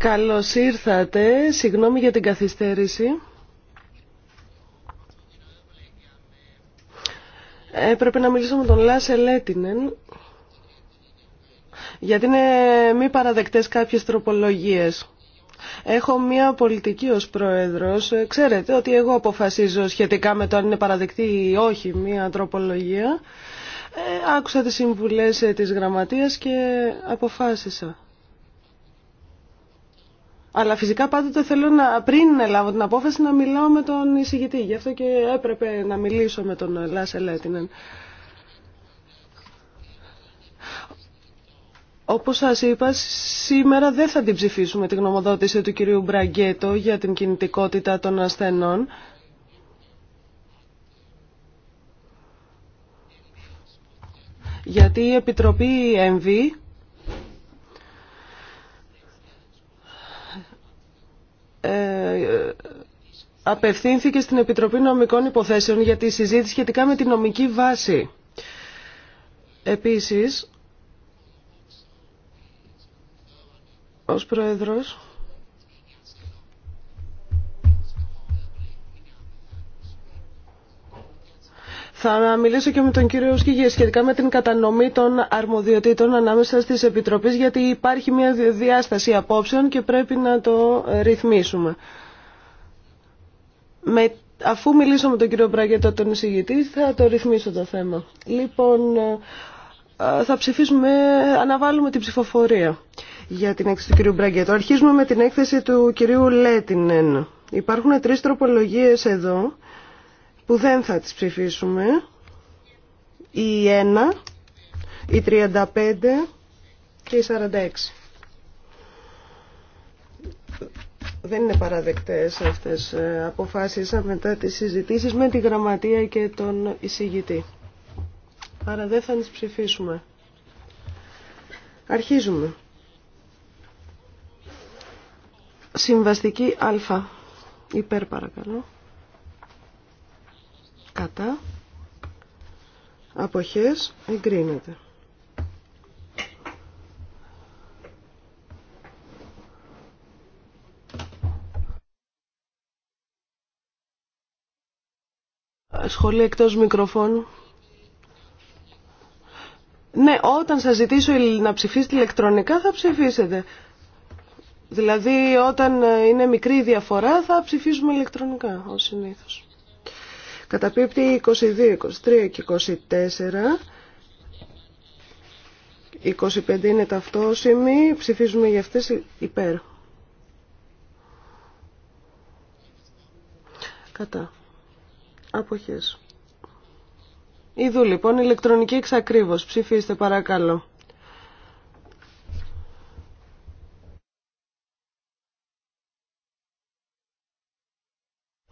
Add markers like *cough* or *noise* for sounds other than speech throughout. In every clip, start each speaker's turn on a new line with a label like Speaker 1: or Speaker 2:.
Speaker 1: Καλώς ήρθατε. Συγγνώμη για την καθυστέρηση. Ε, πρέπει να μιλήσω με τον Λάσε Λέτινεν, γιατί είναι μη παραδεκτές κάποιες τροπολογίες. Έχω μια πολιτική ως πρόεδρος. Ξέρετε ότι εγώ αποφασίζω σχετικά με το αν είναι παραδεκτή ή όχι μια τροπολογία. Ε, άκουσα τις συμβουλές ε, της γραμματείας και αποφάσισα. Αλλά φυσικά πάντοτε θέλω να, πριν λάβω την απόφαση να μιλάω με τον εισηγητή. Γι' αυτό και έπρεπε να μιλήσω με τον Λάσε Λέτινεν. Όπως σας είπα, σήμερα δεν θα την ψηφίσουμε τη γνωμοδότηση του κυρίου Μπραγκέτο για την κινητικότητα των ασθενών. Γιατί η Επιτροπή ΕΜΒΗ ε, απευθύνθηκε στην Επιτροπή Νομικών Υποθέσεων για τη συζήτηση σχετικά με τη νομική βάση. Επίσης, ως Πρόεδρος Θα μιλήσω και με τον κύριο Σκυγέ σχετικά με την κατανομή των αρμοδιοτήτων ανάμεσα στις Επιτροπές γιατί υπάρχει μια διάσταση απόψεων και πρέπει να το ρυθμίσουμε. Με, αφού μιλήσω με τον κύριο Μπράγετο τον εισηγητή θα το ρυθμίσω το θέμα. Λοιπόν, θα ψηφίσουμε, αναβάλουμε την ψηφοφορία για την έκθεση του κυρίου Μπραγκέτο. Αρχίζουμε με την έκθεση του κυρίου Λέτινεν. Υπάρχουν τρεις τροπολογίες εδώ που δεν θα τις ψηφίσουμε. Η 1, η 35 και η 46. Δεν είναι παραδεκτές αυτές ε, αποφάσεις ε, μετά τις συζητήσεις με τη γραμματεία και τον εισηγητή. Άρα δεν θα τις ψηφίσουμε. Αρχίζουμε. Συμβαστική α. Υπέρ παρακαλώ. Κατά. Αποχές εγκρίνεται. Σχολή εκτός μικροφώνου. Ναι, όταν σας ζητήσω να ψηφίσετε ηλεκτρονικά θα ψηφίσετε. Δηλαδή όταν ε, είναι μικρή η διαφορά θα ψηφίσουμε ηλεκτρονικά, ως συνήθως. Καταπίπτει 22, 23 και 24. 25 είναι ταυτόσημοι, ψηφίζουμε για αυτές υπέρ. Κατά. Αποχές. Ιδού λοιπόν ηλεκτρονική εξακρίβωση. Ψηφίστε παρακαλώ.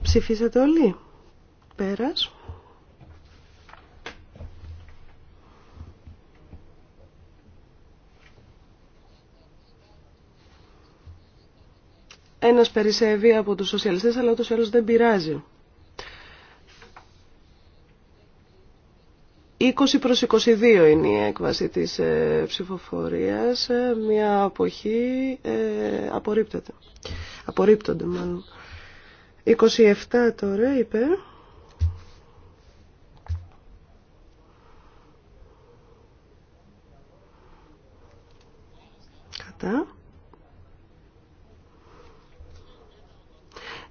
Speaker 1: Ψηφίσατε όλοι. Πέρας. Ένας περισσεύει από τους σοσιαλιστές, αλλά ούτως ή δεν πειράζει. 20 προς 22 είναι η έκβαση της ε, ψηφοφορίας. Ε, μια αποχή ε, απορρίπτεται. Απορρίπτονται μάλλον. 27 τώρα είπε. Κατά.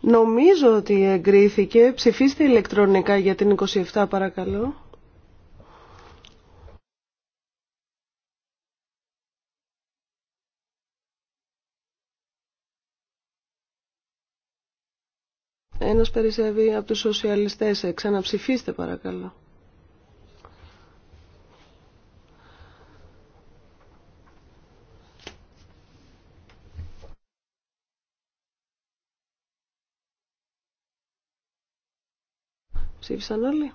Speaker 1: Νομίζω ότι εγκρίθηκε. Ψηφίστε ηλεκτρονικά για την 27 παρακαλώ. Ένας περισσεύει από τους σοσιαλιστές. Ε, ξαναψηφίστε παρακαλώ. Ψήφισαν όλοι.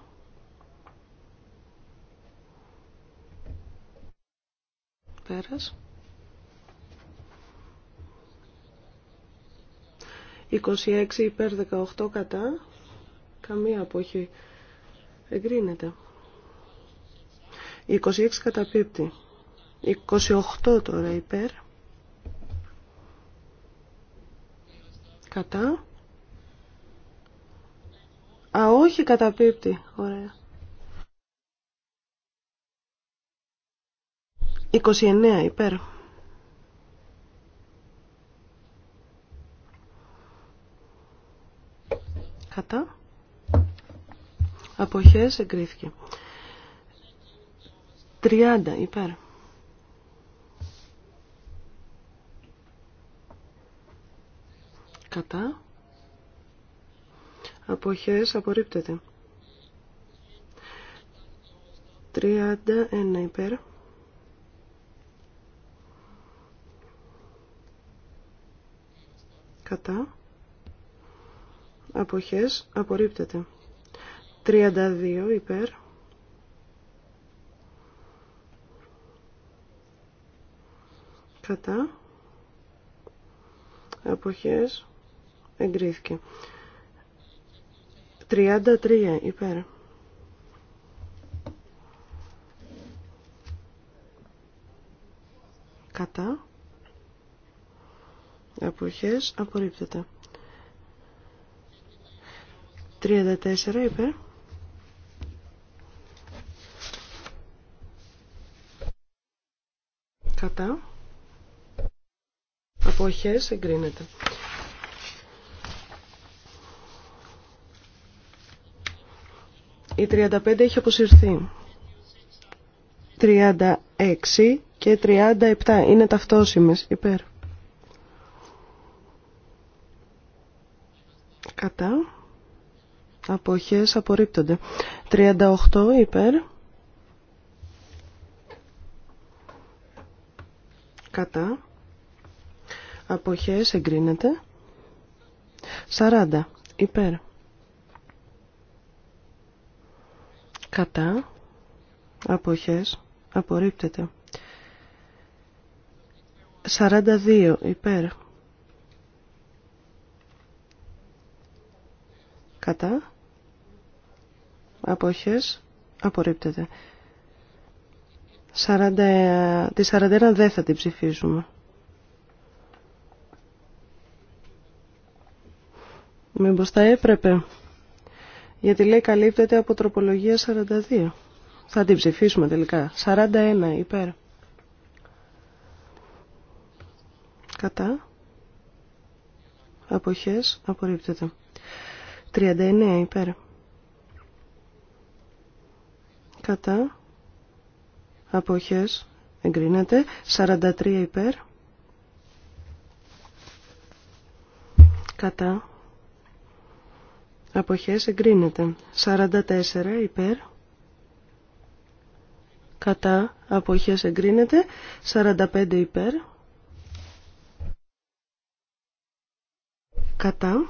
Speaker 1: Πέρας. 26 υπέρ 18 κατά. Καμία όχι Εγκρίνεται. 26 καταπίπτει. 28 τώρα υπέρ. Κατά. Α, όχι καταπίπτει. Ωραία. 29 υπέρ. Κατά. Αποχές εγκρίθηκε. 30 υπέρ. Κατά. Αποχές απορρίπτεται. 31 υπέρ. Κατά αποχές απορρίπτεται. 32 υπέρ κατά αποχές εγκρίθηκε. 33 υπέρ κατά αποχές απορρίπτεται. 34 υπέρ. Κατά. Αποχέ εγκρίνεται. Η 35 έχει αποσυρθεί. 36 και 37 είναι ταυτόσιμες υπέρ. Κατά αποχές απορρίπτονται. 38 υπέρ. Κατά. Αποχές εγκρίνεται. 40 υπέρ. Κατά. Αποχές απορρίπτεται. 42 υπέρ. Κατά αποχές απορρίπτεται. τη 41 δεν θα την ψηφίσουμε. Μήπως θα έπρεπε, γιατί λέει καλύπτεται από τροπολογία 42. Θα την ψηφίσουμε τελικά. 41 υπέρ. Κατά. Αποχές απορρίπτεται. 39 υπέρ κατά αποχές εγκρίνεται 43 υπέρ κατά αποχές εγκρίνεται 44 υπέρ κατά αποχές εγκρίνεται 45 υπέρ κατά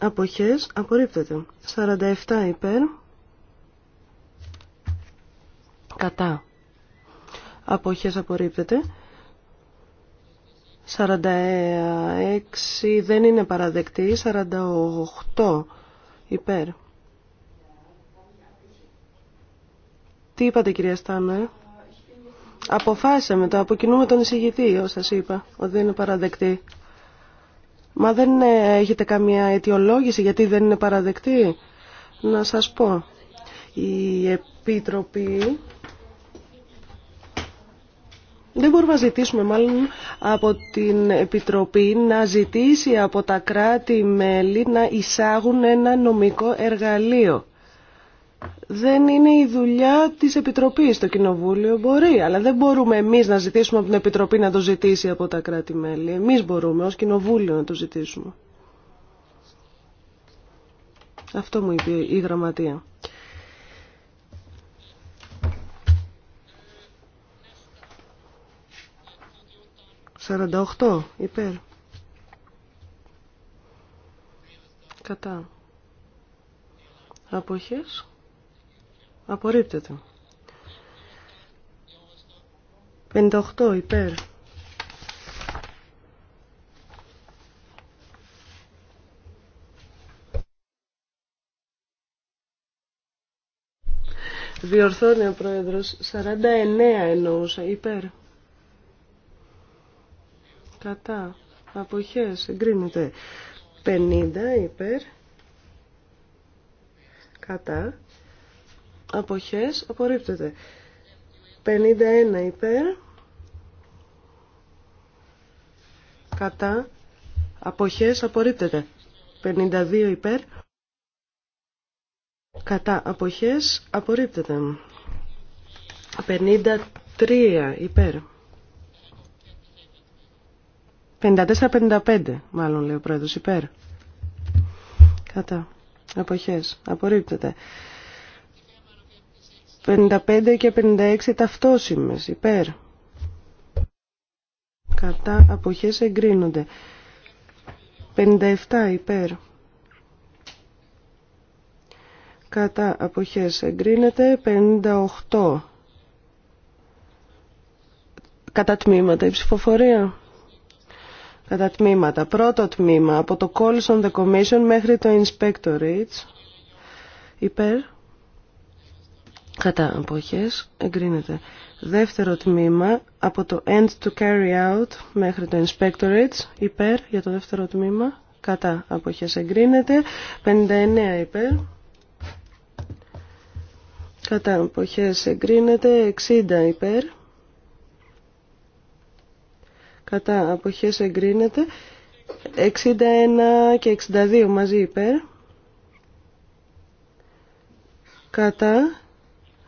Speaker 1: αποχές απορρίπτεται 47 υπέρ κατά αποχές απορρίπτεται 46 δεν είναι παραδεκτή 48 υπέρ Τι είπατε κυρία Στάνερ Αποφάσισαμε το αποκοινούμε τον εισηγητή όσα σας είπα ότι δεν είναι παραδεκτή Μα δεν έχετε καμία αιτιολόγηση γιατί δεν είναι παραδεκτή να σας πω η Επίτροπη δεν μπορούμε να ζητήσουμε μάλλον από την Επιτροπή να ζητήσει από τα κράτη-μέλη να εισάγουν ένα νομικό εργαλείο. Δεν είναι η δουλειά της Επιτροπής. Το Κοινοβούλιο μπορεί, αλλά δεν μπορούμε εμείς να ζητήσουμε από την Επιτροπή να το ζητήσει από τα κράτη-μέλη. Εμείς μπορούμε ως Κοινοβούλιο να το ζητήσουμε. Αυτό μου είπε η Γραμματεία. 48 υπέρ. Κατά. Αποχές. Απορρίπτεται. 58 υπέρ. Διορθώνει ο πρόεδρος. 49 εννοούσα υπέρ κατά αποχές εγκρίνεται 50 υπέρ κατά αποχές απορρίπτεται 51 υπέρ κατά αποχές απορρίπτεται 52 υπέρ κατά αποχές απορρίπτεται 53 υπέρ 54-55 μάλλον λέει ο πρόεδρος υπέρ. Κατά. Αποχές. Απορρίπτεται. 55 και 56 ταυτόσημες υπέρ. Κατά. Αποχές εγκρίνονται. 57 υπέρ. Κατά. Αποχές εγκρίνεται. 58. Κατά τμήματα η ψηφοφορία κατά τμήματα. Πρώτο τμήμα, από το Calls on the Commission μέχρι το Inspectorates. Υπέρ. Κατά αποχές. Εγκρίνεται. Δεύτερο τμήμα, από το End to Carry Out μέχρι το Inspectorates. Υπέρ για το δεύτερο τμήμα. Κατά αποχές εγκρίνεται. 59 υπέρ. Κατά αποχές εγκρίνεται. 60 υπέρ κατά αποχές εγκρίνεται 61 και 62 μαζί υπέρ κατά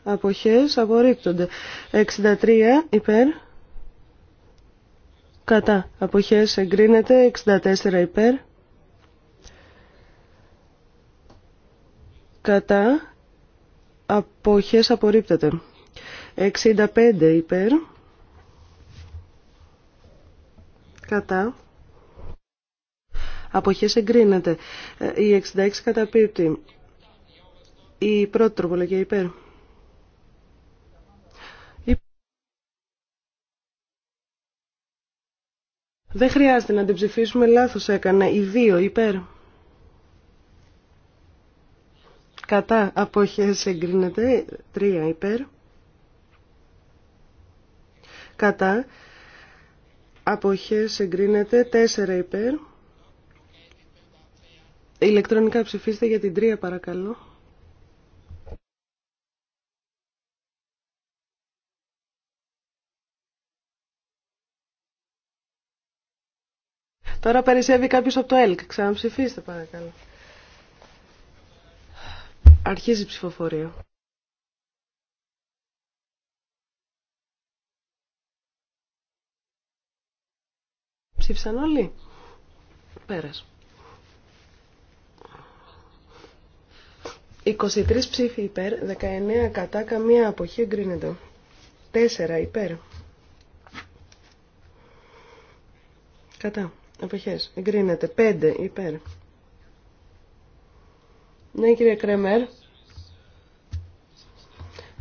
Speaker 1: αποχές απορρίπτονται 63 υπέρ κατά αποχές εγκρίνεται 64 υπέρ κατά αποχές απορρίπτεται 65 υπέρ κατά αποχές εγκρίνεται. Ε, η 66 καταπίπτει. Η πρώτη τροπολογία υπέρ. Δεν χρειάζεται να την ψηφίσουμε, λάθος έκανε. η 2 υπέρ. Κατά αποχές εγκρίνεται. 3 υπέρ. Κατά αποχές εγκρίνεται 4 υπέρ. Ηλεκτρονικά ψηφίστε για την 3 παρακαλώ. Τώρα περισσεύει κάποιος από το ΕΛΚ. Ξαναψηφίστε παρακαλώ. Αρχίζει η ψηφοφορία. Ψήφισαν όλοι. Πέρας. 23 ψήφοι υπέρ, 19 κατά, καμία αποχή εγκρίνεται. 4 υπέρ. Κατά. Αποχές. Εγκρίνεται. 5 υπέρ. Ναι κύριε Κρέμερ.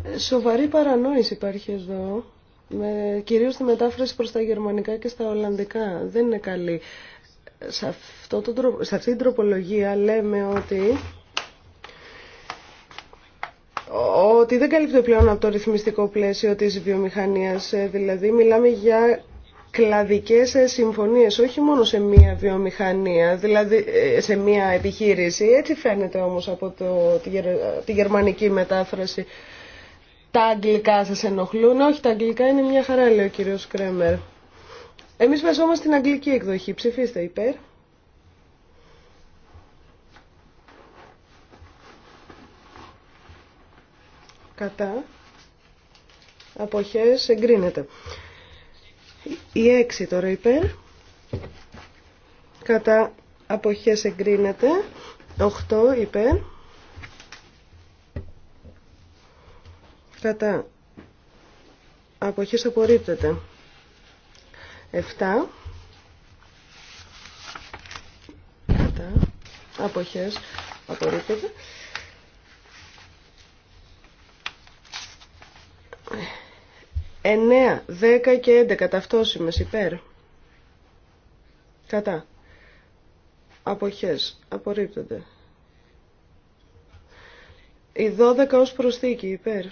Speaker 1: Ε, σοβαρή παρανόηση υπάρχει εδώ με, κυρίως τη μετάφραση προς τα γερμανικά και στα ολλανδικά. Δεν είναι καλή. Σε, αυτό το, σε αυτή την τροπολογία λέμε ότι ότι δεν καλύπτει πλέον από το ρυθμιστικό πλαίσιο της βιομηχανίας. Ε, δηλαδή μιλάμε για κλαδικές ε, συμφωνίες, όχι μόνο σε μία βιομηχανία, δηλαδή ε, σε μία επιχείρηση. Έτσι φαίνεται όμως από τη, γερμανική μετάφραση τα αγγλικά σας ενοχλούν. Όχι, τα αγγλικά είναι μια χαρά, λέει ο κύριος Κρέμερ. Εμείς βασόμαστε στην αγγλική εκδοχή. Ψηφίστε υπέρ. Κατά. Αποχές εγκρίνεται. Η 6 τώρα υπέρ. Κατά αποχές εγκρίνεται. 8 υπέρ. Κατά αποχές απορρίπτεται. 7. Κατά αποχές απορρίπτεται. 9, 10 και 11 ταυτόσημες υπέρ. Κατά. Αποχές. Απορρίπτονται. Η 12 ως προσθήκη υπέρ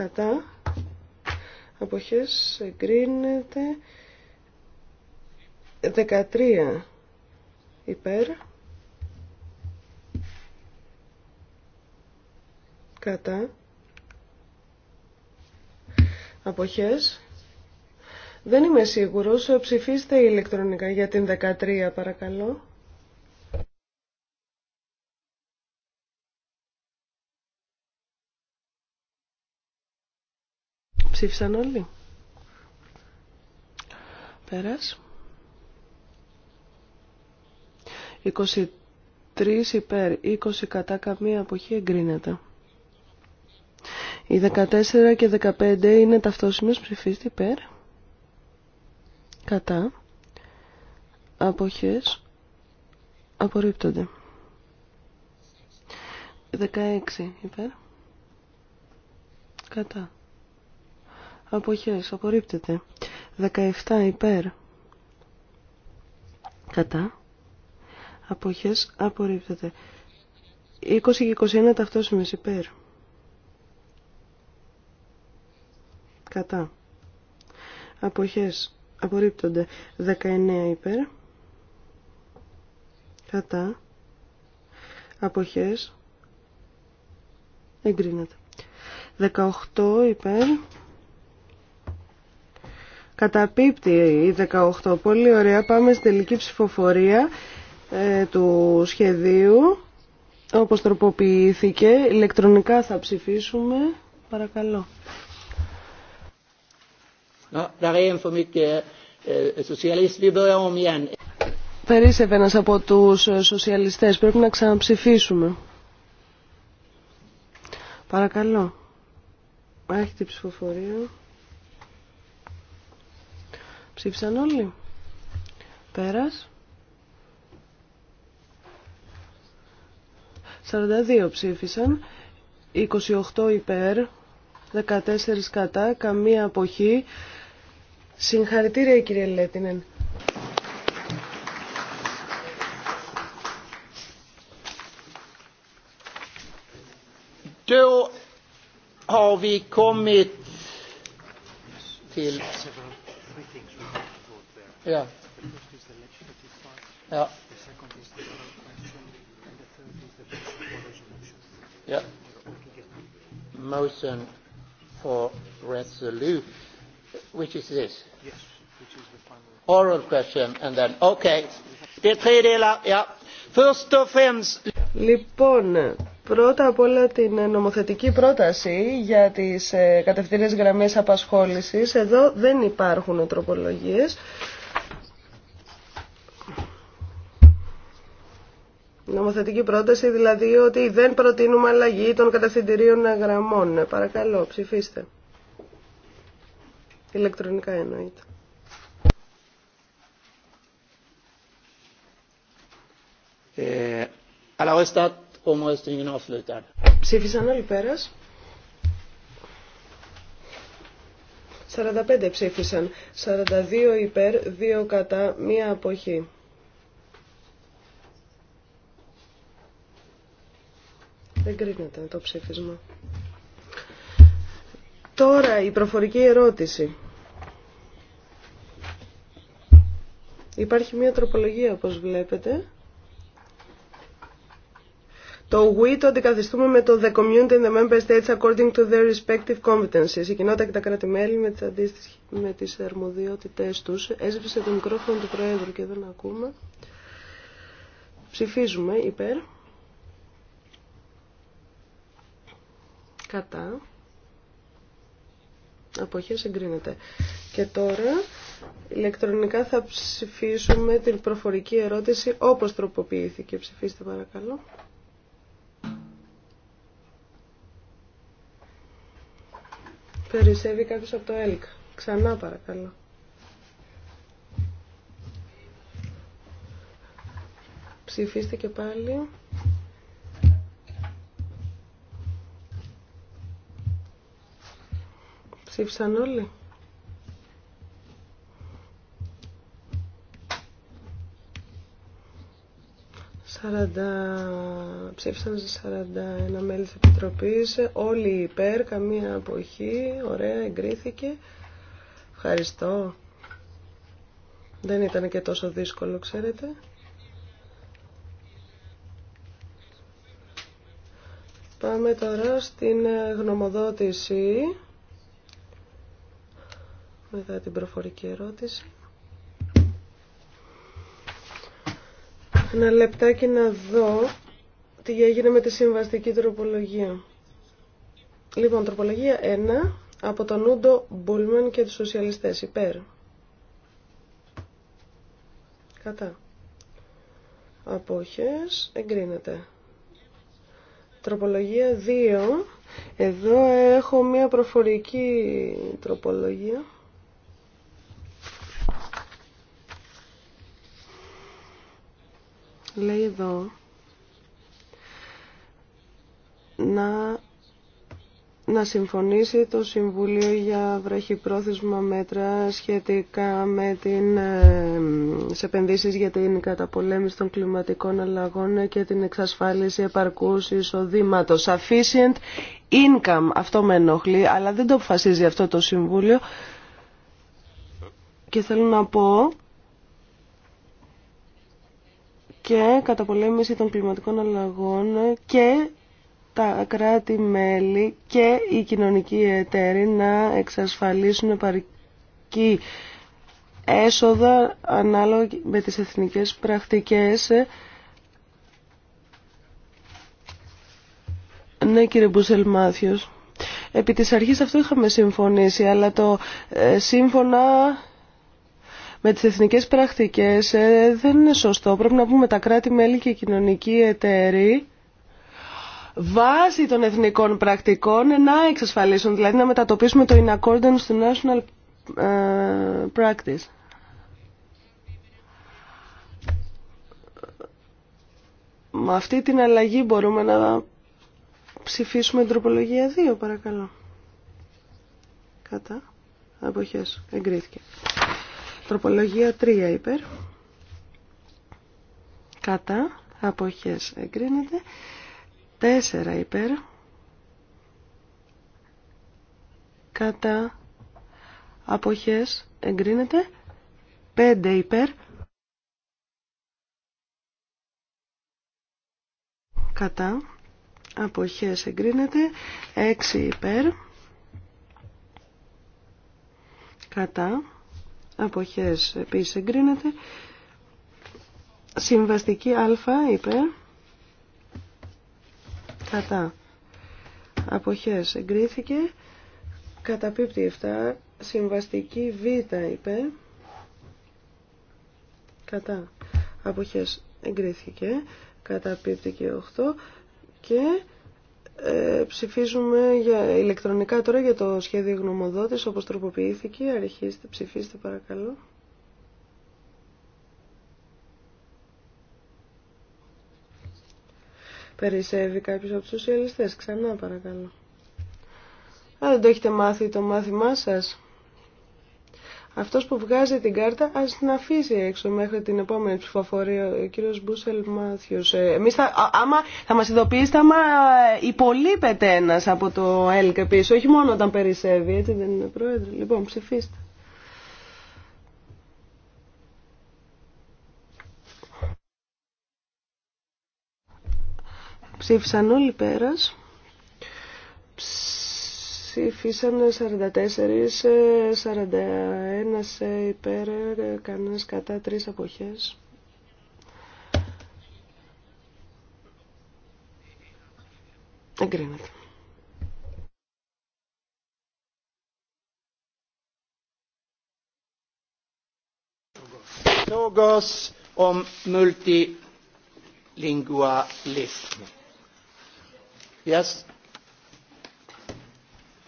Speaker 1: κατά αποχές εγκρίνεται 13 υπέρ κατά αποχές δεν είμαι σίγουρος ψηφίστε ηλεκτρονικά για την 13 παρακαλώ Ψήφισαν όλοι. Πέρας. 23 υπέρ, 20 κατά καμία αποχή εγκρίνεται. Οι 14 και 15 είναι ταυτόσιμες ψηφίστη υπέρ. Κατά. Αποχές. Απορρίπτονται. 16 υπέρ. Κατά. Αποχές. Απορρίπτεται. 17 υπέρ. Κατά. Αποχές. Απορρίπτεται. 20 και 21 ταυτόσημες υπέρ. Κατά. Αποχές. Απορρίπτονται. 19 υπέρ. Κατά. Αποχές. Εγκρίνεται. 18 υπέρ. Καταπίπτει η 18. Πολύ ωραία. Πάμε στην τελική ψηφοφορία ε, του σχεδίου. Όπως τροποποιήθηκε, ηλεκτρονικά θα ψηφίσουμε. Παρακαλώ. Περίσευε eh, eh, ένας από τους ε, σοσιαλιστές. Πρέπει να ξαναψηφίσουμε. Παρακαλώ. Έχει την ψηφοφορία. Ψήφισαν όλοι. Πέρας. 42 ψήφισαν. 28 υπέρ. 14 κατά. Καμία αποχή. Συγχαρητήρια κύριε Λέτινεν.
Speaker 2: Då har vi kommit till Yeah. Yeah. Yeah. Motion for resolution, which is this? Yes, which is the final. Oral question and then, okay. Det tre delar, ja. Först och Λοιπόν,
Speaker 1: πρώτα απ' όλα την νομοθετική πρόταση για τις ε, κατευθυντές γραμμές απασχόλησης. Εδώ δεν υπάρχουν τροπολογίες. Νομοθετική πρόταση δηλαδή ότι δεν προτείνουμε αλλαγή των καταθυντηρίων γραμμών. Παρακαλώ, ψηφίστε. Ηλεκτρονικά εννοείται. Ε, Ψήφισαν όλοι πέρας. 45 ψήφισαν. 42 υπέρ, 2 κατά, μία αποχή. Δεν κρίνεται το ψήφισμα. Τώρα η προφορική ερώτηση. Υπάρχει μια τροπολογία όπως βλέπετε. Το we το αντικαθιστούμε με το the community and the member states according to their respective competencies. Η κοινότητα και τα κράτη-μέλη με τις, με τις αρμοδιότητες τους. Έσβησε το μικρόφωνο του Προέδρου και δεν ακούμε. Ψηφίζουμε υπέρ. Κατά. συγκρίνεται. Και τώρα ηλεκτρονικά θα ψηφίσουμε την προφορική ερώτηση όπως τροποποιήθηκε. Ψηφίστε παρακαλώ. Περισσεύει κάποιος από το ΕΛΚ. Ξανά παρακαλώ. Ψηφίστε και πάλι. Ψήφισαν όλοι. Ψήφισαν 41 μέλη της Επιτροπής, όλοι υπέρ, καμία αποχή, ωραία, εγκρίθηκε. Ευχαριστώ. Δεν ήταν και τόσο δύσκολο, ξέρετε. Πάμε τώρα στην γνωμοδότηση μετά την προφορική ερώτηση. Ένα λεπτάκι να δω τι έγινε με τη συμβαστική τροπολογία. Λοιπόν, τροπολογία 1 από τον Ούντο Μπούλμαν και τους σοσιαλιστές. Υπέρ. Κατά. Απόχες. Εγκρίνεται. Τροπολογία 2. Εδώ έχω μία προφορική τροπολογία. λέει εδώ να, να συμφωνήσει το Συμβούλιο για βραχυπρόθεσμα μέτρα σχετικά με την επενδύσει επενδύσεις για την καταπολέμηση των κλιματικών αλλαγών και την εξασφάλιση επαρκούς εισοδήματος. income, αυτό με ενοχλεί, αλλά δεν το αποφασίζει αυτό το Συμβούλιο. Και θέλω να πω και καταπολέμηση των κλιματικών αλλαγών και τα κράτη-μέλη και οι κοινωνικοί εταίροι να εξασφαλίσουν επαρκή έσοδα ανάλογα με τις εθνικές πρακτικές. Ναι κύριε Μπουσελ Μάθιος. Επί της αρχής αυτό είχαμε συμφωνήσει, αλλά το ε, σύμφωνα με τις εθνικές πρακτικές ε, δεν είναι σωστό. Πρέπει να πούμε τα κράτη-μέλη και κοινωνικοί εταίροι βάσει των εθνικών πρακτικών να εξασφαλίσουν, δηλαδή να μετατοπίσουμε το in accordance to national ε, practice. Με αυτή την αλλαγή μπορούμε να ψηφίσουμε την τροπολογία 2, παρακαλώ. Κατά. Αποχές. Εγκρίθηκε. Τροπολογία 3 υπέρ. Κατά. Αποχές εγκρίνεται. 4 υπέρ. Κατά. Αποχές εγκρίνεται. 5 υπέρ. Κατά. Αποχές εγκρίνεται. 6 υπέρ. Κατά αποχές επίσης εγκρίνεται. Συμβαστική α είπε. κατά αποχές εγκρίθηκε. πίπτη 7. Συμβαστική β είπε. κατά αποχές εγκρίθηκε. Καταπίπτει και 8 και ε, ψηφίζουμε για, ηλεκτρονικά τώρα για το σχέδιο γνωμοδότης όπως τροποποιήθηκε. Αρχίστε, ψηφίστε παρακαλώ. Περισσεύει κάποιος από τους σοσιαλιστές. Ξανά παρακαλώ. Αλλά δεν το έχετε μάθει το μάθημά σας. Αυτός που βγάζει την κάρτα ας την αφήσει έξω μέχρι την επόμενη ψηφοφορία, ο κύριος Μπούσελ Μάθιος. Ε, εμείς θα, α, άμα, θα μας ειδοποιήσετε άμα ε, υπολείπεται ένας από το ΕΛΚ πίσω, όχι μόνο όταν περισσεύει, έτσι δεν είναι πρόεδρο. Λοιπόν, ψηφίστε. Ψήφισαν όλοι πέρας. Ψ Ψήφισαν 44, 41 υπέρ, ε, κανένας κατά, τρεις αποχές. Εγκρίνεται.
Speaker 2: Λόγος ο multilingualism. Yes.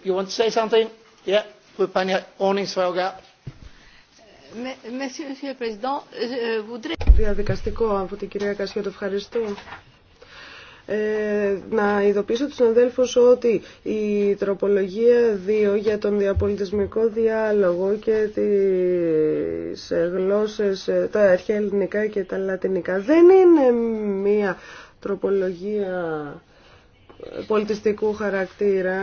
Speaker 2: You want to say something? Yeah, Rupania Orningsvöga.
Speaker 1: Merci, Monsieur le Διαδικαστικό από την κυρία το Ευχαριστώ. Ε, να ειδοποιήσω τους συναδέλφους ότι η τροπολογία 2 για τον διαπολιτισμικό διάλογο και τις γλώσσες, τα αρχαία ελληνικά και τα λατινικά δεν είναι μία τροπολογία πολιτιστικού χαρακτήρα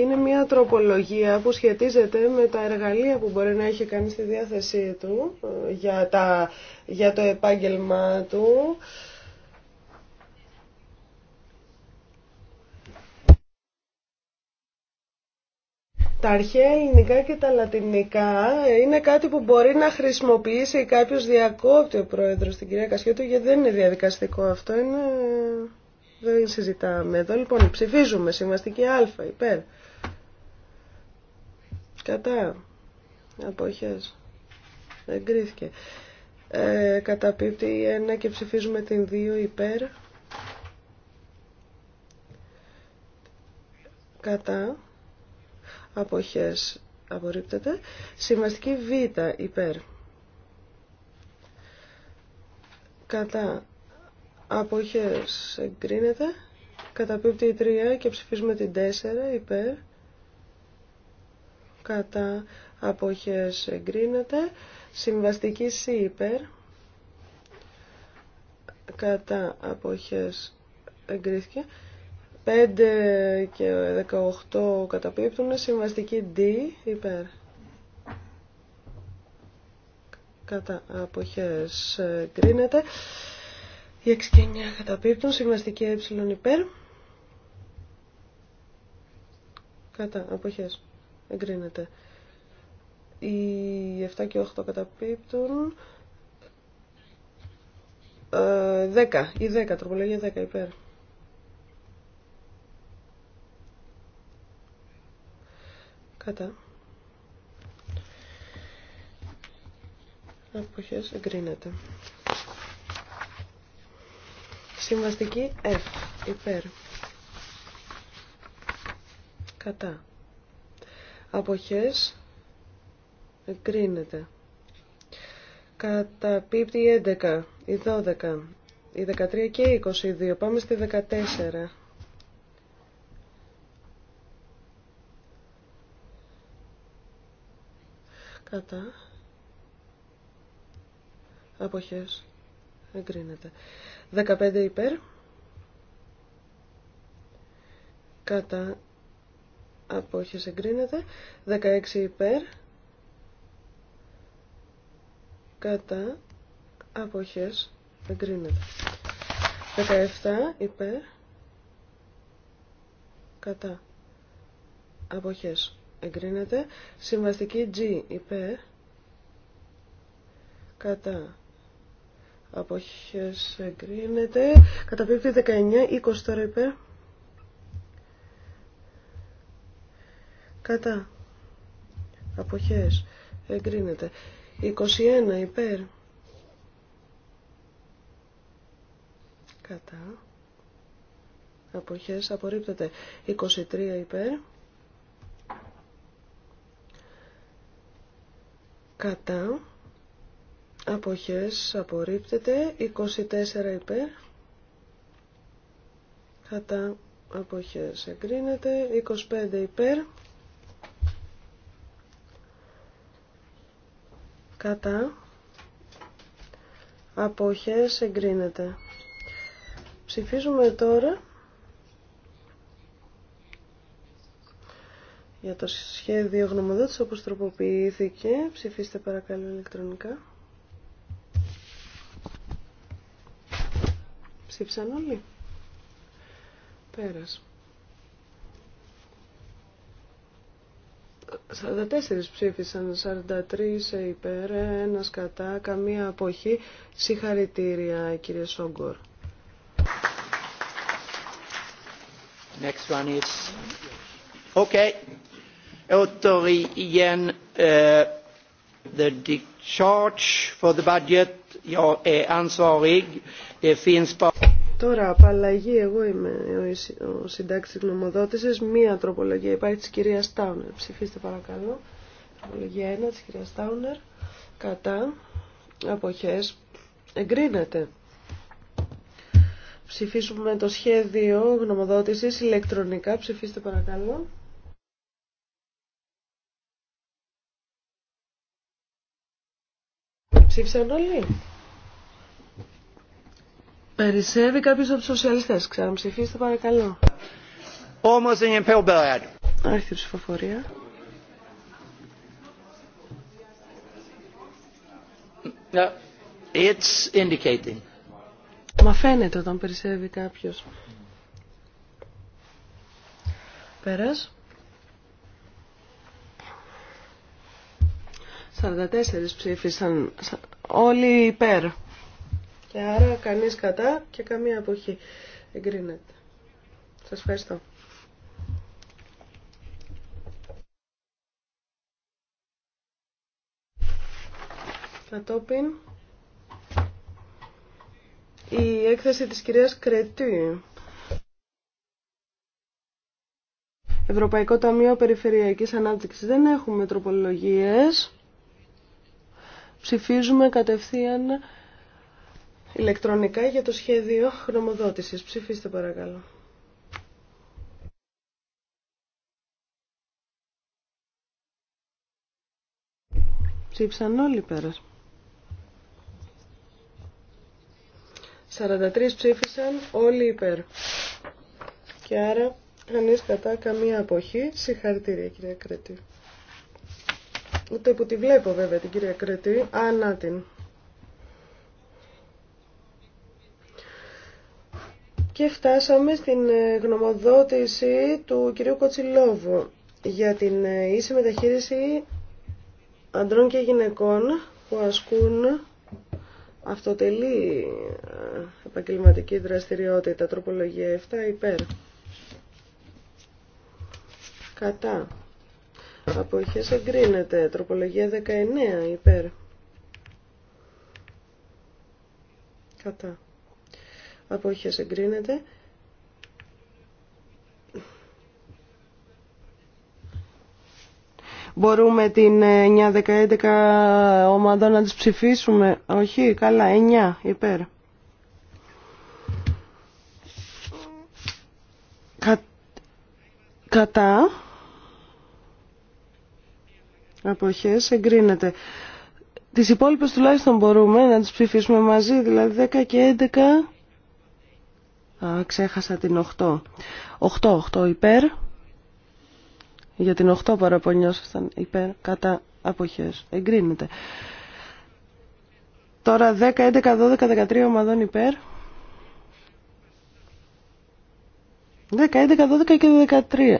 Speaker 1: είναι μια τροπολογία που σχετίζεται με τα εργαλεία που μπορεί να έχει κάνει στη διάθεσή του ε, για, τα, για το επάγγελμά του. Τα αρχαία ελληνικά και τα λατινικά είναι κάτι που μπορεί να χρησιμοποιήσει κάποιος διακόπτει ο πρόεδρος στην κυρία Κασχέτου γιατί δεν είναι διαδικαστικό αυτό, είναι δεν συζητάμε εδώ. Λοιπόν, ψηφίζουμε συμβαστική α, υπέρ. Κατά. Αποχές. Εγκρίθηκε. Ε, καταπίπτει η 1 και ψηφίζουμε την 2 υπέρ. Κατά. απόχέ. Απορρίπτεται. Συμβαστική β υπέρ. Κατά Αποχές εγκρίνεται. Καταπίπτει η 3 και ψηφίζουμε την 4 υπέρ. Κατά αποχές εγκρίνεται. Συμβαστική C υπέρ. Κατά αποχές εγκρίθηκε. 5 και 18 καταπίπτουν. Συμβαστική D υπέρ. Κατά αποχές εγκρίνεται. Η 6 και 9 καταπίπτουν, συμβαστική ε υπέρ. Κατά, αποχές. Εγκρίνεται. Οι 7 και 8 καταπίπτουν. Ε, 10, η 10, τροπολογία 10 υπέρ. Κατά. Αποχές εγκρίνεται. Συμβαστική F. Υπέρ. Κατά. Αποχές. Εγκρίνεται. Κατά η 11, η 12, η 13 και η 22. Πάμε στη 14. Κατά. Αποχές. Εγκρίνεται. 15 υπέρ. Κατά απόχες εγκρίνεται. 16 υπέρ. Κατά απόχες εγκρίνεται. 17 υπέρ. Κατά απόχες εγκρίνεται. Συμβαστική G υπέρ. Κατά Αποχές εγκρίνεται. Καταπίπτει 19, 20 τώρα υπέρ. Κατά. Αποχές εγκρίνεται. 21 υπέρ. Κατά. Αποχές απορρίπτεται. 23 υπέρ. Κατά. Αποχές απορρίπτεται 24 υπέρ. Κατά αποχές εγκρίνεται 25 υπέρ. Κατά αποχές εγκρίνεται. Ψηφίζουμε τώρα για το σχέδιο γνωμοδότηση όπως τροποποιήθηκε. Ψηφίστε παρακαλώ ηλεκτρονικά. Ψήφισαν όλοι. Πέρας. 44 ψήφισαν, 43 υπέρ, ένας κατά, καμία αποχή. Συγχαρητήρια κύριε Σόγκορ.
Speaker 2: Next one is... Okay. Ευχαριστώ, uh, the discharge for the budget
Speaker 1: Τώρα, απαλλαγή, εγώ είμαι ο συντάκτης γνωμοδότησης. Μία τροπολογία υπάρχει της κυρίας Τάουνερ. Ψηφίστε παρακαλώ. Τροπολογία 1 της κυρίας Τάουνερ. Κατά. Αποχές. Εγκρίνεται. Ψηφίσουμε το σχέδιο γνωμοδότησης ηλεκτρονικά. Ψηφίστε παρακαλώ. Ψήφισαν όλοι. Περισσεύει κάποιος από τους σοσιαλιστές. ψηφίστε παρακαλώ. Όμως είναι ψηφοφορία. it's Μα φαίνεται όταν περισσεύει κάποιος. Πέρας. 44 ψήφισαν όλοι υπέρ. Ε, άρα κανείς κατά και καμία αποχή. Εγκρίνεται. Σας ευχαριστώ. Κατόπιν η έκθεση της κυρίας Κρετή. Ευρωπαϊκό Ταμείο Περιφερειακής Ανάπτυξης. Δεν έχουμε τροπολογίες. Ψηφίζουμε κατευθείαν Ηλεκτρονικά για το σχέδιο χρωμοδότησης. Ψηφίστε παρακαλώ. Ψήφισαν όλοι πέρα. 43 ψήφισαν όλοι υπέρ. Και άρα κανείς κατά καμία αποχή. Συγχαρητήρια κυρία Κρέτη. Ούτε που τη βλέπω βέβαια την κυρία Κρέτη. ανά την. Και φτάσαμε στην ε, γνωμοδότηση του κυρίου Κοτσιλόβου για την ε, ίση μεταχείριση αντρών και γυναικών που ασκούν αυτοτελή ε, επαγγελματική δραστηριότητα, τροπολογία 7, υπέρ. Κατά. Αποχές εγκρίνεται, τροπολογία 19, υπέρ. Κατά αποχές εγκρίνεται. Μπορούμε την 9-11 ε, ομάδα να τις ψηφίσουμε. Όχι, καλά, 9 υπέρ. Κατά. Αποχές εγκρίνεται. Τις υπόλοιπες τουλάχιστον μπορούμε να τις ψηφίσουμε μαζί, δηλαδή 10 και 11 Α, ξέχασα την 8. 8, 8 υπέρ. Για την 8 παραπονιώσασταν υπέρ κατά αποχές. Εγκρίνεται. Τώρα 10, 11, 12, 13 ομαδών υπέρ. 10, 11, 12 και 13.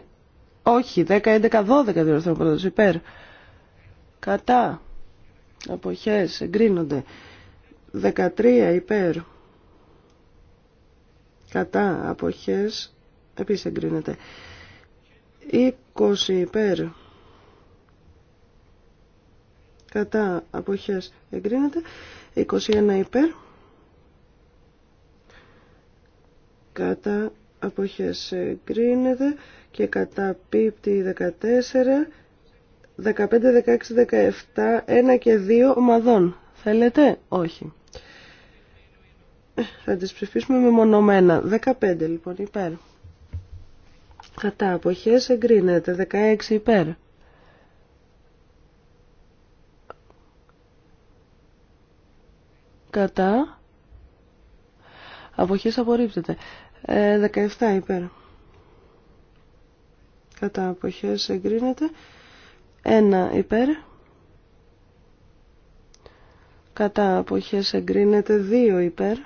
Speaker 1: Όχι, 10, 11, 12 διορθώνω πρώτος υπέρ. Κατά. Αποχές εγκρίνονται. 13 υπέρ κατά αποχές επίσης εγκρίνεται 20 υπέρ κατά αποχές εγκρίνεται 21 υπέρ κατά αποχές εγκρίνεται και κατά πίπτη 14 15, 16, 17, 1 και 2 ομαδών. Θέλετε? Όχι θα τις ψηφίσουμε με μονομένα. 15 λοιπόν υπέρ. Κατά αποχές εγκρίνεται. 16 υπέρ. Κατά. Αποχές απορρίπτεται. 17 ε, υπέρ. Κατά αποχές εγκρίνεται. 1 υπέρ. Κατά αποχές εγκρίνεται 2 υπέρ.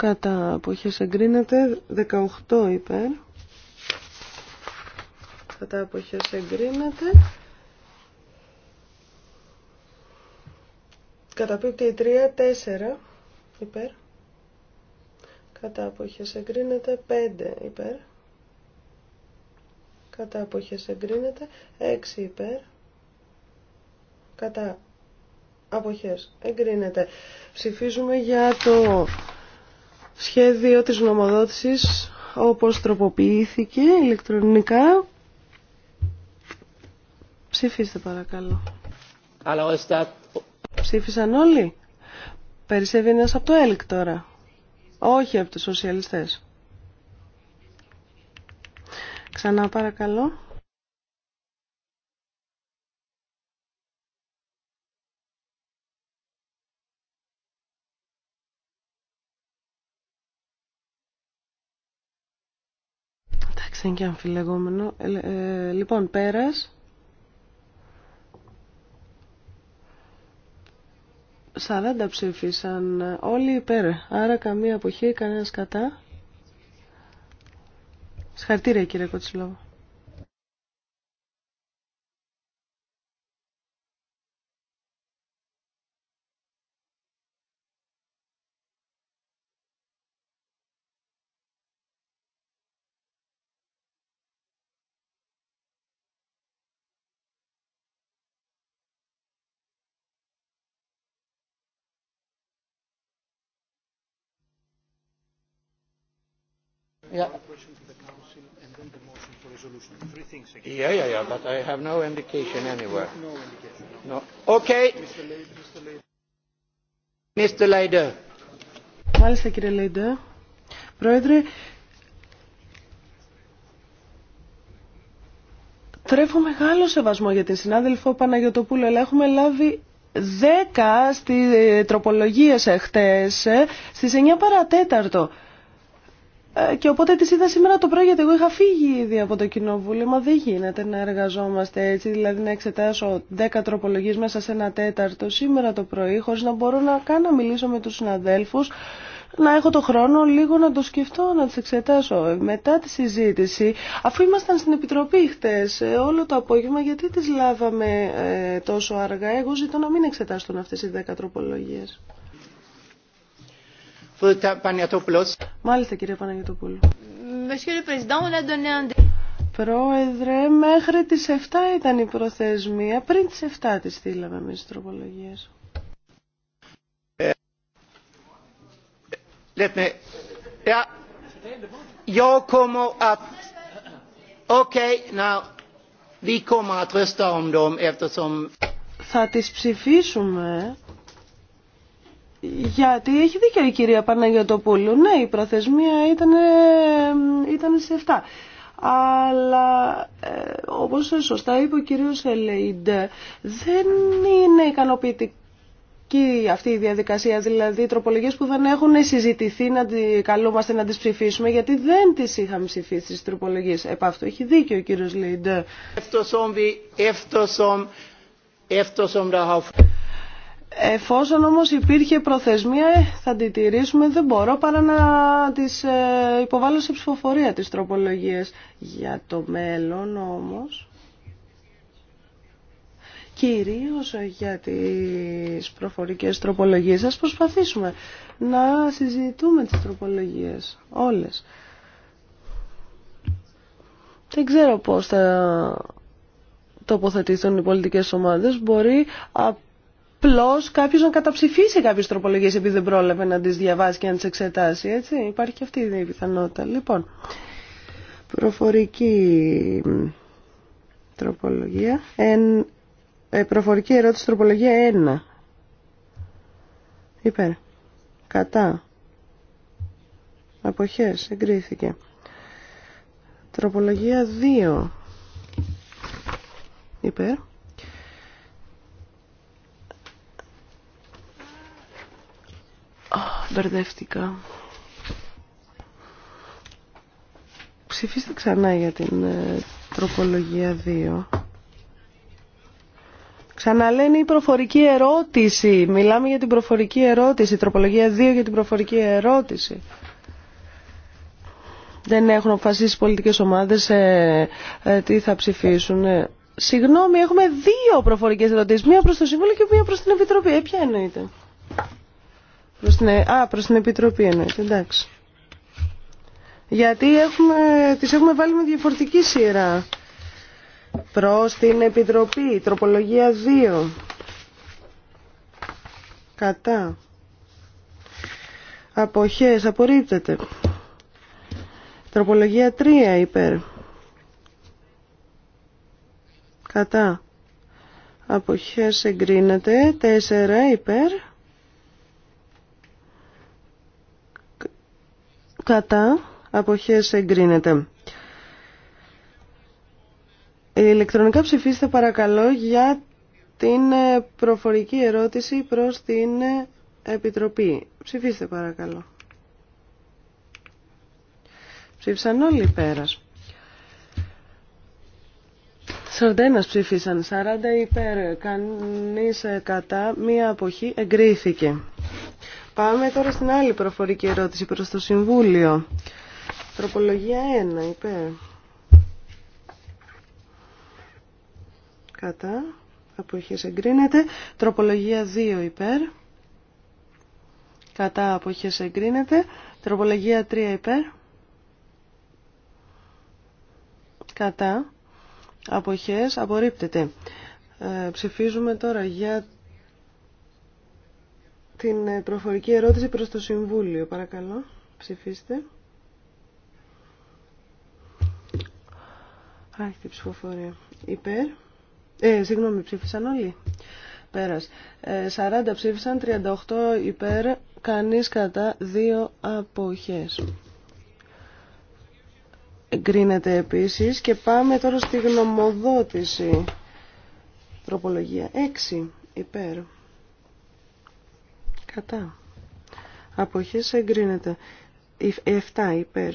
Speaker 1: κατά αποχές εγκρίνεται 18 υπέρ κατά αποχές εγκρίνεται Κατά η 3 4 υπέρ κατά αποχές εγκρίνεται 5 υπέρ κατά αποχές εγκρίνεται 6 υπέρ κατά αποχές εγκρίνεται ψηφίζουμε για το Σχέδιο της νομοδότησης όπως τροποποιήθηκε ηλεκτρονικά. Ψηφίστε παρακαλώ. Ψήφισαν όλοι. Περισσεύει ένας από το ΕΛΚ τώρα. Όχι από τους σοσιαλιστές. Ξανά παρακαλώ. είναι και αμφιλεγόμενο. Ε, ε, λοιπόν, πέρας. Σαράντα ψήφισαν όλοι υπέρ. Άρα καμία αποχή, κανένας κατά. Σχαρτήρια κύριε Κοτσιλόβο.
Speaker 2: Yeah, yeah, yeah, but I have no indication anywhere. No. Okay. Mr. Leider.
Speaker 1: Μάλιστα κύριε Λέιντε. Πρόεδρε, τρέφω μεγάλο σεβασμό για την συνάδελφο Παναγιωτοπούλου, αλλά έχουμε λάβει 10 στις ε, τροπολογίες εχθές, ε, στις 9 παρατέταρτο. Ε, και οπότε τη είδα σήμερα το πρωί γιατί εγώ είχα φύγει ήδη από το κοινοβούλιο. Μα δεν γίνεται να εργαζόμαστε έτσι, δηλαδή να εξετάσω 10 τροπολογίε μέσα σε ένα τέταρτο σήμερα το πρωί, χωρί να μπορώ να κάνω να μιλήσω με του συναδέλφου, να έχω το χρόνο λίγο να το σκεφτώ, να τι εξετάσω. Ε, μετά τη συζήτηση, αφού ήμασταν στην Επιτροπή χτε ε, όλο το απόγευμα, γιατί τι λάβαμε τόσο αργά. Εγώ ζητώ να μην εξετάσουν αυτέ οι 10 τροπολογίε. Μάλιστα, κύριε Παναγιωτοπούλου. Πρόεδρε, μέχρι τις 7 ήταν η προθεσμία. Πριν τις 7 τις στείλαμε εμείς τις τροπολογίες.
Speaker 2: Vi kommer att rösta om dem eftersom...
Speaker 1: Θα τις ψηφίσουμε γιατί έχει δίκιο η κυρία Παναγιωτοπούλου. Ναι, η προθεσμία ήταν, ε, ήταν σε 7. Αλλά ε, όπως σωστά είπε ο κύριος Λέιντε δεν είναι ικανοποιητική αυτή η διαδικασία, δηλαδή οι τροπολογίες που δεν έχουν συζητηθεί να τη, καλούμαστε να τις ψηφίσουμε γιατί δεν τις είχαμε ψηφίσει τις τροπολογίες. Επ' αυτό έχει δίκιο ο κύριος Λίντε. Εφόσον όμως υπήρχε προθεσμία, θα τη τηρήσουμε, δεν μπορώ παρά να τις ε, υποβάλω σε ψηφοφορία τις τροπολογίες. Για το μέλλον όμως, κυρίως για τις προφορικές τροπολογίες, ας προσπαθήσουμε να συζητούμε τις τροπολογίες όλες. Δεν ξέρω πώς θα τοποθετηθούν οι πολιτικές ομάδες. Μπορεί Πλώς κάποιο να καταψηφίσει κάποιε τροπολογίες επειδή δεν πρόλαβε να τις διαβάσει και να τι εξετάσει. Έτσι. Υπάρχει και αυτή η πιθανότητα. Λοιπόν, προφορική τροπολογία. Εν, ε, προφορική ερώτηση τροπολογία 1. Υπέρ. Κατά. Αποχές. Εγκρίθηκε. Τροπολογία 2. Υπέρ. Μπερδεύτηκα. Ψηφίστε ξανά για την ε, τροπολογία 2. Ξαναλένε η προφορική ερώτηση. Μιλάμε για την προφορική ερώτηση. Τροπολογία 2 για την προφορική ερώτηση. Δεν έχουν αποφασίσει οι πολιτικές ομάδες ε, ε τι θα ψηφίσουν. Ε, συγγνώμη, έχουμε δύο προφορικές ερωτήσεις. Μία προς το Συμβούλιο και μία προς την Επιτροπή. Ε, ποια εννοείται. Προς την... Ε, α, προς την Επιτροπή εννοείται, εντάξει. Γιατί έχουμε... τις έχουμε βάλει με διαφορετική σειρά. Προς την Επιτροπή, τροπολογία 2. Κατά. Αποχές, απορρίπτεται. Τροπολογία 3 υπέρ. Κατά. Αποχές εγκρίνεται. 4 υπέρ. κατά αποχές εγκρίνεται. Ηλεκτρονικά ψηφίστε παρακαλώ για την ε, προφορική ερώτηση προς την ε, Επιτροπή. Ψηφίστε παρακαλώ. Ψήφισαν όλοι πέρας. 41 ψήφισαν, 40 υπέρ, κανείς ε, κατά, μία αποχή εγκρίθηκε. Πάμε τώρα στην άλλη προφορική ερώτηση προς το Συμβούλιο. Τροπολογία 1, υπέρ. Κατά. Αποχές εγκρίνεται. Τροπολογία 2, υπέρ. Κατά. Αποχές εγκρίνεται. Τροπολογία 3, υπέρ. Κατά. Αποχές απορρίπτεται. Ε, ψηφίζουμε τώρα για την ε, προφορική ερώτηση προς το Συμβούλιο. Παρακαλώ, ψηφίστε. Άρχιτε ψηφοφορία. Υπέρ. Ε, συγγνώμη, ψήφισαν όλοι. Πέρας. Ε, 40 ψήφισαν, 38 υπέρ, κανείς κατά, δύο αποχές. Εγκρίνεται επίσης και πάμε τώρα στη γνωμοδότηση. Τροπολογία 6 υπέρ. Κατά. Αποχές εγκρίνεται. 7 ε, υπέρ.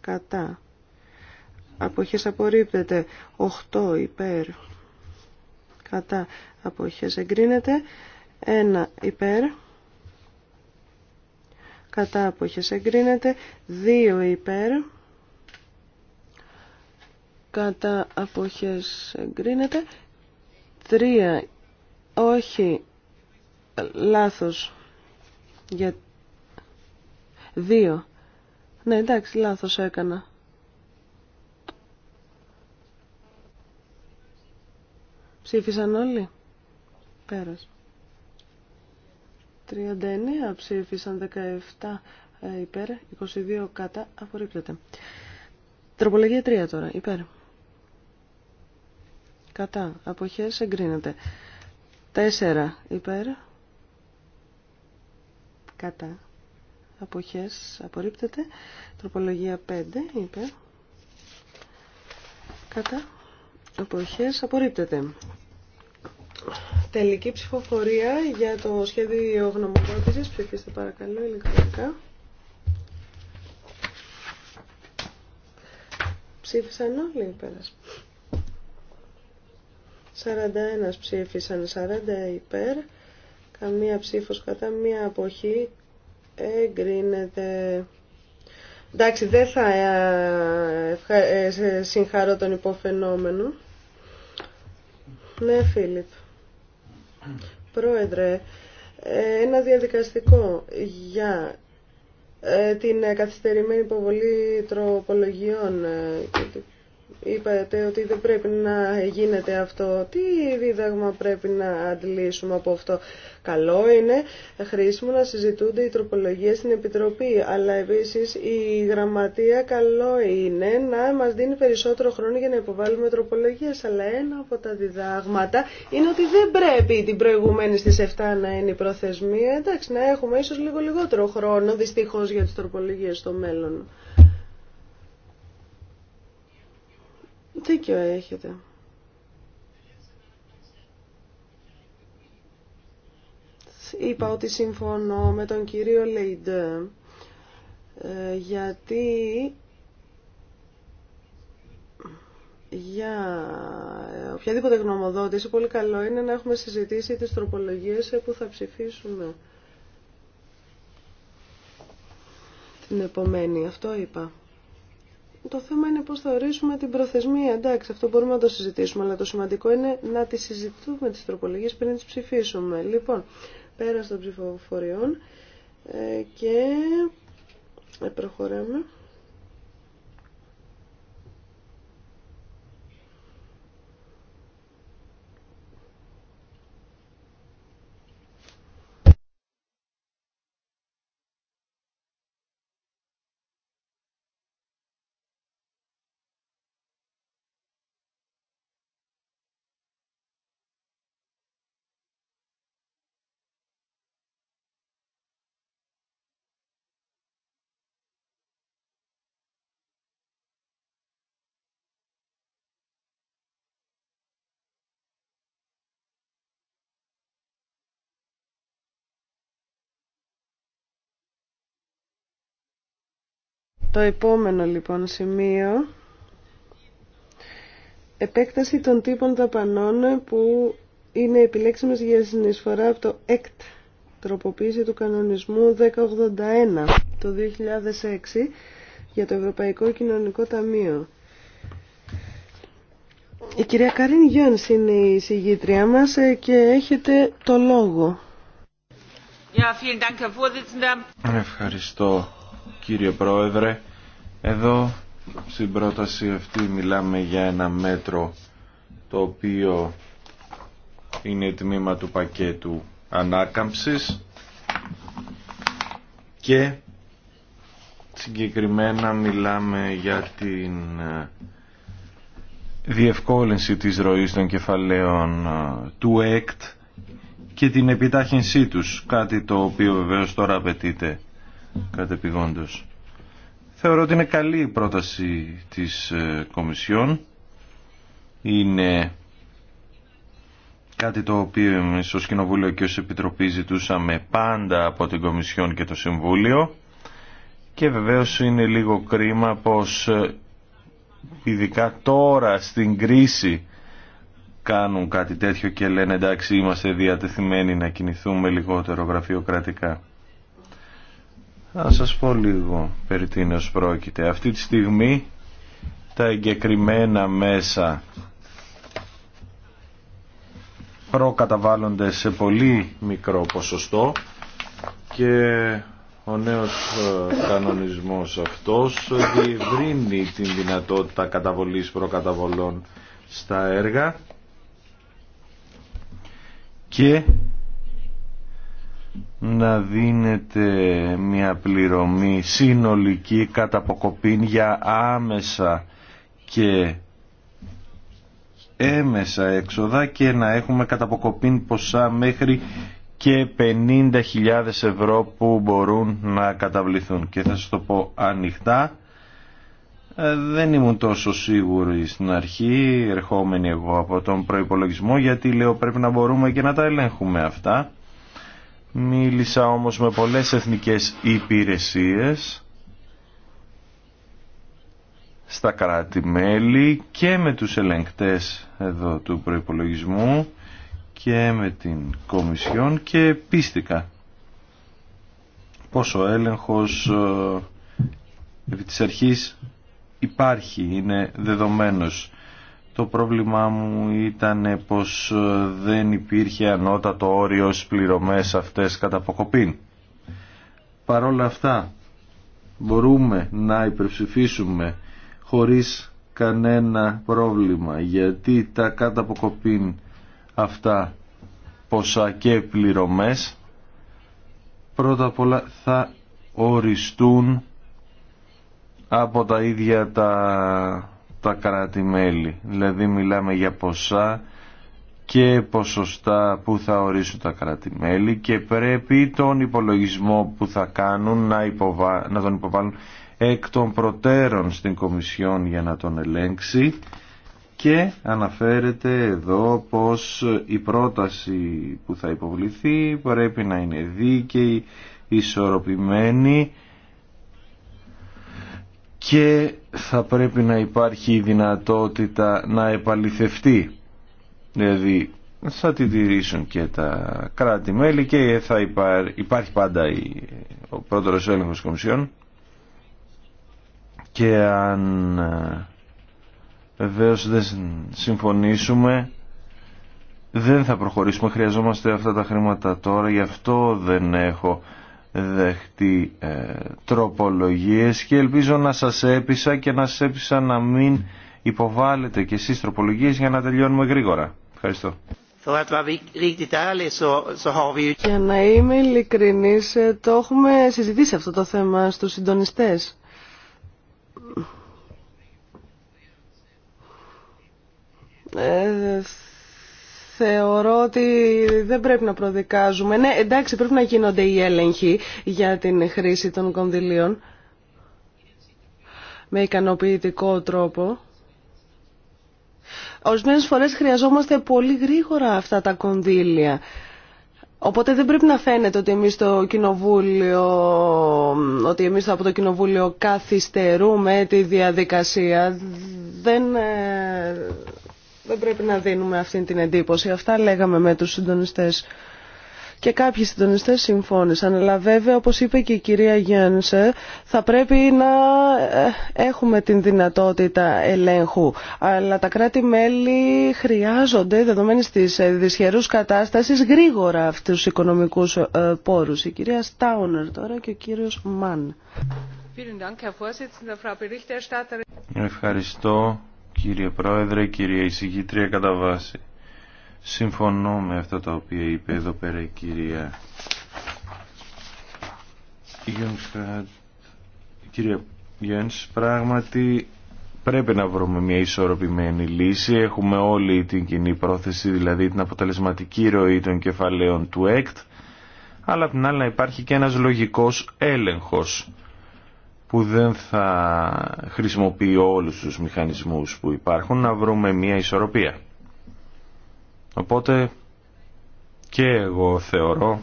Speaker 1: Κατά. Αποχές απορρίπτεται. 8 υπέρ. Κατά. Αποχές εγκρίνεται. 1 υπέρ. Κατά. Αποχές εγκρίνεται. 2 υπέρ. Κατά. Αποχές εγκρίνεται. 3. Όχι λάθος. Για... Δύο. Ναι, εντάξει, λάθος έκανα. Ψήφισαν όλοι. Πέρας. 39 ψήφισαν, 17 ε, υπέρ, 22 κατά, απορρίπτεται. Τροπολογία 3 τώρα, υπέρ. Κατά, αποχές εγκρίνεται. 4 υπέρ, κατά αποχές απορρίπτεται τροπολογία 5 υπέρ κατά αποχές απορρίπτεται τελική ψηφοφορία για το σχέδιο γνωμοδότησης ψηφίστε παρακαλώ ηλεκτρονικά ψήφισαν όλοι πέρας 41 ψήφισαν 40 υπέρ Καμία ψήφος κατά, μία αποχή εγκρίνεται. Εντάξει, δεν θα ε, ε, συγχαρώ τον υποφαινόμενο. Ναι, Φίλιπ. Πρόεδρε, ε, ένα διαδικαστικό για την καθυστερημένη υποβολή τροπολογιών Είπατε ότι δεν πρέπει να γίνεται αυτό. Τι δίδαγμα πρέπει να αντλήσουμε από αυτό. Καλό είναι χρήσιμο να συζητούνται οι τροπολογίε στην Επιτροπή, αλλά επίση η Γραμματεία καλό είναι να μα δίνει περισσότερο χρόνο για να υποβάλουμε τροπολογίε. αλλά ένα από τα διδάγματα είναι ότι δεν πρέπει την προηγουμένη στι 7 να είναι η προθεσμία. Εντάξει, να έχουμε ίσω λίγο λιγότερο χρόνο, Δυστυχώ για τι τροπολογίε στο μέλλον. Δίκιο έχετε. Είπα ότι συμφωνώ με τον κύριο Λέιντε γιατί για ε, οποιαδήποτε γνωμοδότηση πολύ καλό είναι να έχουμε συζητήσει τις τροπολογίες που θα ψηφίσουμε την επομένη. Αυτό είπα. Το θέμα είναι πώς θα ορίσουμε την προθεσμία. Εντάξει, αυτό μπορούμε να το συζητήσουμε, αλλά το σημαντικό είναι να τη συζητούμε τις τροπολογίες πριν τις ψηφίσουμε. Λοιπόν, πέρα των ψηφοφοριών ε, και ε, προχωράμε. Το επόμενο λοιπόν σημείο επέκταση των τύπων δαπανών που είναι επιλέξιμες για συνεισφορά από το ΕΚΤ τροποποίηση του κανονισμού 1081 το 2006 για το Ευρωπαϊκό Κοινωνικό Ταμείο. Η κυρία Καρίν Γιόνς είναι η συγγήτριά μας ε, και έχετε το λόγο.
Speaker 3: Ευχαριστώ κύριε Πρόεδρε. Εδώ στην πρόταση αυτή μιλάμε για ένα μέτρο το οποίο είναι τμήμα του πακέτου ανάκαμψης και συγκεκριμένα μιλάμε για την ε, διευκόλυνση της ροής των κεφαλαίων ε, του ΕΚΤ και την επιτάχυνσή τους, κάτι το οποίο βεβαίως τώρα απαιτείται κατεπηγόντως. Θεωρώ ότι είναι καλή η πρόταση της ε, Κομισιόν. Είναι κάτι το οποίο εμείς ως Κοινοβούλιο και ως Επιτροπή ζητούσαμε πάντα από την Κομισιόν και το Συμβούλιο και βεβαίως είναι λίγο κρίμα πως ε, ειδικά τώρα στην κρίση κάνουν κάτι τέτοιο και λένε εντάξει είμαστε διατεθειμένοι να κινηθούμε λιγότερο γραφειοκρατικά. Να σας πω λίγο περί τίνος πρόκειται. Αυτή τη στιγμή τα εγκεκριμένα μέσα προκαταβάλλονται σε πολύ μικρό ποσοστό και ο νέος ε, κανονισμός αυτός διευρύνει την δυνατότητα καταβολής προκαταβολών στα έργα και να δίνεται μια πληρωμή συνολική κατά για άμεσα και έμεσα έξοδα και να έχουμε κατά αποκοπήν ποσά μέχρι και 50.000 ευρώ που μπορούν να καταβληθούν. Και θα σας το πω ανοιχτά. Ε, δεν ήμουν τόσο σίγουρη στην αρχή, ερχόμενη εγώ από τον προϋπολογισμό, γιατί λέω πρέπει να μπορούμε και να τα ελέγχουμε αυτά. Μίλησα όμως με πολλές εθνικές υπηρεσίες στα κράτη-μέλη και με τους ελεγκτές εδώ του προϋπολογισμού και με την Κομισιόν και πίστηκα πόσο έλεγχος ε, επί της αρχής υπάρχει, είναι δεδομένος το πρόβλημά μου ήταν πως ε, δεν υπήρχε ανώτατο όριο στις πληρωμές αυτές κατά αποκοπήν. Παρόλα αυτά μπορούμε να υπερψηφίσουμε χωρίς κανένα πρόβλημα γιατί τα κατά αποκοπήν αυτά ποσά και πληρωμές πρώτα απ' όλα θα οριστούν από τα ίδια τα τα κράτη-μέλη. Δηλαδή μιλάμε για ποσά και ποσοστά που θα ορίσουν τα κράτη-μέλη και πρέπει τον υπολογισμό που θα κάνουν να, να τον υποβάλουν εκ των προτέρων στην Κομισιόν για να τον ελέγξει και αναφέρεται εδώ πως η πρόταση που θα υποβληθεί πρέπει να είναι δίκαιη, ισορροπημένη και θα πρέπει να υπάρχει η δυνατότητα να επαληθευτεί δηλαδή θα τη τηρήσουν και τα κράτη-μέλη και θα υπάρχει πάντα η, ο πρώτος έλεγχος κομισιών και αν ε, βεβαίως δεν συμφωνήσουμε δεν θα προχωρήσουμε χρειαζόμαστε αυτά τα χρήματα τώρα γι' αυτό δεν έχω δεχτεί ε, τροπολογίες και ελπίζω να σας έπεισα και να σας έπεισα να μην υποβάλλετε και εσείς
Speaker 2: τροπολογίες για να τελειώνουμε γρήγορα. Ευχαριστώ.
Speaker 1: Για να είμαι ειλικρινής, ε, το έχουμε συζητήσει αυτό το θέμα στους συντονιστές. Ε, θεωρώ ότι δεν πρέπει να προδικάζουμε. Ναι, εντάξει, πρέπει να γίνονται οι έλεγχοι για την χρήση των κονδυλίων με ικανοποιητικό τρόπο. Ορισμένε φορές χρειαζόμαστε πολύ γρήγορα αυτά τα κονδύλια. Οπότε δεν πρέπει να φαίνεται ότι εμείς το κοινοβούλιο, ότι εμείς από το κοινοβούλιο καθυστερούμε τη διαδικασία. Δεν, ε, δεν πρέπει να δίνουμε αυτή την εντύπωση. Αυτά λέγαμε με τους συντονιστές. Και κάποιοι συντονιστές συμφώνησαν. Αλλά βέβαια, όπως είπε και η κυρία Γιάννησε, θα πρέπει να ε, έχουμε την δυνατότητα ελέγχου. Αλλά τα κράτη-μέλη χρειάζονται, δεδομένης της ε, δυσχερούς κατάστασης, γρήγορα αυτούς τους οικονομικούς ε, πόρους. Η κυρία Στάουνερ τώρα και ο κύριος Μαν.
Speaker 3: Ευχαριστώ κύριε Πρόεδρε, κύριε Εισηγήτρια κατά βάση. Συμφωνώ με αυτά τα οποία είπε εδώ πέρα η κυρία Κύριε Γιάννης, πράγματι πρέπει να βρούμε μια ισορροπημένη λύση. Έχουμε όλη την κοινή πρόθεση, δηλαδή την αποτελεσματική ροή των κεφαλαίων του ΕΚΤ, αλλά απ' την άλλη να υπάρχει και ένας λογικός έλεγχος που δεν θα χρησιμοποιεί όλους τους μηχανισμούς που υπάρχουν να βρούμε μια ισορροπία. Οπότε και εγώ θεωρώ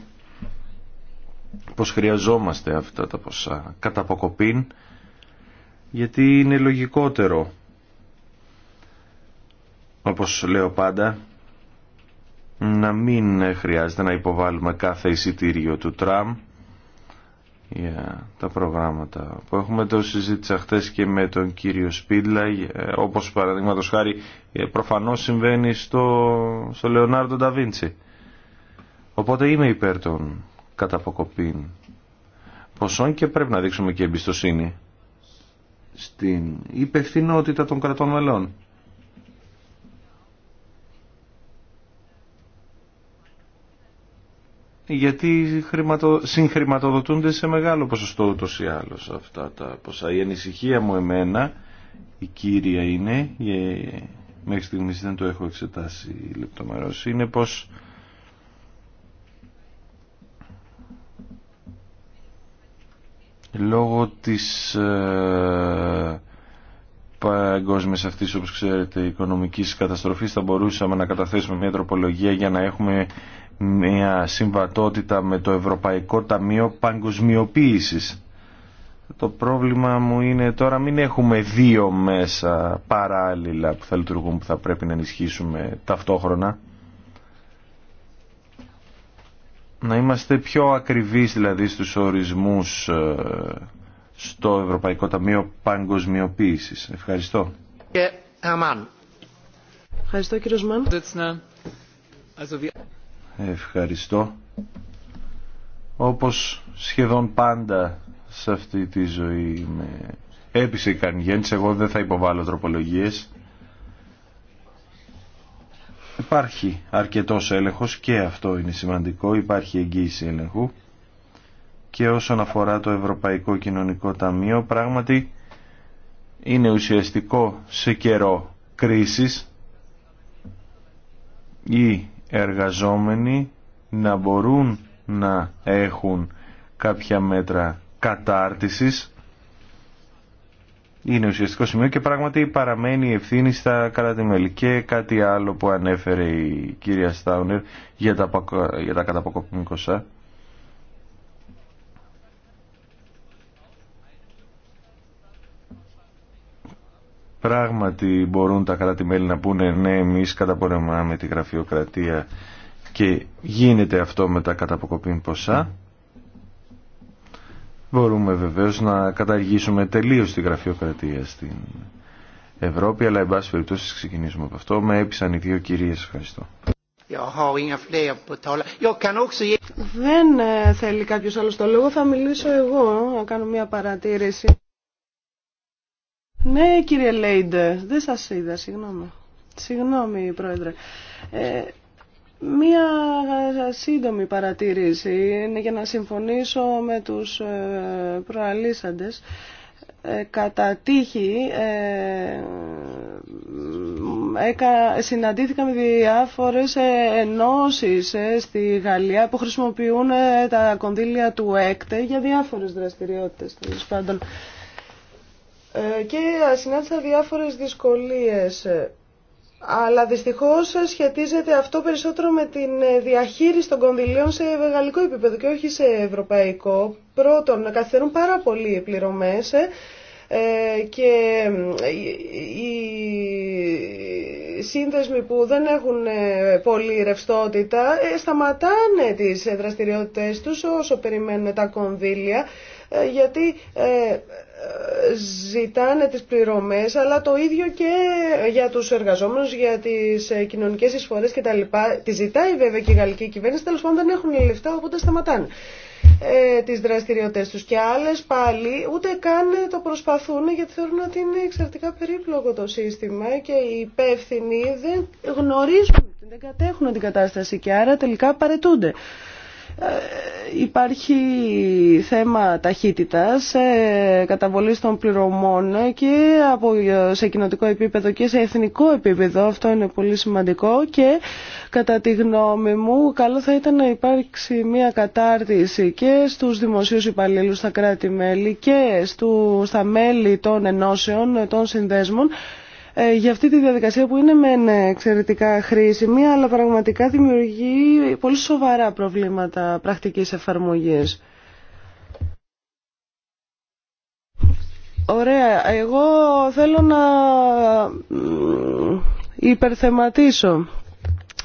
Speaker 3: πως χρειαζόμαστε αυτά τα ποσά κατά αποκοπήν γιατί είναι λογικότερο όπως λέω πάντα να μην χρειάζεται να υποβάλουμε κάθε εισιτήριο του τραμ για τα προγράμματα που έχουμε. Το συζήτησα χθε και με τον κύριο Σπίτλα, ε, όπως παραδείγματος χάρη ε, προφανώς συμβαίνει στο, στο Λεωνάρντο Νταβίντσι. Οπότε είμαι υπέρ των καταποκοπήν ποσών και πρέπει να δείξουμε και εμπιστοσύνη στην υπευθυνότητα των κρατών μελών. γιατί χρηματο... συγχρηματοδοτούνται σε μεγάλο ποσοστό ούτως ή άλλως αυτά τα ποσά. Η αλλω αυτα μου εμένα, η κύρια είναι, μέχρι στιγμής δεν το έχω εξετάσει λεπτομερώς, είναι πως λόγω της ε, παγκόσμιας αυτής όπως ξέρετε οικονομικής καταστροφής θα μπορούσαμε να καταθέσουμε μια τροπολογία για να έχουμε μια συμβατότητα με το Ευρωπαϊκό Ταμείο Παγκοσμιοποίησης. Το πρόβλημα μου είναι τώρα μην έχουμε δύο μέσα παράλληλα που θα λειτουργούν που θα πρέπει να ενισχύσουμε ταυτόχρονα. Να είμαστε πιο ακριβείς δηλαδή στους ορισμούς ε, στο Ευρωπαϊκό Ταμείο Παγκοσμιοποίησης. Ευχαριστώ.
Speaker 2: Ευχαριστώ Μαν
Speaker 3: ευχαριστώ. Όπως σχεδόν πάντα σε αυτή τη ζωή με έπεισε η Καρνιγέννης, εγώ δεν θα υποβάλω τροπολογίες. Υπάρχει αρκετός έλεγχος και αυτό είναι σημαντικό, υπάρχει εγγύηση έλεγχου και όσον αφορά το Ευρωπαϊκό Κοινωνικό Ταμείο πράγματι είναι ουσιαστικό σε καιρό κρίσης ή εργαζόμενοι να μπορούν να έχουν κάποια μέτρα κατάρτισης είναι ουσιαστικό σημείο και πράγματι παραμένει η ευθύνη στα κράτη-μέλη. Και κάτι άλλο που ανέφερε η κυρία Στάουνερ για τα, για τα Πράγματι μπορούν τα κράτη-μέλη να πούνε ναι εμείς καταπορεμάμε τη γραφειοκρατία και γίνεται αυτό με τα καταποκοπήν ποσά. Μπορούμε βεβαίως να καταργήσουμε τελείως τη γραφειοκρατία στην Ευρώπη, αλλά εν πάση περιπτώσει ξεκινήσουμε από αυτό. Με έπεισαν οι δύο κυρίες. Ευχαριστώ.
Speaker 1: Δεν θέλει κάποιος άλλος το λόγο, θα μιλήσω εγώ, να κάνω μια παρατήρηση. Ναι, κύριε Λέιντε, δεν σας είδα, συγγνώμη. Συγγνώμη, Πρόεδρε. Ε, μία σύντομη παρατήρηση είναι για να συμφωνήσω με τους ε, προαλήσαντες. Ε, κατά τύχη ε, έκα, συναντήθηκα με διάφορες ε, ενώσεις ε, στη Γαλλία που χρησιμοποιούν τα κονδύλια του ΕΚΤΕ για διάφορες δραστηριότητες. Τέλος πάντων. Ε, και συνάντησα διάφορες δυσκολίες. Ε, αλλά δυστυχώς σχετίζεται αυτό περισσότερο με την ε, διαχείριση των κονδυλίων σε γαλλικό επίπεδο και όχι σε ευρωπαϊκό. Πρώτον, καθυστερούν πάρα πολύ οι πληρωμές και οι σύνδεσμοι που δεν έχουν πολύ ρευστότητα σταματάνε τις δραστηριότητες τους όσο περιμένουν τα κονδύλια γιατί ζητάνε τις πληρωμές, αλλά το ίδιο και για τους εργαζόμενους, για τις ε, κοινωνικές εισφορές κτλ. Τη ζητάει βέβαια και η γαλλική κυβέρνηση, τέλος πάντων δεν έχουν λεφτά, οπότε σταματάνε ε, τις δραστηριότητες τους. Και άλλες πάλι ούτε καν το προσπαθούν, γιατί θεωρούν ότι είναι εξαρτικά περίπλοκο το σύστημα και οι υπεύθυνοι δεν γνωρίζουν, δεν κατέχουν την κατάσταση και άρα τελικά παρετούνται. Ε, υπάρχει θέμα ταχύτητας, ε, καταβολής των πληρωμών και από, ε, σε κοινοτικό επίπεδο και σε εθνικό επίπεδο. Αυτό είναι πολύ σημαντικό και κατά τη γνώμη μου καλό θα ήταν να υπάρξει μια κατάρτιση και στους δημοσίους υπαλλήλους στα κράτη-μέλη και στα μέλη των ενώσεων, των συνδέσμων ε, για αυτή τη διαδικασία που είναι μεν εξαιρετικά χρήσιμη, αλλά πραγματικά δημιουργεί πολύ σοβαρά προβλήματα πρακτικής εφαρμογής. Ωραία. Εγώ θέλω να υπερθεματίσω.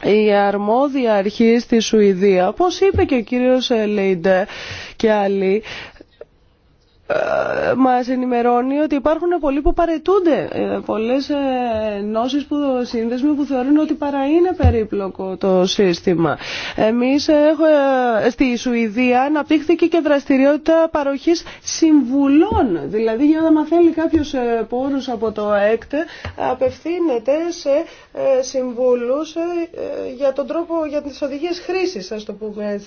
Speaker 1: Η αρμόδια αρχή στη Σουηδία, όπως είπε και ο κύριος Λέιντε και άλλοι, μα ενημερώνει ότι υπάρχουν πολλοί που παρετούνται, ε, πολλές ε, νόσεις που, σύνδεσμοι που θεωρούν ότι παρά είναι περίπλοκο το σύστημα. Εμείς ε, έχω, στη Σουηδία αναπτύχθηκε και δραστηριότητα παροχής συμβουλών, δηλαδή για να μαθαίνει κάποιος πόρους από το ΕΚΤ απευθύνεται σε συμβούλους για τον τρόπο για τις οδηγίες χρήσης, ας το πούμε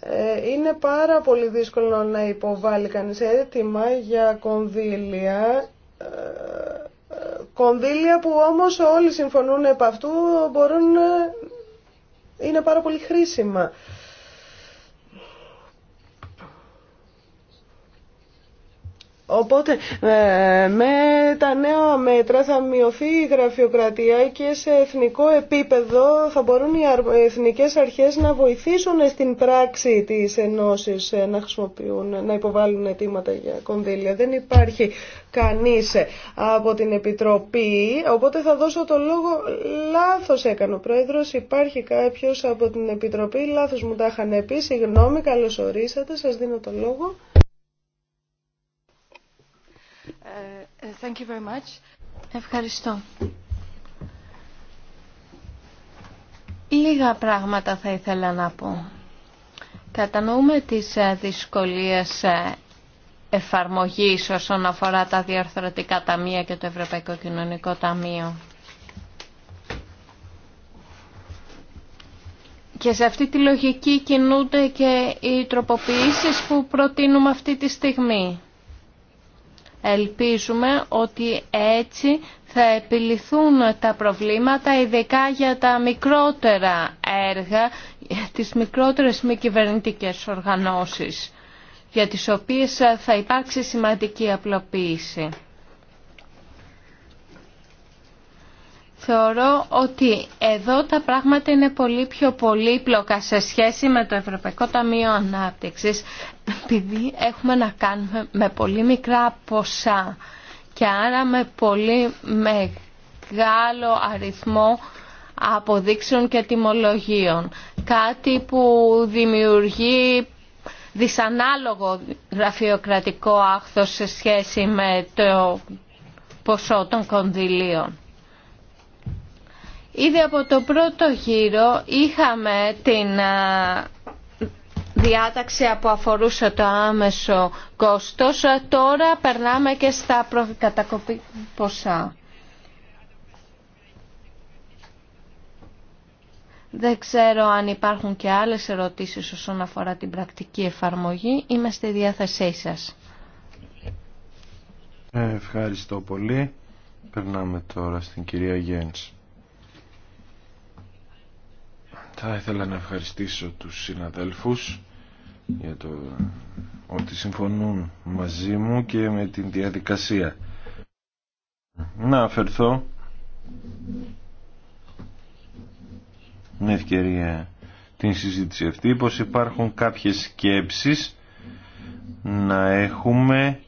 Speaker 1: Ε, είναι πάρα πολύ δύσκολο να υποβάλει κανείς έτοιμα για κονδύλια. Ε, κονδύλια που όμως όλοι συμφωνούν επ' αυτού μπορούν, είναι πάρα πολύ χρήσιμα. Οπότε ε, με τα νέα μέτρα θα μειωθεί η γραφειοκρατία και σε εθνικό επίπεδο θα μπορούν οι εθνικές αρχές να βοηθήσουν στην πράξη της ενώσης ε, να χρησιμοποιούν, να υποβάλουν αιτήματα για κονδύλια. Δεν υπάρχει κανείς από την Επιτροπή, οπότε θα δώσω το λόγο λάθος έκανε ο Πρόεδρος, υπάρχει κάποιος από την Επιτροπή, λάθος μου τα είχαν πει, συγγνώμη, καλώς ορίσατε, σας δίνω το λόγο.
Speaker 4: Ε, Ευχαριστώ. Λίγα πράγματα θα ήθελα να πω. Κατανοούμε τις ε, δυσκολίες ε, εφαρμογής όσον αφορά τα διαρθρωτικά ταμεία και το Ευρωπαϊκό Κοινωνικό Ταμείο. Και σε αυτή τη λογική κινούνται και οι τροποποιήσεις που προτείνουμε αυτή τη στιγμή. Ελπίζουμε ότι έτσι θα επιληθούν τα προβλήματα, ειδικά για τα μικρότερα έργα, τις μικρότερες μη κυβερνητικέ οργανώσεις, για τις οποίες θα υπάρξει σημαντική απλοποίηση. Θεωρώ ότι εδώ τα πράγματα είναι πολύ πιο πολύπλοκα σε σχέση με το Ευρωπαϊκό Ταμείο Ανάπτυξης επειδή έχουμε να κάνουμε με πολύ μικρά ποσά και άρα με πολύ μεγάλο αριθμό αποδείξεων και τιμολογίων. Κάτι που δημιουργεί δυσανάλογο γραφειοκρατικό άχθος σε σχέση με το ποσό των κονδυλίων. Ήδη από το πρώτο γύρο είχαμε την διάταξη που αφορούσε το άμεσο κόστος. Τώρα περνάμε και στα προκατακοπή ποσά. Δεν ξέρω αν υπάρχουν και άλλες ερωτήσεις όσον αφορά την πρακτική εφαρμογή. Είμαι στη διάθεσή σας.
Speaker 3: Ευχαριστώ πολύ. Περνάμε τώρα στην κυρία Γέννης. Θα ήθελα να ευχαριστήσω τους συναδέλφους για το ότι συμφωνούν μαζί μου και με την διαδικασία. Να αφαιρθώ με ευκαιρία την συζήτηση αυτή πως υπάρχουν κάποιες σκέψεις να έχουμε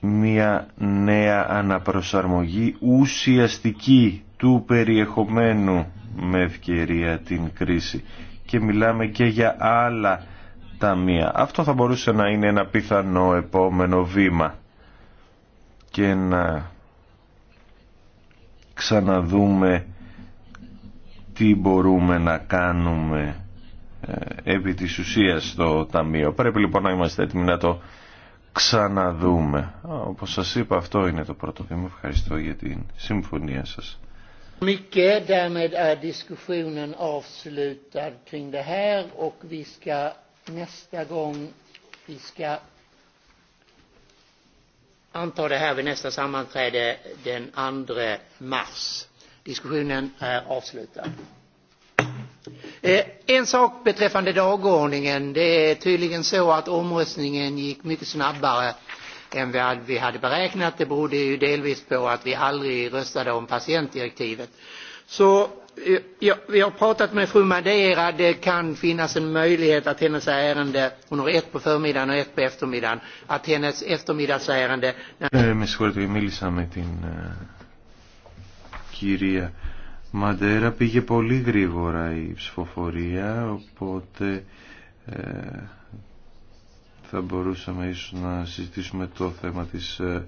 Speaker 3: μια νέα αναπροσαρμογή ουσιαστική του περιεχομένου με ευκαιρία την κρίση και μιλάμε και για άλλα ταμεία. Αυτό θα μπορούσε να είναι ένα πιθανό επόμενο βήμα και να ξαναδούμε τι μπορούμε να κάνουμε ε, επί της ουσίας στο ταμείο. Πρέπει λοιπόν να είμαστε έτοιμοι να το ξαναδούμε. Όπως σας είπα αυτό είναι το πρώτο βήμα. Ευχαριστώ για την συμφωνία σας.
Speaker 2: Mycket. Därmed är diskussionen avslutad kring det här och vi ska nästa gång vi ska anta det här vid nästa sammanträde den 2 mars. Diskussionen är avslutad. En sak beträffande dagordningen. Det är tydligen så att omröstningen gick mycket snabbare än vi hade beräknat. Det berodde ju delvis på att vi aldrig röstade om patientdirektivet. Så vi har pratat med fru Madeira. Det kan finnas en möjlighet att hennes ärende, hon har ett på förmiddagen och ett på eftermiddagen, att hennes eftermiddagsärende...
Speaker 3: Με συγχωρείτε, med με την κυρία Μαντέρα. Πήγε i γρήγορα η ψηφοφορία, οπότε θα μπορούσαμε ίσως να συζητήσουμε το θέμα της ε,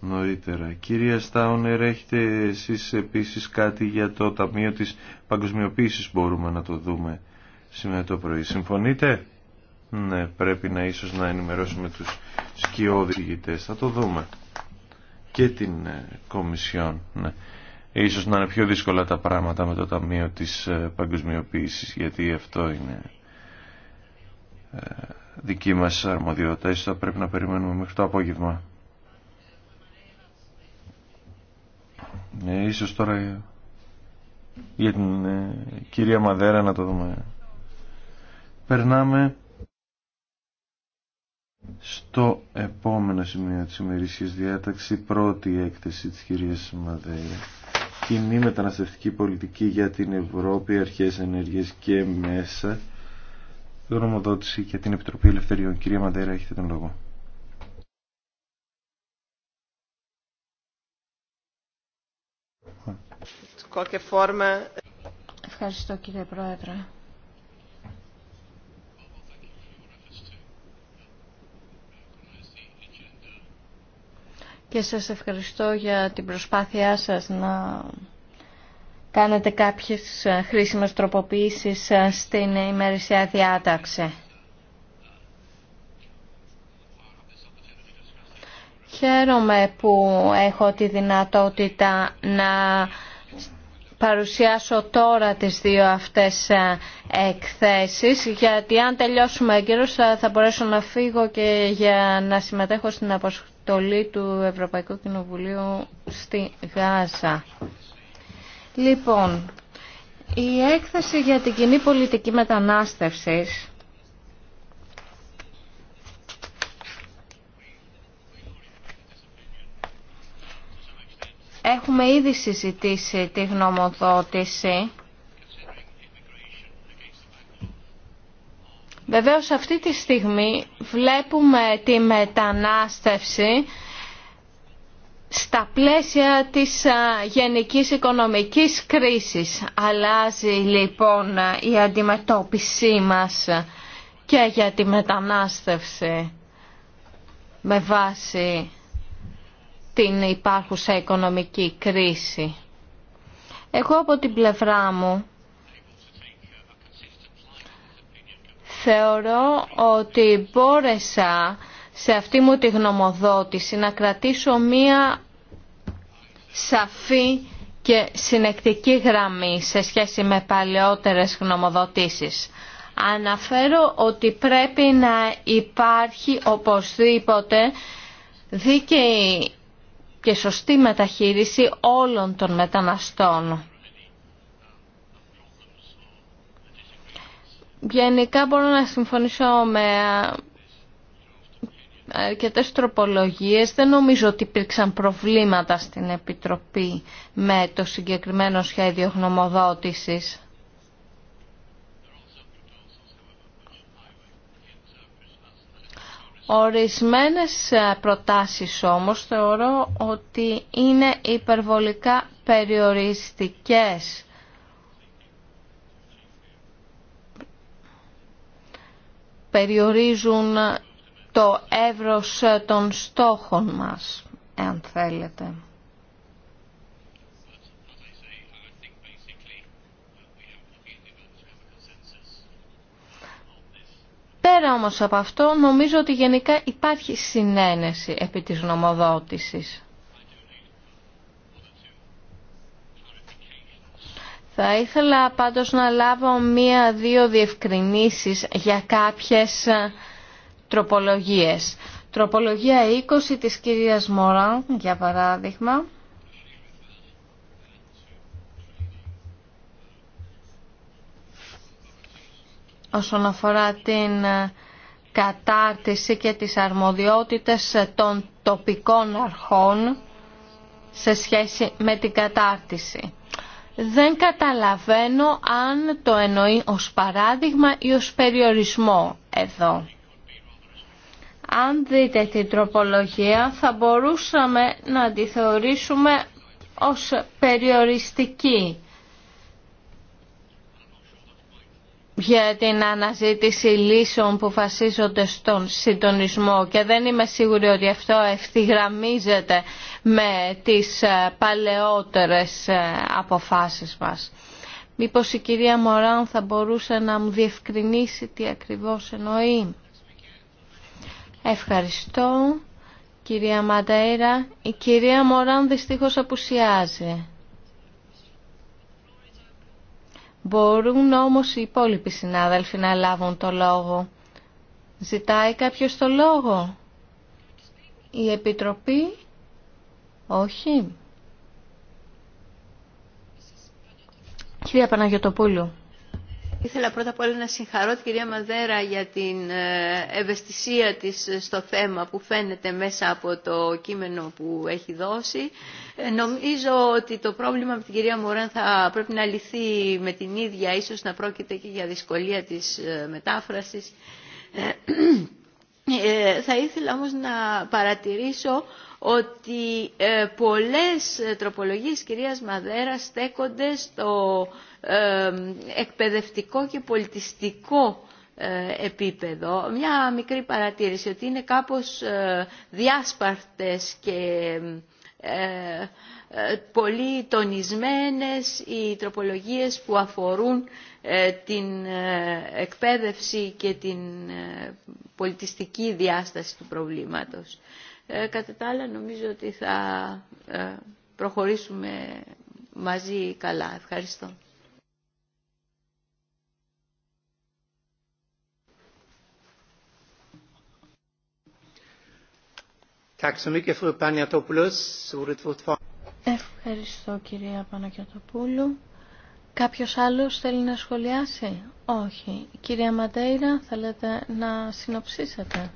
Speaker 3: νωρίτερα. Κυρία Στάουνερ, έχετε εσείς επίσης κάτι για το Ταμείο της Παγκοσμιοποίησης μπορούμε να το δούμε σήμερα το πρωί. Συμφωνείτε? Ναι, πρέπει να ίσως να ενημερώσουμε τους σκιώδηγητές. Θα το δούμε. Και την ε, Κομισιόν. Ναι. Ίσως να είναι πιο δύσκολα τα πράγματα με το Ταμείο της ε, Παγκοσμιοποίησης, γιατί αυτό είναι ε, δική μας αρμοδιότητα. Ίσως θα πρέπει να περιμένουμε μέχρι το απόγευμα. Ε, ίσως τώρα για την κυρία Μαδέρα να το δούμε. Περνάμε στο επόμενο σημείο της ημερήσιας διάταξη, πρώτη έκθεση της κυρίας Μαδέρα κοινή μεταναστευτική πολιτική για την Ευρώπη, αρχές ενέργειες και μέσα. Γνωμοδότηση για την Επιτροπή Ελευθεριών. Κυρία Μαντέρα, έχετε τον λόγο.
Speaker 4: Ευχαριστώ κύριε Πρόεδρε. και σας ευχαριστώ για την προσπάθειά σας να κάνετε κάποιες χρήσιμες τροποποιήσεις στην ημερησιά διάταξη. Χαίρομαι που έχω τη δυνατότητα να παρουσιάσω τώρα τις δύο αυτές εκθέσεις γιατί αν τελειώσουμε γύρω θα μπορέσω να φύγω και για να συμμετέχω στην αποσχολή το του Ευρωπαϊκού Κοινοβουλίου στη Γάζα. Λοιπόν, η έκθεση για την κοινή πολιτική μετανάστευσης Έχουμε ήδη συζητήσει τη γνωμοδότηση Βεβαίως αυτή τη στιγμή βλέπουμε τη μετανάστευση στα πλαίσια της γενικής οικονομικής κρίσης. Αλλάζει λοιπόν η αντιμετώπιση μας και για τη μετανάστευση με βάση την υπάρχουσα οικονομική κρίση. Εγώ από την πλευρά μου Θεωρώ ότι μπόρεσα σε αυτή μου τη γνωμοδότηση να κρατήσω μία σαφή και συνεκτική γραμμή σε σχέση με παλαιότερες γνωμοδοτήσεις. Αναφέρω ότι πρέπει να υπάρχει οπωσδήποτε δίκαιη και σωστή μεταχείριση όλων των μεταναστών. Γενικά μπορώ να συμφωνήσω με αρκετές τροπολογίες. Δεν νομίζω ότι υπήρξαν προβλήματα στην Επιτροπή με το συγκεκριμένο σχέδιο γνωμοδότησης. Ορισμένες προτάσεις όμως θεωρώ ότι είναι υπερβολικά περιοριστικές περιορίζουν το εύρος των στόχων μας, εάν θέλετε. Πέρα όμως από αυτό, νομίζω ότι γενικά υπάρχει συνένεση επί της νομοδότησης. Θα ήθελα πάντως να λάβω μία-δύο διευκρινήσεις για κάποιες ε, τροπολογίες. Τροπολογία 20 της κυρίας Μωράν, για παράδειγμα. Όσον αφορά την ε, κατάρτιση και τις αρμοδιότητες ε, των τοπικών αρχών σε σχέση με την κατάρτιση δεν καταλαβαίνω αν το εννοεί ως παράδειγμα ή ως περιορισμό εδώ. Αν δείτε την τροπολογία θα μπορούσαμε να τη θεωρήσουμε ως περιοριστική για την αναζήτηση λύσεων που βασίζονται στον συντονισμό και δεν είμαι σίγουρη ότι αυτό ευθυγραμμίζεται με τις ε, παλαιότερες ε, αποφάσεις μας. Μήπως η κυρία Μωράν θα μπορούσε να μου διευκρινίσει τι ακριβώς εννοεί. Ευχαριστώ. Κυρία Ματέιρα, η κυρία Μωράν δυστυχώς απουσιάζει. Μπορούν όμως οι υπόλοιποι συνάδελφοι να λάβουν το λόγο. Ζητάει κάποιος το λόγο. Η Επιτροπή. Όχι. Κυρία Παναγιωτοπούλου.
Speaker 5: Ήθελα πρώτα απ' όλα να συγχαρώ την κυρία Μαδέρα για την ε, ευαισθησία της ε, στο θέμα που φαίνεται μέσα από το κείμενο που έχει δώσει. Ε, νομίζω ότι το πρόβλημα με την κυρία Μωράν θα πρέπει να λυθεί με την ίδια, ίσως να πρόκειται και για δυσκολία της μετάφρασης. Θα ήθελα όμως να παρατηρήσω ότι πολλές τροπολογίες κυρίας Μαδέρα στέκονται στο εκπαιδευτικό και πολιτιστικό ε, επίπεδο. Μια μικρή παρατήρηση ότι είναι κάπως ε, διάσπαρτες και ε, πολύ τονισμένες οι τροπολογίες που αφορούν την εκπαίδευση και την πολιτιστική διάσταση του προβλήματος. Κατά τα άλλα νομίζω ότι θα προχωρήσουμε μαζί καλά. Ευχαριστώ.
Speaker 2: Ευχαριστώ
Speaker 4: κυρία Πανακιατοπούλου. Κάποιος άλλος θέλει να σχολιάσει. Όχι. Κυρία Ματέιρα, θέλετε να συνοψίσετε.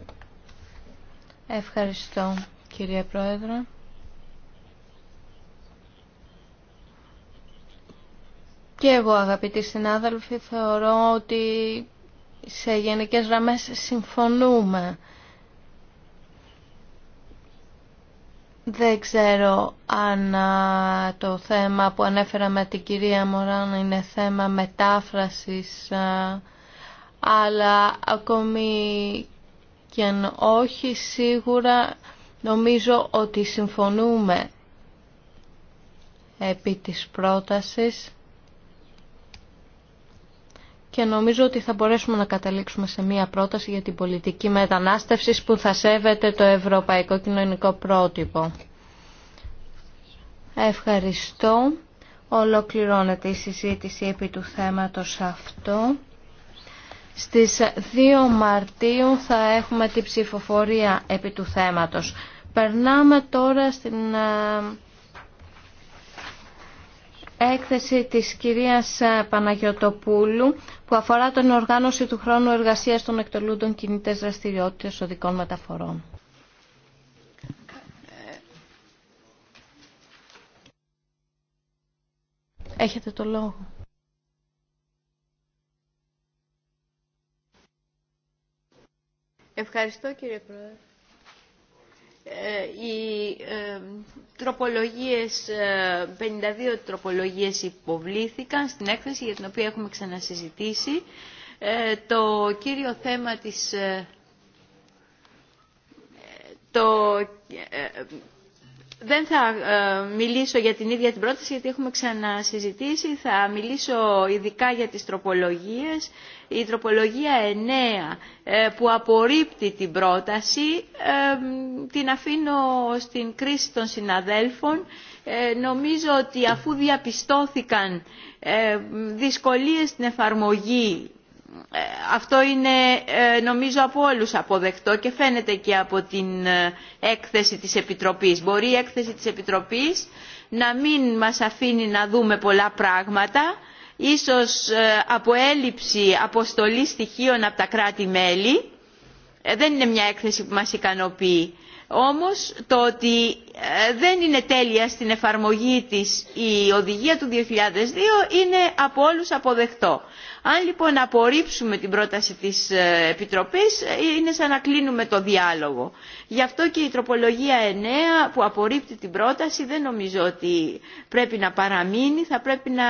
Speaker 4: Ευχαριστώ κυρία Πρόεδρε. Και εγώ αγαπητοί συνάδελφοι θεωρώ ότι σε γενικές γραμμές συμφωνούμε Δεν ξέρω αν το θέμα που ανέφερα με την κυρία Μωράν είναι θέμα μετάφρασης, αλλά ακόμη και αν όχι σίγουρα νομίζω ότι συμφωνούμε επί της πρότασης και νομίζω ότι θα μπορέσουμε να καταλήξουμε σε μία πρόταση για την πολιτική μετανάστευση που θα σέβεται το ευρωπαϊκό κοινωνικό πρότυπο. Ευχαριστώ. Ολοκληρώνεται η συζήτηση επί του θέματος αυτό. Στις 2 Μαρτίου θα έχουμε την ψηφοφορία επί του θέματος. Περνάμε τώρα στην ε, έκθεση της κυρίας Παναγιωτοπούλου που αφορά την οργάνωση του χρόνου εργασίας των εκτελούντων κινητές δραστηριότητες οδικών μεταφορών. Έχετε το λόγο.
Speaker 5: Ευχαριστώ κύριε Πρόεδρε. Ε, οι ε, τροπολογίες, 52 ε, τροπολογίες υποβλήθηκαν στην έκθεση για την οποία έχουμε ξανασυζητήσει. Το κύριο θέμα της... Το δεν θα ε, μιλήσω για την ίδια την πρόταση γιατί έχουμε ξανασυζητήσει. Θα μιλήσω ειδικά για τις τροπολογίες. Η τροπολογία 9 ε, που απορρίπτει την πρόταση ε, την αφήνω στην κρίση των συναδέλφων. Νομίζω ότι αφού διαπιστώθηκαν δυσκολίες στην εφαρμογή ε, αυτό είναι ε, νομίζω από όλους αποδεκτό και φαίνεται και από την ε, έκθεση της Επιτροπής. Μπορεί η έκθεση της Επιτροπής να μην μας αφήνει να δούμε πολλά πράγματα, ίσως από έλλειψη αποστολή στοιχείων από τα κράτη-μέλη. Δεν είναι μια έκθεση που μας ικανοποιεί όμως το ότι ε, δεν είναι τέλεια στην εφαρμογή της η οδηγία του 2002 είναι από όλους αποδεκτό. Αν λοιπόν απορρίψουμε την πρόταση της ε, Επιτροπής ε, είναι σαν να κλείνουμε το διάλογο. Γι' αυτό και η τροπολογία 9 που απορρίπτει την πρόταση δεν νομίζω ότι πρέπει να παραμείνει. Θα πρέπει να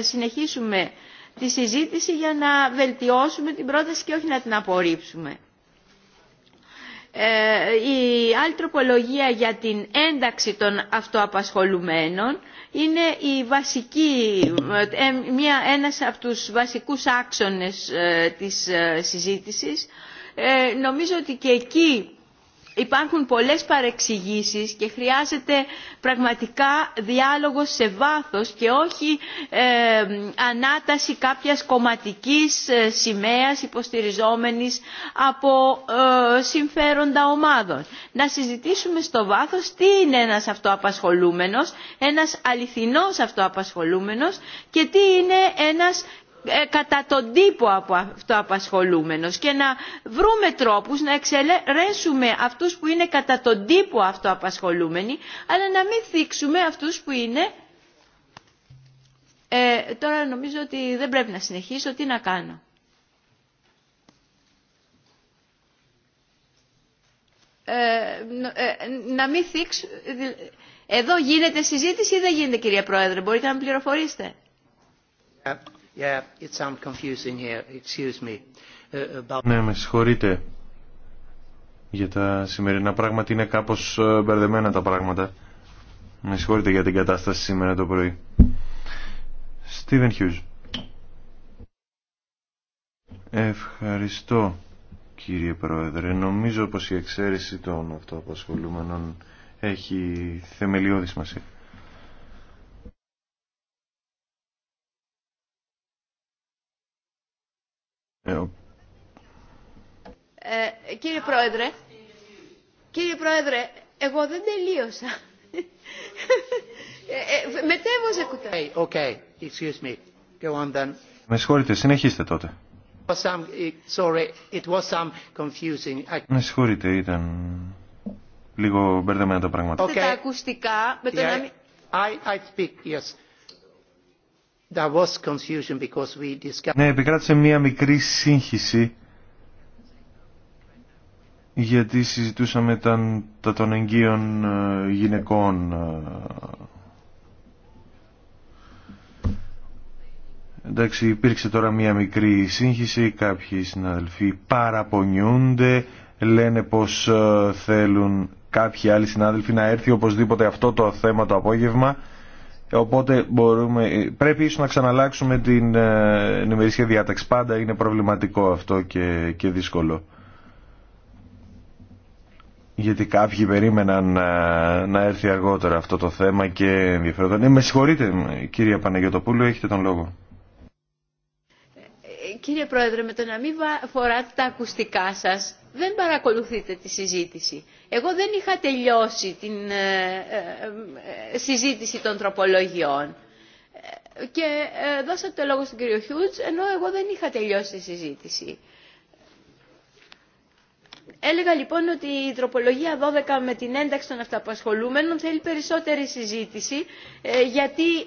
Speaker 5: συνεχίσουμε τη συζήτηση για να βελτιώσουμε την πρόταση και όχι να την απορρίψουμε. Ε, η άλλη τροπολογία για την ένταξη των αυτοαπασχολουμένων είναι η βασική, ε, μια, ένας από τους βασικούς άξονες ε, της συζήτησης. νομίζω ότι και εκεί υπάρχουν πολλές παρεξηγήσεις και χρειάζεται πραγματικά διάλογος σε βάθος και όχι ε, ανάταση κάποιας κομματικής ε, σημαίας υποστηριζόμενης από ε, συμφέροντα ομάδων. Να συζητήσουμε στο βάθος τι είναι ένας αυτοαπασχολούμενος, ένας αληθινός αυτοαπασχολούμενος και τι είναι ένας ε, κατά τον τύπο από απασχολούμενος και να βρούμε τρόπους να εξαιρέσουμε αυτούς που είναι κατά τον τύπο αυτοαπασχολούμενοι αλλά να μην θίξουμε αυτούς που είναι... Ε, τώρα νομίζω ότι δεν πρέπει να συνεχίσω. Τι να κάνω. Ε, ε, να μην Εδώ γίνεται συζήτηση ή δεν γίνεται κυρία Πρόεδρε. Μπορείτε να με
Speaker 2: πληροφορήσετε. Uh, ναι, με
Speaker 3: συγχωρείτε για τα σημερινά πράγματα. Είναι κάπως ε, μπερδεμένα τα πράγματα. Με συγχωρείτε για την κατάσταση σήμερα το πρωί. Στίβεν Χιούζ. Ευχαριστώ κύριε Πρόεδρε. Νομίζω πως η εξαίρεση των αυτοαπασχολούμενων έχει θεμελιώδη σημασία.
Speaker 5: Ε, ε, κύριε Πρόεδρε, κύριε Πρόεδρε, εγώ δεν τελείωσα. ε, ε, μετέβωσε κουτάκι.
Speaker 2: Okay, excuse me. Go on then.
Speaker 3: Με συγχωρείτε, συνεχίστε τότε.
Speaker 2: Some, sorry, it was some confusing.
Speaker 3: Με συγχωρείτε, ήταν λίγο μπερδεμένα τα πράγματα. Okay. Τα
Speaker 2: ακουστικά με το yeah. να I, I speak, yes. Ναι,
Speaker 3: επικράτησε μία μικρή σύγχυση γιατί συζητούσαμε τα, τα των εγγύων ε, γυναικών. Ε. Εντάξει, υπήρξε τώρα μία μικρή σύγχυση, κάποιοι συναδελφοί παραπονιούνται, λένε πως ε, θέλουν κάποιοι άλλοι συνάδελφοι να έρθει οπωσδήποτε αυτό το θέμα το απόγευμα. Οπότε μπορούμε, πρέπει ίσως να ξαναλλάξουμε την ενημερίσια διάταξη. Πάντα είναι προβληματικό αυτό και, δύσκολο. Γιατί κάποιοι περίμεναν ε, να, έρθει αργότερα αυτό το θέμα και ενδιαφέρονταν. Ε, με συγχωρείτε κύριε Παναγιωτοπούλου, έχετε τον λόγο.
Speaker 5: Ε, κύριε Πρόεδρε, με το να μην φοράτε τα ακουστικά σας, δεν παρακολουθείτε τη συζήτηση. Εγώ δεν είχα τελειώσει την ε, ε, ε, συζήτηση των τροπολογιών και δώσατε το λόγο στον κύριο Χιούτς ενώ εγώ δεν είχα τελειώσει τη συζήτηση. Έλεγα λοιπόν ότι η τροπολογία 12 με την ένταξη των αυταπασχολούμενων θέλει περισσότερη συζήτηση γιατί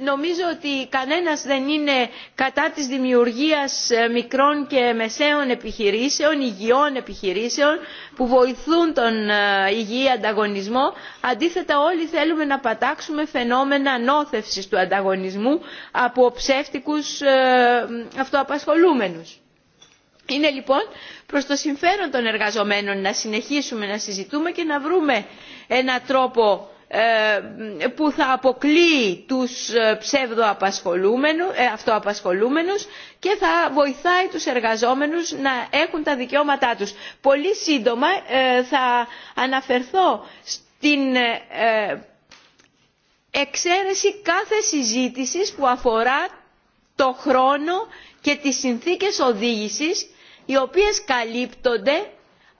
Speaker 5: νομίζω ότι κανένας δεν είναι κατά της δημιουργίας ε, μικρών και μεσαίων επιχειρήσεων υγιών επιχειρήσεων που βοηθούν τον ε, υγιή ανταγωνισμό αντίθετα όλοι θέλουμε να πατάξουμε φαινόμενα νόθευσης του ανταγωνισμού από ψεύτικους ε, αυτοαπασχολούμενους. είναι λοιπόν προς το συμφέρον των εργαζομένων να συνεχίσουμε να συζητούμε και να βρούμε ένα τρόπο ε, που θα αποκλείει τους ε, ε, απασχολούμενους και θα βοηθάει τους εργαζόμενους να έχουν τα δικαιώματά τους. Πολύ σύντομα θα αναφερθώ στην εξαίρεση κάθε συζήτησης που αφορά το χρόνο και τις συνθήκες οδήγησης οι οποίες καλύπτονται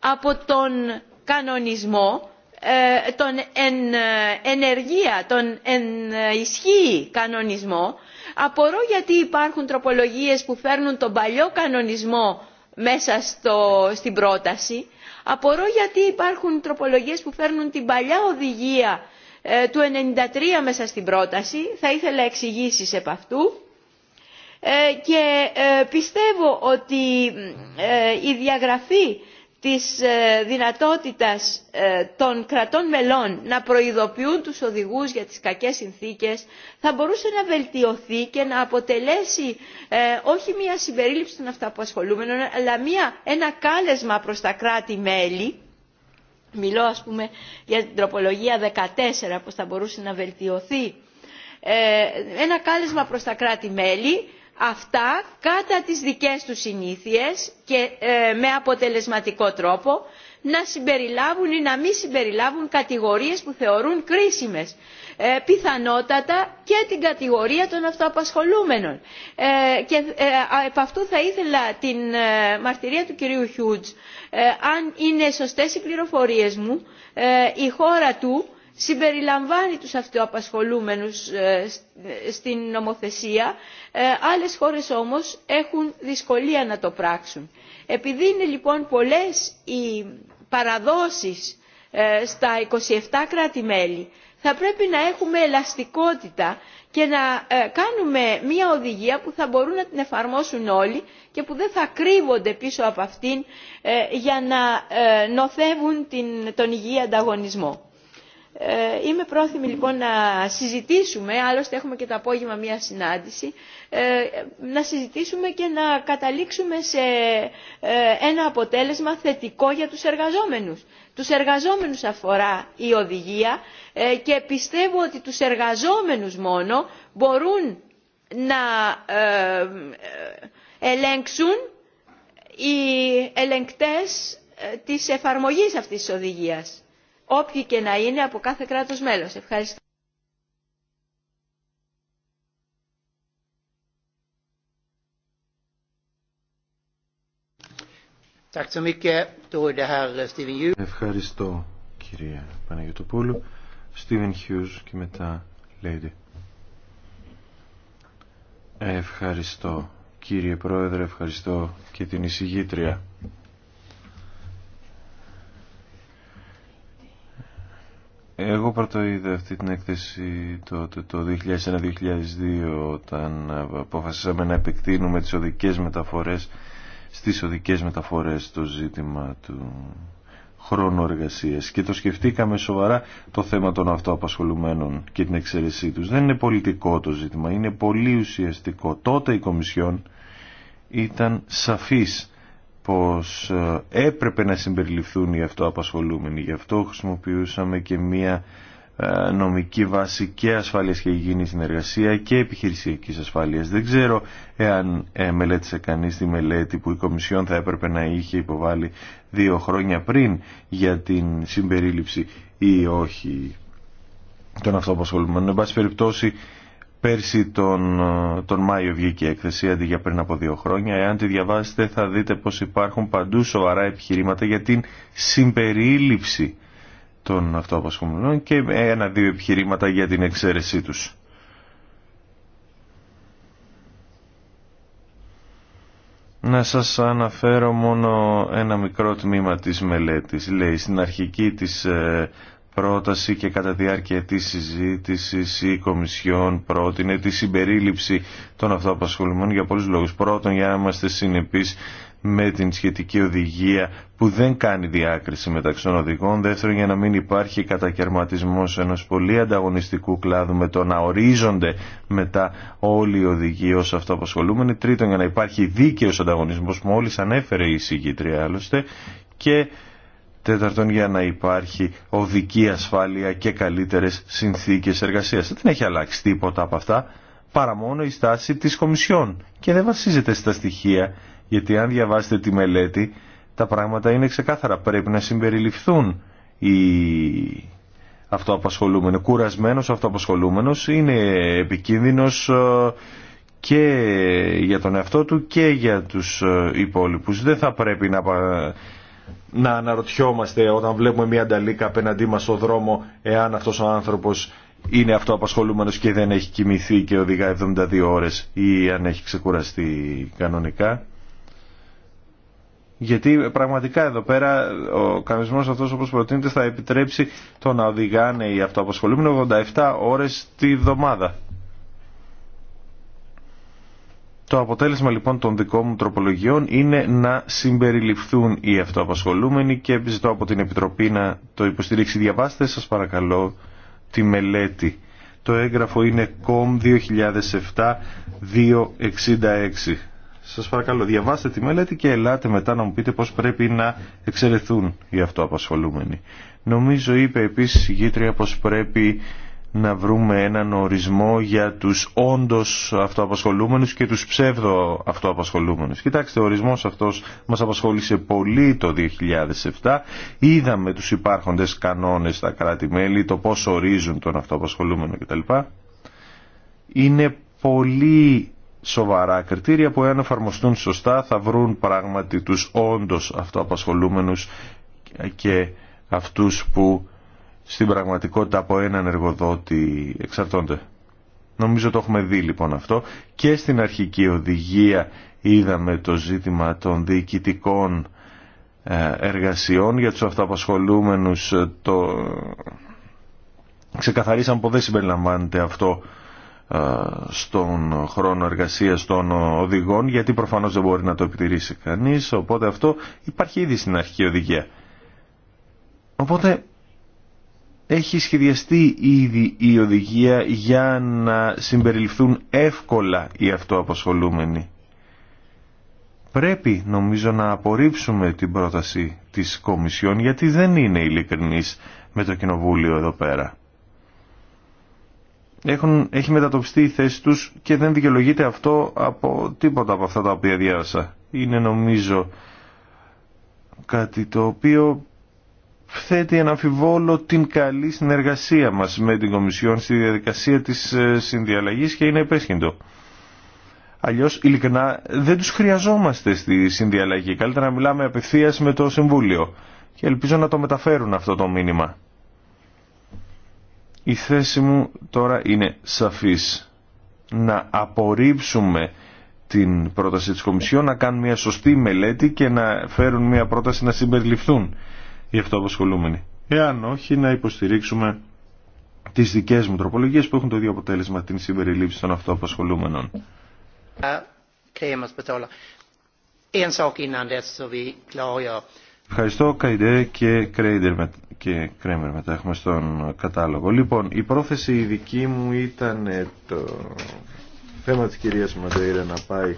Speaker 5: από τον κανονισμό ε, τον ε, ενεργεία, τον ενισχύει ε, κανονισμό. Απορώ γιατί υπάρχουν τροπολογίες που φέρνουν τον παλιό κανονισμό μέσα στην πρόταση. Απορώ γιατί υπάρχουν τροπολογίες που φέρνουν την παλιά οδηγία του 1993 μέσα στην πρόταση. Θα ήθελα εξηγήσει επ' αυτού. και πιστεύω ότι η διαγραφή της ε, δυνατότητας ε, των κρατών μελών να προειδοποιούν τους οδηγούς για τις κακές συνθήκες θα μπορούσε να βελτιωθεί και να αποτελέσει ε, όχι μια συμπερίληψη των αυτοαπασχολούμενων αλλά μια, ένα κάλεσμα προς τα κράτη-μέλη μιλώ ας πούμε για την τροπολογία 14 πως θα μπορούσε να βελτιωθεί ένα κάλεσμα προς τα κράτη-μέλη αυτά κατά τις δικές τους συνήθειες και ε, με αποτελεσματικό τρόπο να συμπεριλάβουν ή να μην συμπεριλάβουν κατηγορίες που θεωρούν κρίσιμες ε, πιθανότατα και την κατηγορία των αυτοαπασχολούμενων. Ε, και από αυτού θα ήθελα την μαρτυρία του κυρίου Χιούτς αν είναι σωστές οι πληροφορίες μου η χώρα του συμπεριλαμβάνει τους αυτοαπασχολούμενους ε, ε, στην νομοθεσία ε, άλλες χώρες όμως έχουν δυσκολία να το πράξουν. επειδή είναι λοιπόν πολλές οι παραδόσεις στα 27 κράτη μέλη θα πρέπει να έχουμε ελαστικότητα και να κάνουμε μια οδηγία που θα μπορούν να την εφαρμόσουν όλοι και που δεν θα κρύβονται πίσω από αυτήν για να νοθεύουν τον υγιή ανταγωνισμό. Ε, είμαι πρόθυμη λοιπόν να συζητήσουμε, άλλωστε έχουμε και το απόγευμα μία συνάντηση, ε, να συζητήσουμε και να καταλήξουμε σε ε, ένα αποτέλεσμα θετικό για τους εργαζόμενους. Τους εργαζόμενους αφορά η οδηγία και πιστεύω ότι τους εργαζόμενους μόνο μπορούν να ελέγξουν οι ελεγκτές της εφαρμογής αυτής της οδηγίας όποιοι και να είναι από κάθε κράτος μέλος. Ευχαριστώ.
Speaker 2: Eh,
Speaker 3: ευχαριστώ κυρία Παναγιωτοπούλου. Στίβεν Χιούς και μετά Λέιντι. Ευχαριστώ κύριε Πρόεδρε, ευχαριστώ και την εισηγήτρια. Εγώ πρώτο είδα αυτή την έκθεση το, το, 2001-2002 όταν αποφασίσαμε να επεκτείνουμε τις οδικές μεταφορές στις οδικές μεταφορές το ζήτημα του χρόνου εργασίας και το σκεφτήκαμε σοβαρά το θέμα των αυτοαπασχολουμένων και την εξαιρεσή τους. Δεν είναι πολιτικό το ζήτημα, είναι πολύ ουσιαστικό. Τότε η Κομισιόν ήταν σαφής πως ε, έπρεπε να συμπεριληφθούν οι αυτοαπασχολούμενοι. Γι' αυτό χρησιμοποιούσαμε και μία ε, νομική βάση και ασφάλειας και υγιεινή συνεργασία και επιχειρησιακής ασφάλειας. Δεν ξέρω εάν ε, μελέτησε κανείς τη μελέτη που η Κομισιόν θα έπρεπε να είχε υποβάλει δύο χρόνια πριν για την συμπερίληψη ή όχι των αυτοαπασχολούμενων. Εν πάση περιπτώσει Πέρσι τον, τον Μάιο βγήκε η έκθεση αντί για πριν από δύο χρόνια. Εάν τη διαβάσετε θα δείτε πως υπάρχουν παντού σοβαρά επιχειρήματα για την συμπερίληψη των αυτοαπασχολημένων και ένα-δύο επιχειρήματα για την εξαίρεσή τους. Να σας αναφέρω μόνο ένα μικρό τμήμα της μελέτης. Λέει στην αρχική της ε, πρόταση και κατά διάρκεια της συζήτησης η Κομισιόν πρότεινε τη συμπερίληψη των αυτοαπασχολημένων για πολλούς λόγους. Πρώτον, για να είμαστε συνεπείς με την σχετική οδηγία που δεν κάνει διάκριση μεταξύ των οδηγών. Δεύτερον, για να μην υπάρχει κατακαιρματισμός ενός πολύ ανταγωνιστικού κλάδου με το να ορίζονται μετά όλοι οι οδηγοί ως αυτοαπασχολούμενοι. Τρίτον, για να υπάρχει δίκαιος ανταγωνισμός που μόλις ανέφερε η συγκήτρια άλλωστε. Και Τέταρτον, για να υπάρχει οδική ασφάλεια και καλύτερες συνθήκες εργασίας. Δεν έχει αλλάξει τίποτα από αυτά, παρά μόνο η στάση της Κομισιόν. Και δεν βασίζεται στα στοιχεία, γιατί αν διαβάσετε τη μελέτη, τα πράγματα είναι ξεκάθαρα. Πρέπει να συμπεριληφθούν οι αυτοαπασχολούμενοι. Κουρασμένος αυτοαπασχολούμενος είναι επικίνδυνος ε, και για τον εαυτό του και για τους ε, υπόλοιπους. Δεν θα πρέπει να να αναρωτιόμαστε όταν βλέπουμε μια ανταλίκα απέναντί μας στο δρόμο εάν αυτός ο άνθρωπος είναι αυτοαπασχολούμενος και δεν έχει κοιμηθεί και οδηγά 72 ώρες ή αν έχει ξεκουραστεί κανονικά. Γιατί πραγματικά εδώ πέρα ο καμισμός αυτός όπως προτείνεται θα επιτρέψει το να οδηγάνε οι αυτοαπασχολούμενοι 87 ώρες τη βδομάδα. Το αποτέλεσμα λοιπόν των δικών μου τροπολογιών είναι να συμπεριληφθούν οι αυτοαπασχολούμενοι και ζητώ από την Επιτροπή να το υποστηρίξει. Διαβάστε σας παρακαλώ τη μελέτη. Το έγγραφο είναι COM 2007-266. Σας παρακαλώ διαβάστε τη μελέτη και ελάτε μετά να μου πείτε πώς πρέπει να εξαιρεθούν οι αυτοαπασχολούμενοι. Νομίζω είπε επίσης η γήτρια πως πρέπει να βρούμε έναν ορισμό για τους όντως αυτοαπασχολούμενους και τους ψεύδο αυτοαπασχολούμενους. Κοιτάξτε, ο ορισμός αυτός μας απασχόλησε πολύ το 2007. Είδαμε τους υπάρχοντες κανόνες στα κράτη-μέλη, το πώς ορίζουν τον αυτοαπασχολούμενο κτλ. Είναι πολύ σοβαρά κριτήρια που αν εφαρμοστούν σωστά θα βρουν πράγματι τους όντως αυτοαπασχολούμενους και αυτούς που στην πραγματικότητα από έναν εργοδότη εξαρτώνται. Νομίζω το έχουμε δει λοιπόν αυτό και στην αρχική οδηγία είδαμε το ζήτημα των διοικητικών ε, εργασιών για τους αυτοαπασχολούμενους ε, το... ξεκαθαρίσαν που δεν συμπεριλαμβάνεται αυτό ε, στον χρόνο εργασίας των οδηγών γιατί προφανώς δεν μπορεί να το επιτηρήσει κανείς οπότε αυτό υπάρχει ήδη στην αρχική οδηγία οπότε έχει σχεδιαστεί ήδη η οδηγία για να συμπεριληφθούν εύκολα οι αυτοαποσχολούμενοι. Πρέπει νομίζω να απορρίψουμε την πρόταση της Κομισιόν γιατί δεν είναι ειλικρινής με το Κοινοβούλιο εδώ πέρα. Έχουν, έχει μετατοπιστεί η θέση τους και δεν δικαιολογείται αυτό από τίποτα από αυτά τα οποία διάβασα. Είναι νομίζω κάτι το οποίο Φθέτει, ένα την καλή συνεργασία μας με την Κομισιόν στη διαδικασία της ε, συνδιαλλαγής και είναι επέσχυντο. Αλλιώς, ειλικρινά, δεν τους χρειαζόμαστε στη συνδιαλλαγή. Καλύτερα να μιλάμε απευθείας με το Συμβούλιο. Και ελπίζω να το μεταφέρουν αυτό το μήνυμα. Η θέση μου τώρα είναι σαφής. Να απορρίψουμε την πρόταση της Κομισιόν, να κάνουν μια σωστή μελέτη και να φέρουν μια πρόταση να συμπεριληφθούν οι αυτοαπασχολούμενοι. Εάν όχι, να υποστηρίξουμε τις δικές μου τροπολογίε που έχουν το ίδιο αποτέλεσμα την συμπεριλήψη των αυτοαπασχολούμενων. Ευχαριστώ Καϊντέ και, Κρέιντερ και Κρέμερ μετά έχουμε στον κατάλογο. Λοιπόν, η πρόθεση η δική μου ήταν το θέμα της κυρίας Μαντέιρα να πάει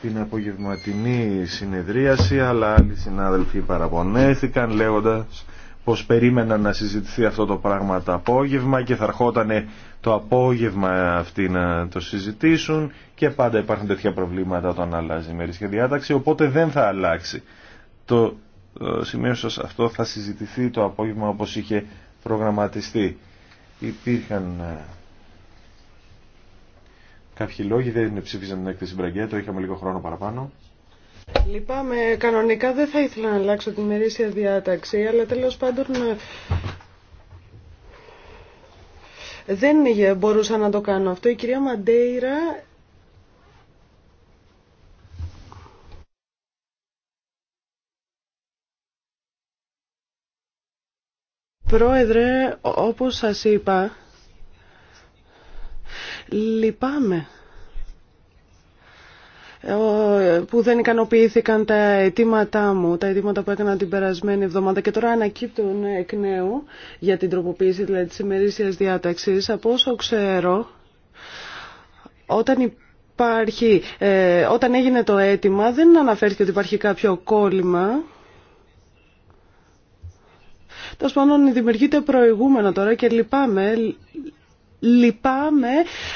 Speaker 3: την απογευματινή συνεδρίαση αλλά άλλοι συνάδελφοι παραπονέθηκαν λέγοντας πως περίμεναν να συζητηθεί αυτό το πράγμα το απόγευμα και θα ερχόταν το απόγευμα αυτοί να το συζητήσουν και πάντα υπάρχουν τέτοια προβλήματα όταν αλλάζει η μερίσια διάταξη οπότε δεν θα αλλάξει το ε, σημείο σας αυτό θα συζητηθεί το απόγευμα όπως είχε προγραμματιστεί υπήρχαν ε, Κάποιοι λόγοι δεν ψήφισαν την έκθεση Μπραγκέτο, είχαμε λίγο χρόνο παραπάνω.
Speaker 1: Λυπάμαι, κανονικά δεν θα ήθελα να αλλάξω την μερίσια διάταξη, αλλά τέλος πάντων ε, δεν μπορούσα να το κάνω αυτό. Η κυρία Μαντέιρα Πρόεδρε, όπως σας είπα, Λυπάμαι ε, που δεν ικανοποιήθηκαν τα αιτήματά μου, τα αιτήματα που έκανα την περασμένη εβδομάδα και τώρα ανακύπτουν εκ νέου για την τροποποίηση δηλαδή, της ημερήσιας διάταξης. Από όσο ξέρω, όταν υπάρχει, ε, όταν έγινε το αίτημα δεν αναφέρθηκε ότι υπάρχει κάποιο κόλλημα. Τέλο πάντων, δημιουργείται προηγούμενο τώρα και λυπάμαι. Λυπάμαι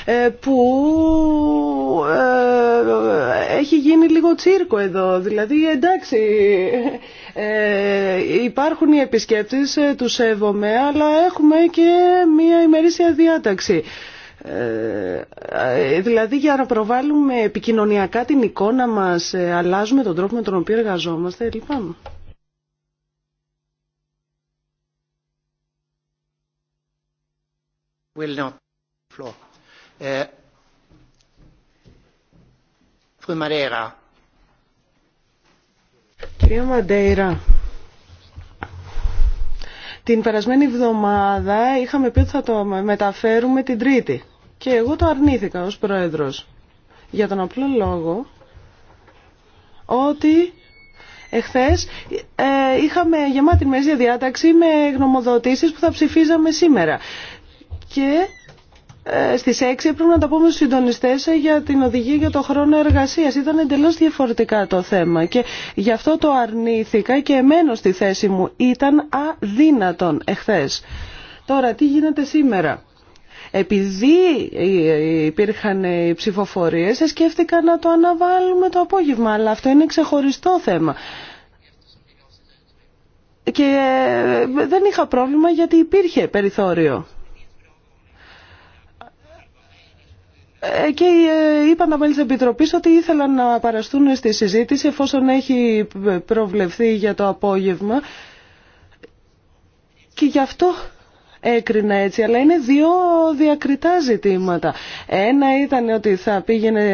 Speaker 1: ε, που ε, έχει γίνει λίγο τσίρκο εδώ. Δηλαδή, εντάξει, ε, υπάρχουν οι επισκέπτες, τους σέβομαι, αλλά έχουμε και μία ημερήσια διάταξη. Δηλαδή, για να προβάλλουμε επικοινωνιακά την εικόνα μας, αλλάζουμε τον τρόπο με τον οποίο εργαζόμαστε. Λυπάμαι.
Speaker 2: will not floor. Uh, fru
Speaker 1: Κυρία Μαντέιρα, την περασμένη εβδομάδα είχαμε πει ότι θα το μεταφέρουμε την Τρίτη και εγώ το αρνήθηκα ως Πρόεδρος για τον απλό λόγο ότι εχθές ε, είχαμε γεμάτη μέση διάταξη με γνωμοδοτήσεις που θα ψηφίζαμε σήμερα και ε, στις 6 έπρεπε να τα πούμε στους συντονιστές για την οδηγία για το χρόνο εργασίας. Ήταν εντελώς διαφορετικά το θέμα και γι' αυτό το αρνήθηκα και εμένω στη θέση μου. Ήταν αδύνατον εχθές. Τώρα τι γίνεται σήμερα. Επειδή ε, υπήρχαν ε, οι ψηφοφορίες, σκέφτηκα να το αναβάλουμε το απόγευμα, αλλά αυτό είναι ξεχωριστό θέμα. Και δεν είχα πρόβλημα γιατί υπήρχε περιθώριο. Ε, και ε, είπαν τα μέλη της Επιτροπής ότι ήθελαν να παραστούν στη συζήτηση εφόσον έχει προβλεφθεί για το απόγευμα και γι' αυτό έκρινα έτσι, αλλά είναι δύο διακριτά ζητήματα. Ένα ήταν ότι θα πήγαινε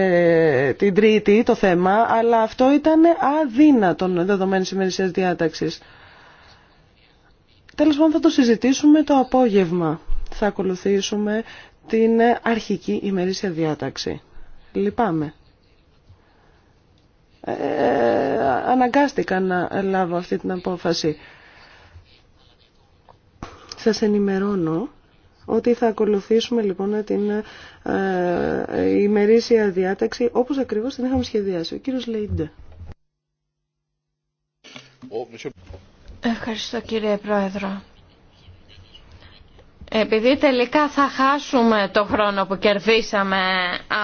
Speaker 1: την Τρίτη το θέμα, αλλά αυτό ήταν αδύνατον δεδομένης ημερησίας διάταξης. Τέλος πάντων θα το συζητήσουμε το απόγευμα. Θα ακολουθήσουμε την αρχική ημερήσια διάταξη. Λυπάμαι. Ε, αναγκάστηκα να λάβω αυτή την απόφαση. Σας ενημερώνω ότι θα ακολουθήσουμε λοιπόν την ε, ημερήσια διάταξη όπως ακριβώς την είχαμε σχεδιάσει. Ο κύριος Λέιντε.
Speaker 4: Ευχαριστώ κύριε Πρόεδρο. Επειδή τελικά θα χάσουμε το χρόνο που κερδίσαμε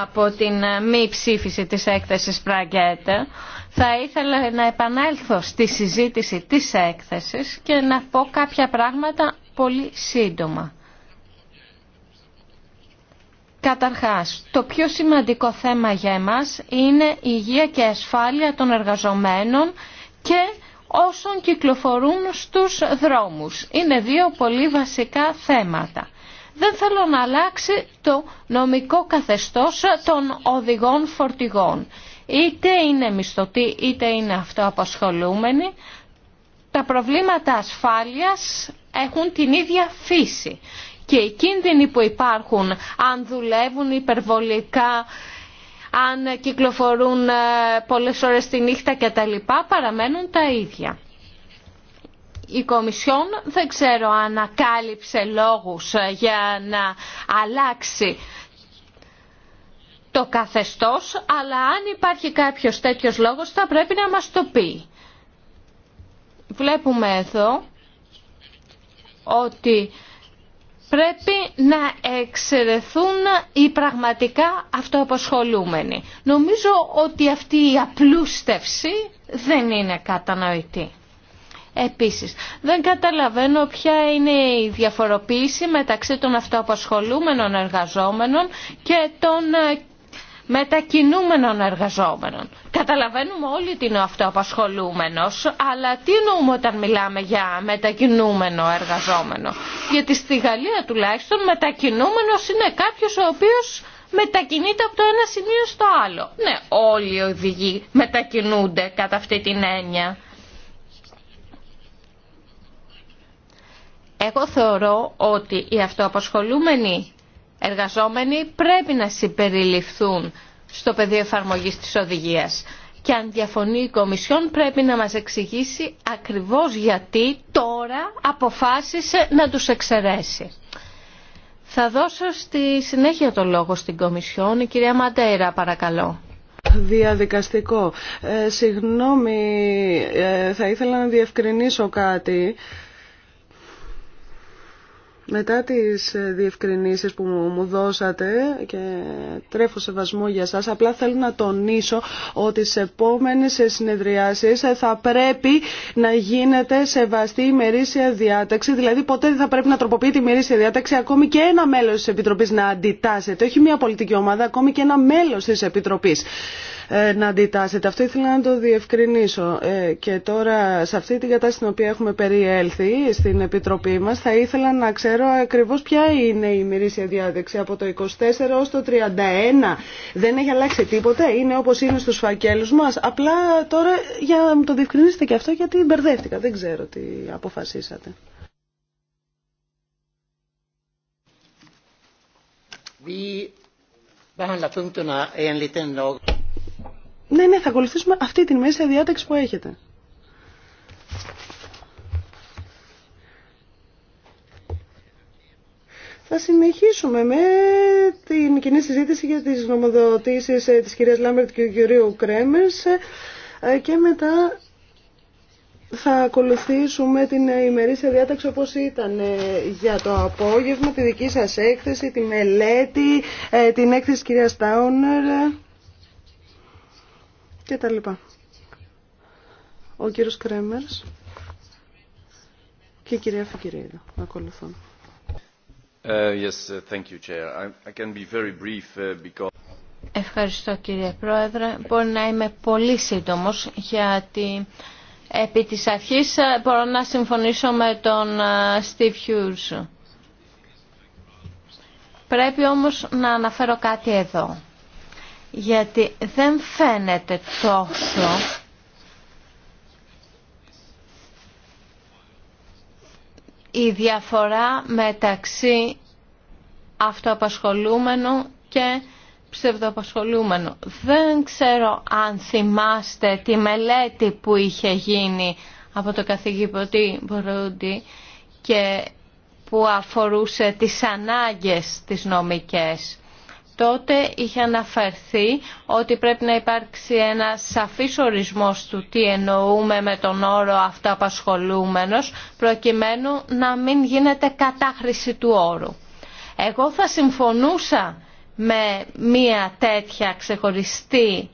Speaker 4: από την μη ψήφιση της έκθεσης Πραγκέτ, θα ήθελα να επανέλθω στη συζήτηση της έκθεσης και να πω κάποια πράγματα πολύ σύντομα. Καταρχάς, το πιο σημαντικό θέμα για εμάς είναι η υγεία και ασφάλεια των εργαζομένων και όσων κυκλοφορούν στους δρόμους. Είναι δύο πολύ βασικά θέματα. Δεν θέλω να αλλάξει το νομικό καθεστώς των οδηγών φορτηγών. Είτε είναι μισθωτοί είτε είναι αυτοαπασχολούμενοι, τα προβλήματα ασφάλειας έχουν την ίδια φύση. Και οι κίνδυνοι που υπάρχουν αν δουλεύουν υπερβολικά αν κυκλοφορούν ε, πολλές ώρες τη νύχτα κτλ. παραμένουν τα ίδια. Η Κομισιόν δεν ξέρω αν ακάλυψε λόγους ε, για να αλλάξει το καθεστώς, αλλά αν υπάρχει κάποιος τέτοιος λόγος θα πρέπει να μας το πει. Βλέπουμε εδώ ότι πρέπει να εξαιρεθούν οι πραγματικά αυτοαποσχολούμενοι. Νομίζω ότι αυτή η απλούστευση δεν είναι κατανοητή. Επίσης, δεν καταλαβαίνω ποια είναι η διαφοροποίηση μεταξύ των αυτοαποσχολούμενων εργαζόμενων και των μετακινούμενων εργαζόμενων. Καταλαβαίνουμε όλοι τι είναι αυτό αυτοαπασχολούμενος, αλλά τι εννοούμε όταν μιλάμε για μετακινούμενο εργαζόμενο. Γιατί στη Γαλλία τουλάχιστον μετακινούμενος είναι κάποιος ο οποίος μετακινείται από το ένα σημείο στο άλλο. Ναι, όλοι οι οδηγοί μετακινούνται κατά αυτή την έννοια. Εγώ θεωρώ ότι οι αυτοαπασχολούμενοι εργαζόμενοι πρέπει να συμπεριληφθούν στο πεδίο εφαρμογής της οδηγίας. Και αν διαφωνεί η Κομισιόν πρέπει να μας εξηγήσει ακριβώς γιατί τώρα αποφάσισε να τους εξαιρέσει. Θα δώσω στη συνέχεια το λόγο στην
Speaker 1: Κομισιόν. Η κυρία Μαντέιρα παρακαλώ. Διαδικαστικό. Ε, συγγνώμη, ε, θα ήθελα να διευκρινίσω κάτι. Μετά τις ε, διευκρινήσεις που μου δώσατε και τρέφω σεβασμό για σας, απλά θέλω να τονίσω ότι σε επόμενες συνεδριάσεις θα πρέπει να γίνεται σεβαστή η μερίσια διάταξη, δηλαδή ποτέ δεν θα πρέπει να τροποποιείται τη μερίσια διάταξη, ακόμη και ένα μέλος της Επιτροπής να αντιτάσσεται, όχι μια πολιτική ομάδα, ακόμη και ένα μέλος της Επιτροπής. Ε, να αντιτάσσεται. Αυτό ήθελα να το διευκρινίσω. Ε, και τώρα σε αυτή την κατάσταση στην οποία έχουμε περιέλθει στην Επιτροπή μας θα ήθελα να ξέρω ακριβώς ποια είναι η μυρίσια διάδεξη από το 24 ως το 31. Δεν έχει αλλάξει τίποτα, είναι όπως είναι στους φακέλους μας. Απλά τώρα για να το διευκρινίσετε και αυτό γιατί μπερδεύτηκα. Δεν ξέρω τι αποφασίσατε.
Speaker 2: Vi lag.
Speaker 1: Ναι, ναι, θα ακολουθήσουμε αυτή την μέση διάταξη που έχετε. Θα συνεχίσουμε με την κοινή συζήτηση για τις νομοδοτήσεις ε, της κυρίας Λάμπερτ και του κυρίου Κρέμερς ε, και μετά θα ακολουθήσουμε την ημερήσια διάταξη όπως ήταν ε, για το απόγευμα, τη δική σας έκθεση, τη μελέτη, την έκθεση της κυρίας Τάουνερ και τα λοιπά. Ο κύριος Κρέμερς και η κυρία Φικυρίδα ακολουθούν.
Speaker 3: Ε, uh,
Speaker 4: Ευχαριστώ κύριε Πρόεδρε. Μπορεί να είμαι πολύ σύντομος γιατί επί της αρχής ε, μπορώ να συμφωνήσω με τον ε, Steve Hughes. Πρέπει όμως να αναφέρω κάτι εδώ γιατί δεν φαίνεται τόσο η διαφορά μεταξύ αυτοαπασχολούμενου και ψευδοαπασχολούμενου. Δεν ξέρω αν θυμάστε τη μελέτη που είχε γίνει από το καθηγητή Μπορούντι και που αφορούσε τις ανάγκες τις νομικές τότε είχε αναφερθεί ότι πρέπει να υπάρξει ένα σαφής ορισμός του τι εννοούμε με τον όρο αυτοαπασχολούμενος προκειμένου να μην γίνεται κατάχρηση του όρου. Εγώ θα συμφωνούσα με μία τέτοια ξεχωριστή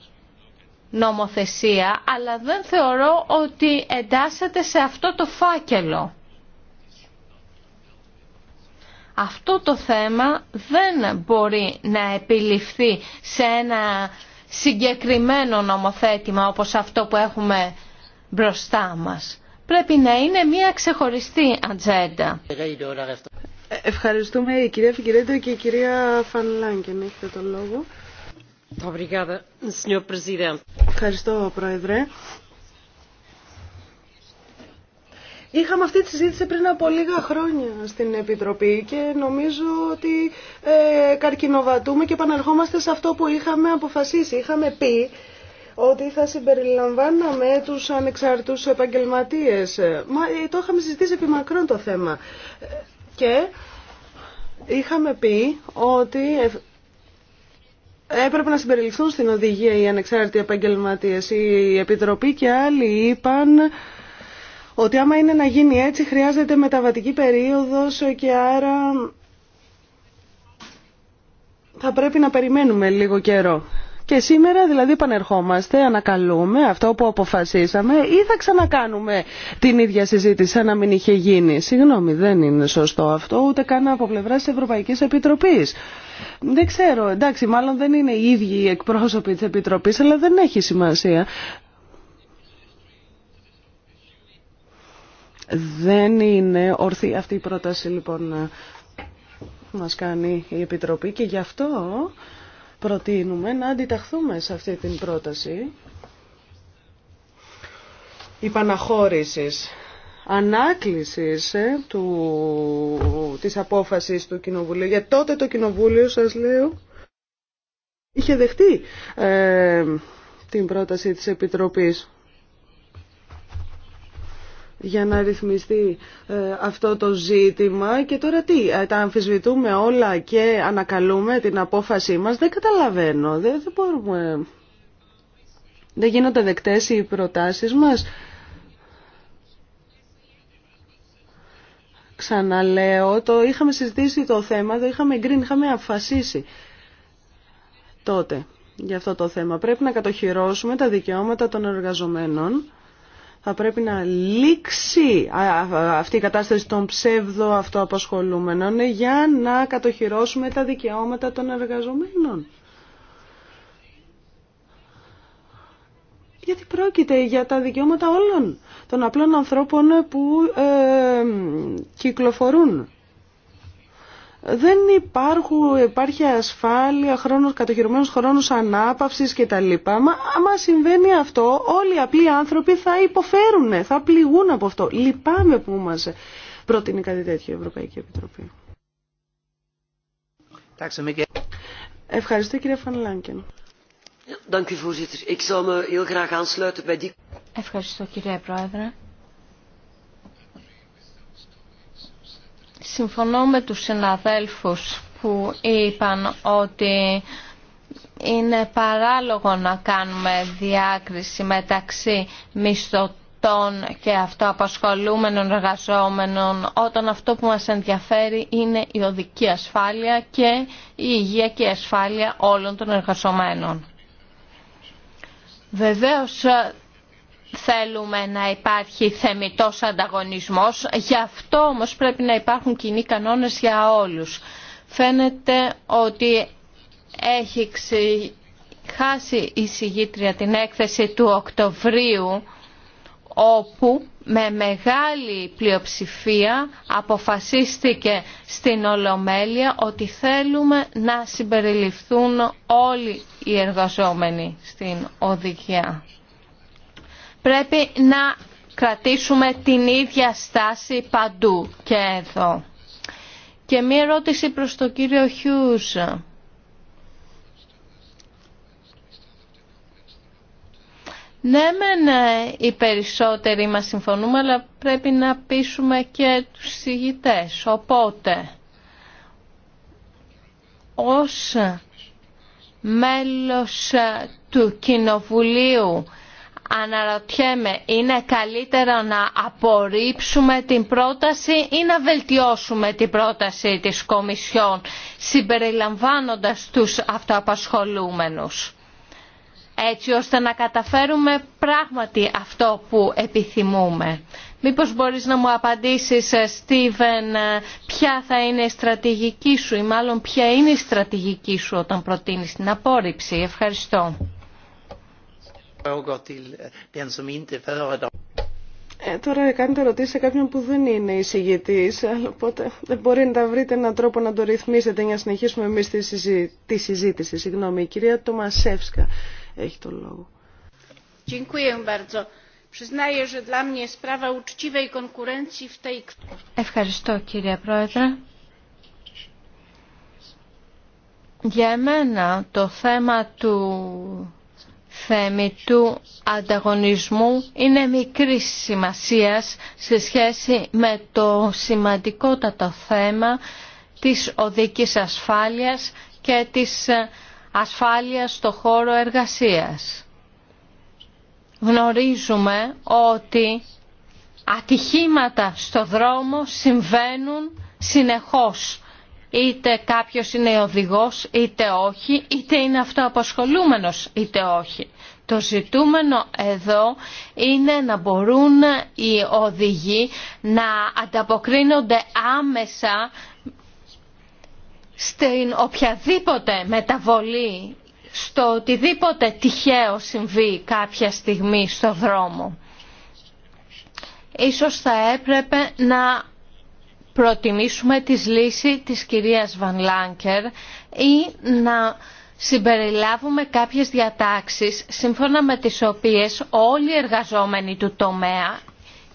Speaker 4: νομοθεσία αλλά δεν θεωρώ ότι εντάσσεται σε αυτό το φάκελο αυτό το θέμα δεν μπορεί να επιληφθεί σε ένα συγκεκριμένο νομοθέτημα όπως αυτό που έχουμε μπροστά μας. Πρέπει να είναι μια ξεχωριστή ατζέντα.
Speaker 1: Ευχαριστούμε η κυρία Φιγκυρέντο και η κυρία Φανλάνγκεν. Έχετε τον λόγο. Ευχαριστώ, Πρόεδρε. Είχαμε αυτή τη συζήτηση πριν από λίγα χρόνια στην Επιτροπή και νομίζω ότι ε, καρκινοβατούμε και επαναρχόμαστε σε αυτό που είχαμε αποφασίσει. Είχαμε πει ότι θα συμπεριλαμβάναμε τους ανεξάρτητους επαγγελματίες. Μα, ε, το είχαμε συζητήσει επί μακρόν το θέμα. Και είχαμε πει ότι ε, έπρεπε να συμπεριληφθούν στην οδηγία οι ανεξάρτητοι επαγγελματίες. Η Επιτροπή και άλλοι είπαν ότι άμα είναι να γίνει έτσι χρειάζεται μεταβατική περίοδος και άρα θα πρέπει να περιμένουμε λίγο καιρό. Και σήμερα δηλαδή πανερχόμαστε, ανακαλούμε αυτό που αποφασίσαμε ή θα ξανακάνουμε την ίδια συζήτηση σαν να μην είχε γίνει. Συγγνώμη, δεν είναι σωστό αυτό ούτε καν από πλευρά τη Ευρωπαϊκή Επιτροπή. Δεν ξέρω, εντάξει, μάλλον δεν είναι οι ίδιοι οι εκπρόσωποι τη Επιτροπή, αλλά δεν έχει σημασία. Δεν είναι ορθή αυτή η πρόταση λοιπόν που μας κάνει η Επιτροπή και γι' αυτό προτείνουμε να αντιταχθούμε σε αυτή την πρόταση υπαναχώρησης ανάκλησης ε, του, της απόφασης του Κοινοβουλίου. Για τότε το Κοινοβούλιο, σας λέω, είχε δεχτεί ε, την πρόταση της Επιτροπής για να ρυθμιστεί ε, αυτό το ζήτημα και τώρα τι, ε, τα αμφισβητούμε όλα και ανακαλούμε την απόφασή μας, δεν καταλαβαίνω, δεν, μπορούμε, δεν γίνονται δεκτές οι προτάσεις μας. Ξαναλέω, το είχαμε συζητήσει το θέμα, το είχαμε εγκρίνει, είχαμε αφασίσει τότε για αυτό το θέμα. Πρέπει να κατοχυρώσουμε τα δικαιώματα των εργαζομένων θα πρέπει να λήξει αυτή η κατάσταση των ψεύδο αυτοαπασχολούμενων για να κατοχυρώσουμε τα δικαιώματα των εργαζομένων. Γιατί πρόκειται για τα δικαιώματα όλων των απλών ανθρώπων που ε, κυκλοφορούν δεν υπάρχουν, υπάρχει ασφάλεια, χρόνος, κατοχυρωμένος χρόνος ανάπαυσης λοιπά. Μα άμα συμβαίνει αυτό, όλοι οι απλοί άνθρωποι θα υποφέρουν, θα πληγούν από αυτό. Λυπάμαι που μας προτείνει κάτι τέτοιο η Ευρωπαϊκή Επιτροπή. Ευχαριστώ κύριε Φανλάνκεν.
Speaker 5: Ευχαριστώ κύριε Πρόεδρε.
Speaker 4: Συμφωνώ με τους συναδέλφους που είπαν ότι είναι παράλογο να κάνουμε διάκριση μεταξύ μισθωτών και αυτοαπασχολούμενων εργαζόμενων όταν αυτό που μας ενδιαφέρει είναι η οδική ασφάλεια και η υγεία και η ασφάλεια όλων των εργαζομένων. Βεβαίως θέλουμε να υπάρχει θεμητός ανταγωνισμός, γι' αυτό όμως πρέπει να υπάρχουν κοινοί κανόνες για όλους. Φαίνεται ότι έχει χάσει η συγγήτρια την έκθεση του Οκτωβρίου, όπου με μεγάλη πλειοψηφία αποφασίστηκε στην Ολομέλεια ότι θέλουμε να συμπεριληφθούν όλοι οι εργαζόμενοι στην οδηγία. Πρέπει να κρατήσουμε την ίδια στάση παντού και εδώ. Και μία ερώτηση προς τον κύριο Χιούς. Ναι, μεν ε, οι περισσότεροι μας συμφωνούμε, αλλά πρέπει να πείσουμε και τους συγητές. Οπότε, ως μέλος ε, του Κοινοβουλίου Αναρωτιέμαι, είναι καλύτερα να απορρίψουμε την πρόταση ή να βελτιώσουμε την πρόταση της Κομισιόν, συμπεριλαμβάνοντας τους αυτοαπασχολούμενους, έτσι ώστε να καταφέρουμε πράγματι αυτό που επιθυμούμε. Μήπως μπορείς να μου απαντήσεις, ε, Στίβεν, ε, ποια θα είναι η στρατηγική σου ή μάλλον ποια είναι η στρατηγική σου όταν προτείνεις την
Speaker 1: απόρριψη. Ευχαριστώ.
Speaker 2: Eh,
Speaker 1: ε, τώρα κάνετε ερωτήσει σε κάποιον που δεν είναι εισηγητή, οπότε δεν μπορεί να βρείτε έναν τρόπο να το ρυθμίσετε για να συνεχίσουμε εμεί τη, συζή... τη, συζήτηση. Συγγνώμη, η κυρία Τομασεύσκα έχει τον λόγο. Ευχαριστώ κύριε
Speaker 4: Πρόεδρε. Για εμένα το θέμα του θέμη του ανταγωνισμού είναι μικρή σημασία σε σχέση με το σημαντικότατο θέμα της οδικής ασφάλειας και της ασφάλειας στο χώρο εργασίας. Γνωρίζουμε ότι ατυχήματα στο δρόμο συμβαίνουν συνεχώς είτε κάποιος είναι οδηγός είτε όχι, είτε είναι αυτοαπασχολούμενος είτε όχι. Το ζητούμενο εδώ είναι να μπορούν οι οδηγοί να ανταποκρίνονται άμεσα στην οποιαδήποτε μεταβολή, στο οτιδήποτε τυχαίο συμβεί κάποια στιγμή στο δρόμο. Ίσως θα έπρεπε να προτιμήσουμε τη λύση της κυρίας Βαν Λάνκερ ή να συμπεριλάβουμε κάποιες διατάξεις σύμφωνα με τις οποίες όλοι οι εργαζόμενοι του τομέα,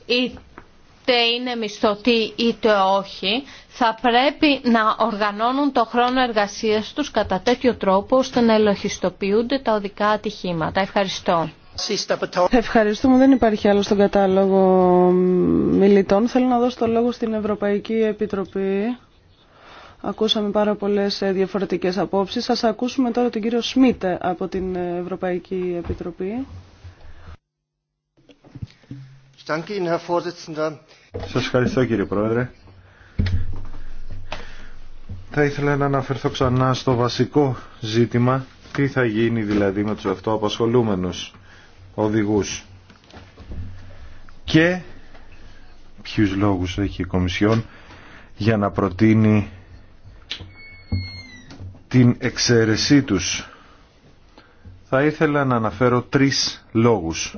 Speaker 4: είτε είναι μισθωτοί είτε όχι, θα πρέπει να οργανώνουν το χρόνο εργασίας τους κατά τέτοιο τρόπο ώστε να ελοχιστοποιούνται τα οδικά ατυχήματα. Ευχαριστώ.
Speaker 1: Ευχαριστούμε. Δεν υπάρχει άλλο στον κατάλογο μιλητών. Θέλω να δώσω το λόγο στην Ευρωπαϊκή Επιτροπή. Ακούσαμε πάρα πολλές ε, διαφορετικές απόψεις. Σας ακούσουμε τώρα τον κύριο Σμίτε από την Ευρωπαϊκή Επιτροπή.
Speaker 3: Σας ευχαριστώ κύριε Πρόεδρε. Θα ήθελα να αναφερθώ ξανά στο βασικό ζήτημα, τι θα γίνει δηλαδή με τους αυτοαπασχολούμενους οδηγούς. Και ποιους λόγους έχει η Κομισιόν για να προτείνει την εξαίρεσή τους. Θα ήθελα να αναφέρω τρεις λόγους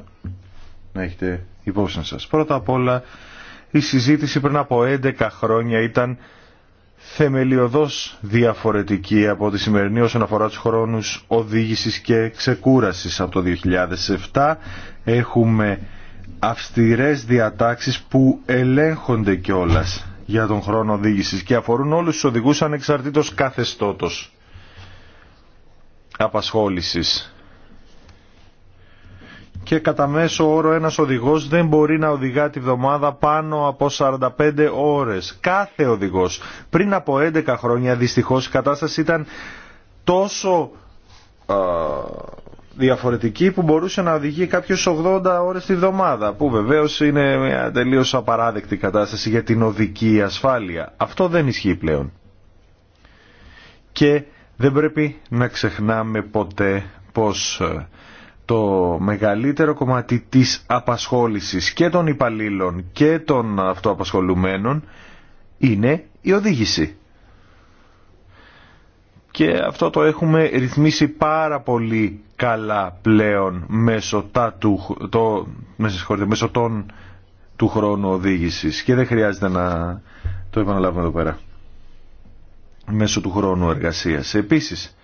Speaker 3: να έχετε υπόψη σας. Πρώτα απ' όλα η συζήτηση πριν από 11 χρόνια ήταν θεμελιωδώς διαφορετική από τη σημερινή όσον αφορά τους χρόνους οδήγησης και ξεκούρασης από το 2007. Έχουμε αυστηρές διατάξεις που ελέγχονται κιόλας για τον χρόνο οδήγησης και αφορούν όλους τους οδηγούς ανεξαρτήτως καθεστώτος απασχόλησης και κατά μέσο όρο ένας οδηγός δεν μπορεί να οδηγά τη βδομάδα πάνω από 45 ώρες. Κάθε οδηγός. Πριν από 11 χρόνια δυστυχώς η κατάσταση ήταν τόσο διαφορετική που μπορούσε να οδηγεί κάποιος 80 ώρες τη βδομάδα που βεβαίως είναι μια τελείως απαράδεκτη κατάσταση για την οδική ασφάλεια. Αυτό δεν ισχύει πλέον. Και δεν πρέπει να ξεχνάμε ποτέ πως ε, το μεγαλύτερο κομμάτι της απασχόλησης και των υπαλλήλων και των αυτοαπασχολουμένων είναι η οδήγηση. Και αυτό το έχουμε ρυθμίσει πάρα πολύ καλά πλέον μέσω, τα του, το, μέσω των του χρόνου οδήγησης και δεν χρειάζεται να το επαναλάβουμε εδώ πέρα μέσω του χρόνου εργασίας. Επίσης,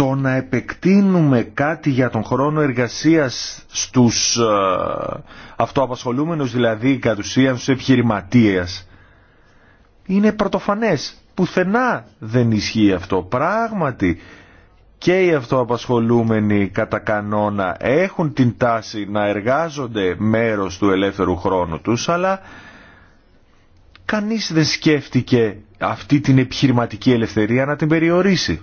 Speaker 3: το να επεκτείνουμε κάτι για τον χρόνο εργασίας στους ε, αυτοαπασχολούμενους, δηλαδή κατ' ουσίαν στους επιχειρηματίες, είναι πρωτοφανές. Πουθενά δεν ισχύει αυτό. Πράγματι και οι αυτοαπασχολούμενοι κατά κανόνα έχουν την τάση να εργάζονται μέρος του ελεύθερου χρόνου τους, αλλά κανείς δεν σκέφτηκε αυτή την επιχειρηματική ελευθερία να την περιορίσει.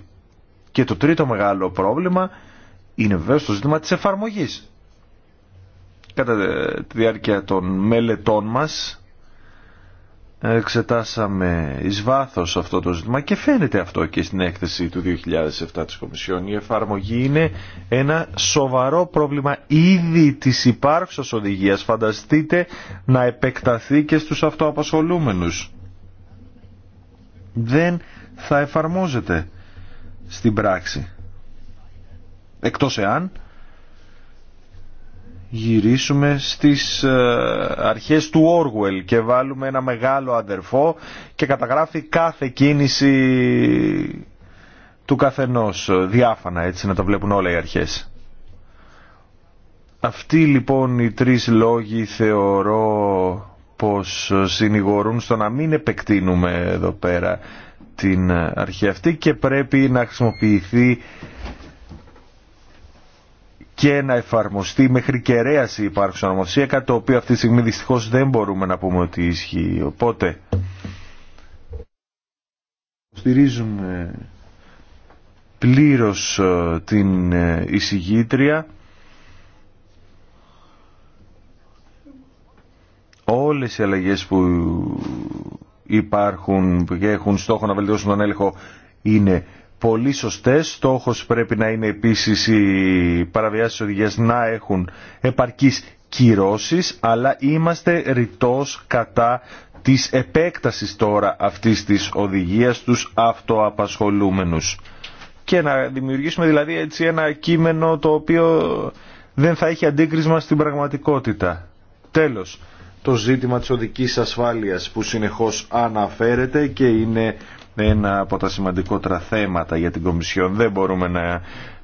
Speaker 3: Και το τρίτο μεγάλο πρόβλημα είναι βεβαίω το ζήτημα της εφαρμογής. Κατά τη διάρκεια των μελετών μας εξετάσαμε εις βάθος αυτό το ζήτημα και φαίνεται αυτό και στην έκθεση του 2007 της Κομισιόν. Η εφαρμογή είναι ένα σοβαρό πρόβλημα ήδη της υπάρξης οδηγίας. Φανταστείτε να επεκταθεί και στους αυτοαπασχολούμενους. Δεν θα εφαρμόζεται στην πράξη. Εκτός εάν γυρίσουμε στις ε, αρχές του Όργουελ και βάλουμε ένα μεγάλο αδερφό και καταγράφει κάθε κίνηση του καθενός διάφανα έτσι να τα βλέπουν όλα οι αρχές. Αυτοί λοιπόν οι τρεις λόγοι θεωρώ πως συνηγορούν στο να μην επεκτείνουμε εδώ πέρα την αρχή αυτή και πρέπει να χρησιμοποιηθεί και να εφαρμοστεί μέχρι κεραίαση υπάρχουσα νομοθεσία, κάτι το οποίο αυτή τη στιγμή δυστυχώς δεν μπορούμε να πούμε ότι ισχύει. Οπότε, στηρίζουμε πλήρως ε, την ε, εισηγήτρια όλες οι αλλαγές που υπάρχουν και έχουν στόχο να βελτιώσουν τον έλεγχο είναι πολύ σωστές. Στόχος πρέπει να είναι επίσης οι παραβιάσεις οδηγίας να έχουν επαρκείς κυρώσεις, αλλά είμαστε ρητός κατά της επέκτασης τώρα αυτής της οδηγίας τους αυτοαπασχολούμενους. Και να δημιουργήσουμε δηλαδή έτσι ένα κείμενο το οποίο δεν θα έχει αντίκρισμα στην πραγματικότητα. Τέλος, το ζήτημα της οδικής ασφάλειας που συνεχώς αναφέρεται και είναι ένα από τα σημαντικότερα θέματα για την Κομισιόν. Δεν μπορούμε να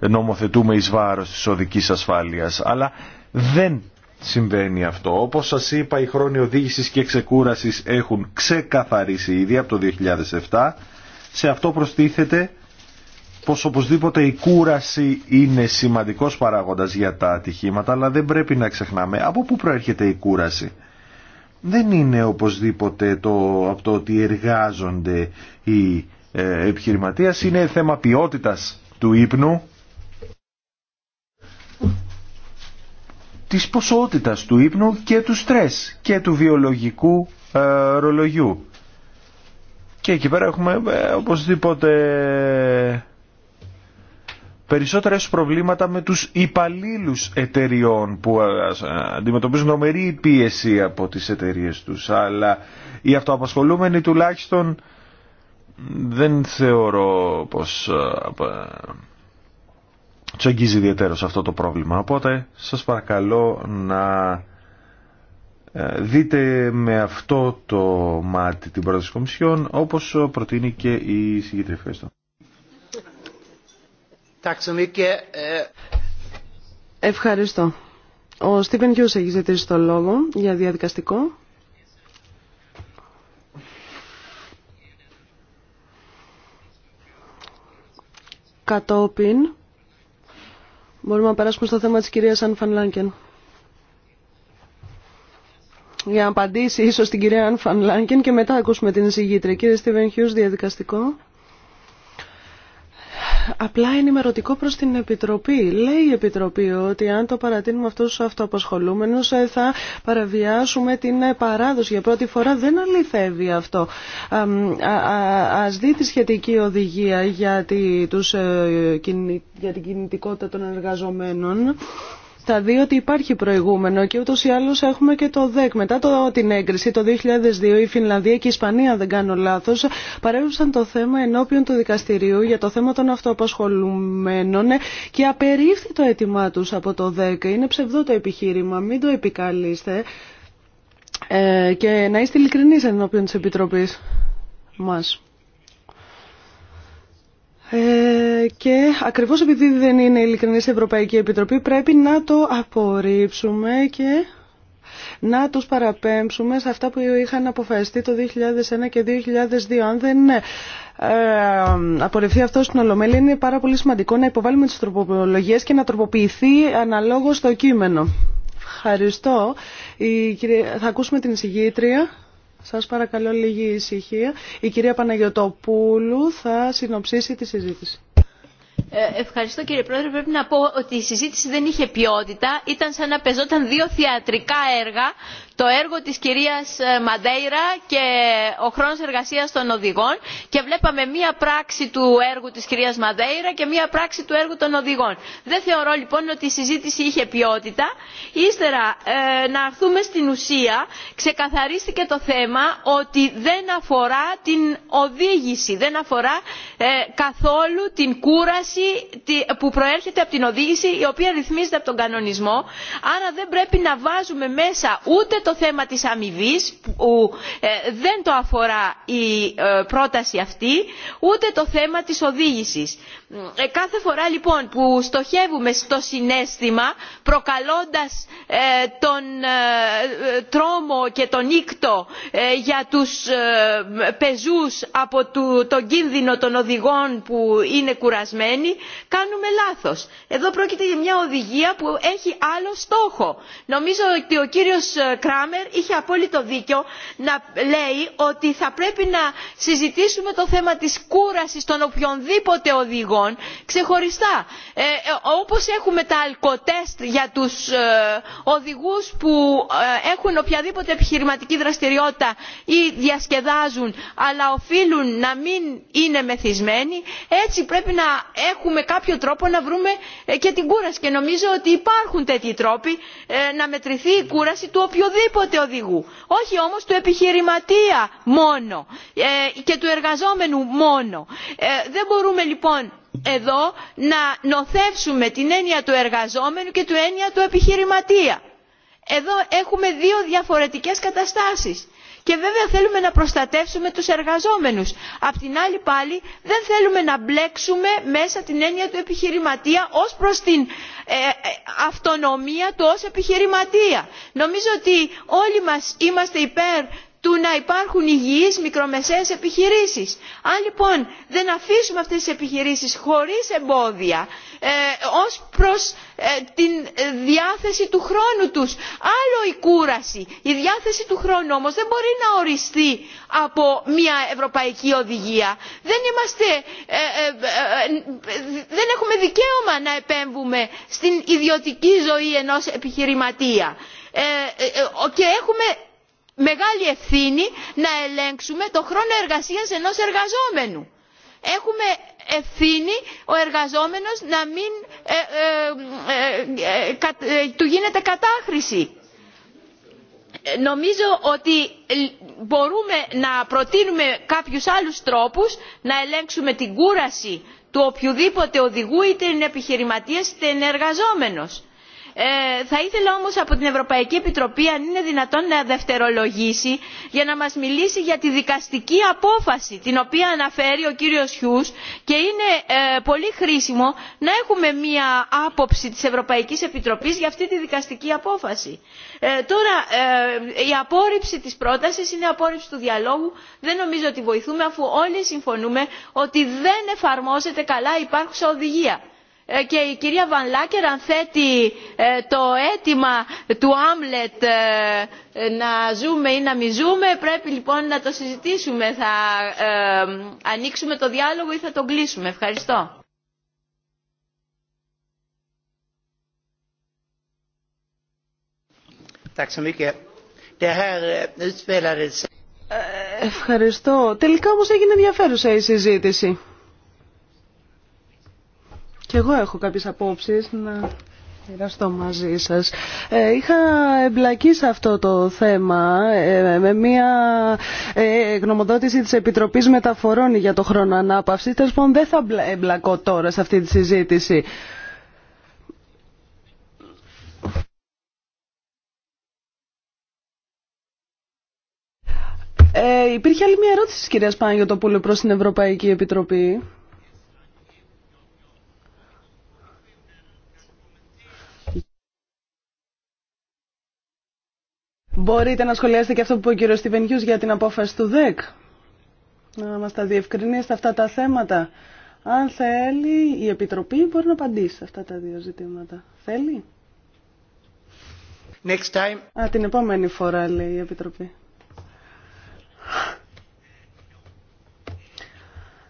Speaker 3: νομοθετούμε εις βάρος της οδικής ασφάλειας, αλλά δεν συμβαίνει αυτό. Όπως σας είπα, οι χρόνοι οδήγησης και ξεκούρασης έχουν ξεκαθαρίσει ήδη από το 2007. Σε αυτό προστίθεται πως οπωσδήποτε η κούραση είναι σημαντικός παράγοντας για τα ατυχήματα, αλλά δεν πρέπει να ξεχνάμε από πού προέρχεται η κούραση δεν είναι οπωσδήποτε το, από το ότι εργάζονται οι ε, επιχειρηματίες, είναι θέμα ποιότητας του ύπνου, της ποσότητας του ύπνου και του στρες και του βιολογικού ε, ρολογιού. Και εκεί πέρα έχουμε ε, οπωσδήποτε περισσότερες προβλήματα με τους υπαλλήλους εταιριών που ε, ε, αντιμετωπίζουν νομερή πίεση από τις εταιρείε τους αλλά οι αυτοαπασχολούμενοι τουλάχιστον δεν θεωρώ πως ε, τους αγγίζει ιδιαίτερο αυτό το πρόβλημα οπότε σας παρακαλώ να δείτε με αυτό το μάτι την πρόταση της Κομισιόν όπως προτείνει και η συγκεκριμένη
Speaker 1: Ευχαριστώ. Ο Στίβεν Κιούς έχει ζητήσει το λόγο για διαδικαστικό. Κατόπιν μπορούμε να περάσουμε στο θέμα της κυρίας Αν Φανλάνκεν. Για να απαντήσει ίσως την κυρία Αν Φανλάνκεν και μετά ακούσουμε την εισηγήτρια. Κύριε Στίβεν Χιούς, διαδικαστικό απλά ενημερωτικό προς την Επιτροπή. Λέει η Επιτροπή ότι αν το παρατείνουμε αυτού του αυτοαπασχολούμενου, ε, θα παραβιάσουμε την ε, παράδοση. Για πρώτη φορά δεν αληθεύει αυτό. Ας δει τη σχετική οδηγία για ε, την κινητικότητα των εργαζομένων θα δει ότι υπάρχει προηγούμενο και ούτως ή άλλως έχουμε και το ΔΕΚ. Μετά το, την έγκριση το 2002 η Φινλανδία και η Ισπανία, δεν κάνω λάθος, παρέμβησαν το θέμα ενώπιον του δικαστηρίου για το θέμα των αυτοαπασχολουμένων και απερίφθη το αίτημά τους από το ΔΕΚ. Είναι ψευδό το επιχείρημα, μην το επικαλείστε ε, και να είστε ειλικρινείς ενώπιον της Επιτροπής μας. Ε, και ακριβώς επειδή δεν είναι ειλικρινή η Ευρωπαϊκή Επιτροπή πρέπει να το απορρίψουμε και να τους παραπέμψουμε σε αυτά που είχαν αποφασιστεί το 2001 και 2002. Αν δεν ε, αυτό στην Ολομέλη είναι πάρα πολύ σημαντικό να υποβάλουμε τις τροπολογίες και να τροποποιηθεί αναλόγως το κείμενο. Ευχαριστώ. Η, θα ακούσουμε την εισηγήτρια. Σας παρακαλώ λίγη ησυχία. Η κυρία Παναγιωτοπούλου θα συνοψίσει τη συζήτηση.
Speaker 5: Ε, ευχαριστώ κύριε Πρόεδρε. Πρέπει να πω ότι η συζήτηση δεν είχε ποιότητα. Ήταν σαν να πεζόταν δύο θεατρικά έργα το έργο της κυρίας ε, Μαντέιρα και ο χρόνος εργασίας των οδηγών και βλέπαμε μία πράξη του έργου της κυρίας Μαντέιρα και μία πράξη του έργου των οδηγών. Δεν θεωρώ λοιπόν ότι η συζήτηση είχε ποιότητα. Ύστερα ε, να αρθούμε στην ουσία ξεκαθαρίστηκε το θέμα ότι δεν αφορά την οδήγηση, δεν αφορά ε, καθόλου την κούραση που προέρχεται από την οδήγηση η οποία ρυθμίζεται από τον κανονισμό. Άρα δεν πρέπει να βάζουμε μέσα ούτε το θέμα της αμοιβή που ε, δεν το αφορά η ε, πρόταση αυτή ούτε το θέμα της οδήγησης. Ε, κάθε φορά λοιπόν που στοχεύουμε στο συνέστημα προκαλώντας τον τρόμο και τον ίκτο για τους πεζούς από τον κίνδυνο των οδηγών που είναι κουρασμένοι κάνουμε λάθος. εδώ πρόκειται για μια οδηγία που έχει άλλο στόχο. νομίζω ότι ο κύριος είχε απόλυτο δίκιο να λέει ότι θα πρέπει να συζητήσουμε το θέμα της κούρασης των οποιονδήποτε οδηγών ξεχωριστά ε, ε, όπως έχουμε τα αλκοτέστ για τους ε, οδηγούς που έχουν οποιαδήποτε επιχειρηματική δραστηριότητα ή διασκεδάζουν αλλά οφείλουν να μην είναι μεθυσμένοι έτσι πρέπει να έχουμε κάποιο τρόπο να βρούμε και την κούραση και νομίζω ότι υπάρχουν τέτοιοι τρόποι να μετρηθεί η κούραση του οποιοδήποτε οποιοδήποτε οδηγού όχι όμως του επιχειρηματία μόνο ε, και του εργαζόμενου μόνο. Ε, δεν μπορούμε λοιπόν εδώ να νοθεύσουμε την έννοια του εργαζόμενου και την έννοια του επιχειρηματία. εδώ έχουμε δύο διαφορετικές καταστάσεις και βέβαια θέλουμε να προστατεύσουμε τους εργαζόμενους. απ' την άλλη πάλι δεν θέλουμε να μπλέξουμε μέσα την έννοια του επιχειρηματία ως προς την ε, ε, αυτονομία του ως επιχειρηματία. Νομίζω ότι όλοι μας είμαστε υπέρ του να υπάρχουν υγιείς μικρομεσαίες επιχειρήσεις. Αν λοιπόν δεν αφήσουμε αυτές τις επιχειρήσεις χωρίς εμπόδια ε, ως προς ε, την διάθεση του χρόνου τους, άλλο η κούραση. Η διάθεση του χρόνου όμως δεν μπορεί να οριστεί από μια ευρωπαϊκή οδηγία. Δεν, είμαστε, ε, ε, δεν έχουμε δικαίωμα να επέμβουμε στην ιδιωτική ζωή ενός επιχειρηματία. Και έχουμε μεγάλη ευθύνη να ελέγξουμε το χρόνο εργασίας ενός εργαζόμενου. Έχουμε ευθύνη ο εργαζόμενος να μην ε, ε, ε, του γίνεται κατάχρηση. Νομίζω ότι μπορούμε να προτείνουμε κάποιους άλλους τρόπους να ελέγξουμε την κούραση του οποιοδήποτε οδηγού είτε είναι επιχειρηματίας είτε είναι εργαζόμενος ε, θα ήθελα όμως από την Ευρωπαϊκή Επιτροπή αν είναι δυνατόν να δευτερολογήσει για να μας μιλήσει για τη δικαστική απόφαση την οποία αναφέρει ο κύριος Χιούς και είναι ε, πολύ χρήσιμο να έχουμε μία άποψη της Ευρωπαϊκής Επιτροπής για αυτή τη δικαστική απόφαση. Ε, τώρα η απόρριψη της πρότασης είναι απόρριψη του διαλόγου. Δεν νομίζω ότι βοηθούμε αφού όλοι συμφωνούμε ότι δεν εφαρμόζεται καλά υπάρχουσα οδηγία. Ε, και η κυρία Βαν αν θέτει ε, το αίτημα του Άμλετ ε, να ζούμε ή να μη ζούμε πρέπει λοιπόν να το συζητήσουμε. Θα ανοίξουμε το διάλογο ή θα τον κλείσουμε. Ευχαριστώ.
Speaker 2: Eh,
Speaker 1: ευχαριστώ. Τελικά όμως έγινε ενδιαφέρουσα η συζήτηση. Και εγώ έχω κάποιες απόψεις να μοιραστώ μαζί σας. Ε, είχα εμπλακεί σε αυτό το θέμα ε, με μια ε, γνωμοδότηση της Επιτροπής Μεταφορών για το χρόνο ανάπαυση. Τέλος πάντων δεν θα εμπλακώ τώρα σε αυτή τη συζήτηση. Ε, υπήρχε άλλη μια ερώτηση της κυρίας το προς την Ευρωπαϊκή Επιτροπή. Μπορείτε να σχολιάσετε και αυτό που είπε ο κύριος Στιβενιούς για την απόφαση του ΔΕΚ. Να μας τα διευκρινίσετε αυτά τα θέματα. Αν θέλει, η Επιτροπή μπορεί να απαντήσει σε αυτά τα δύο ζητήματα. Θέλει. Next time. Α, την επόμενη φορά, λέει η Επιτροπή.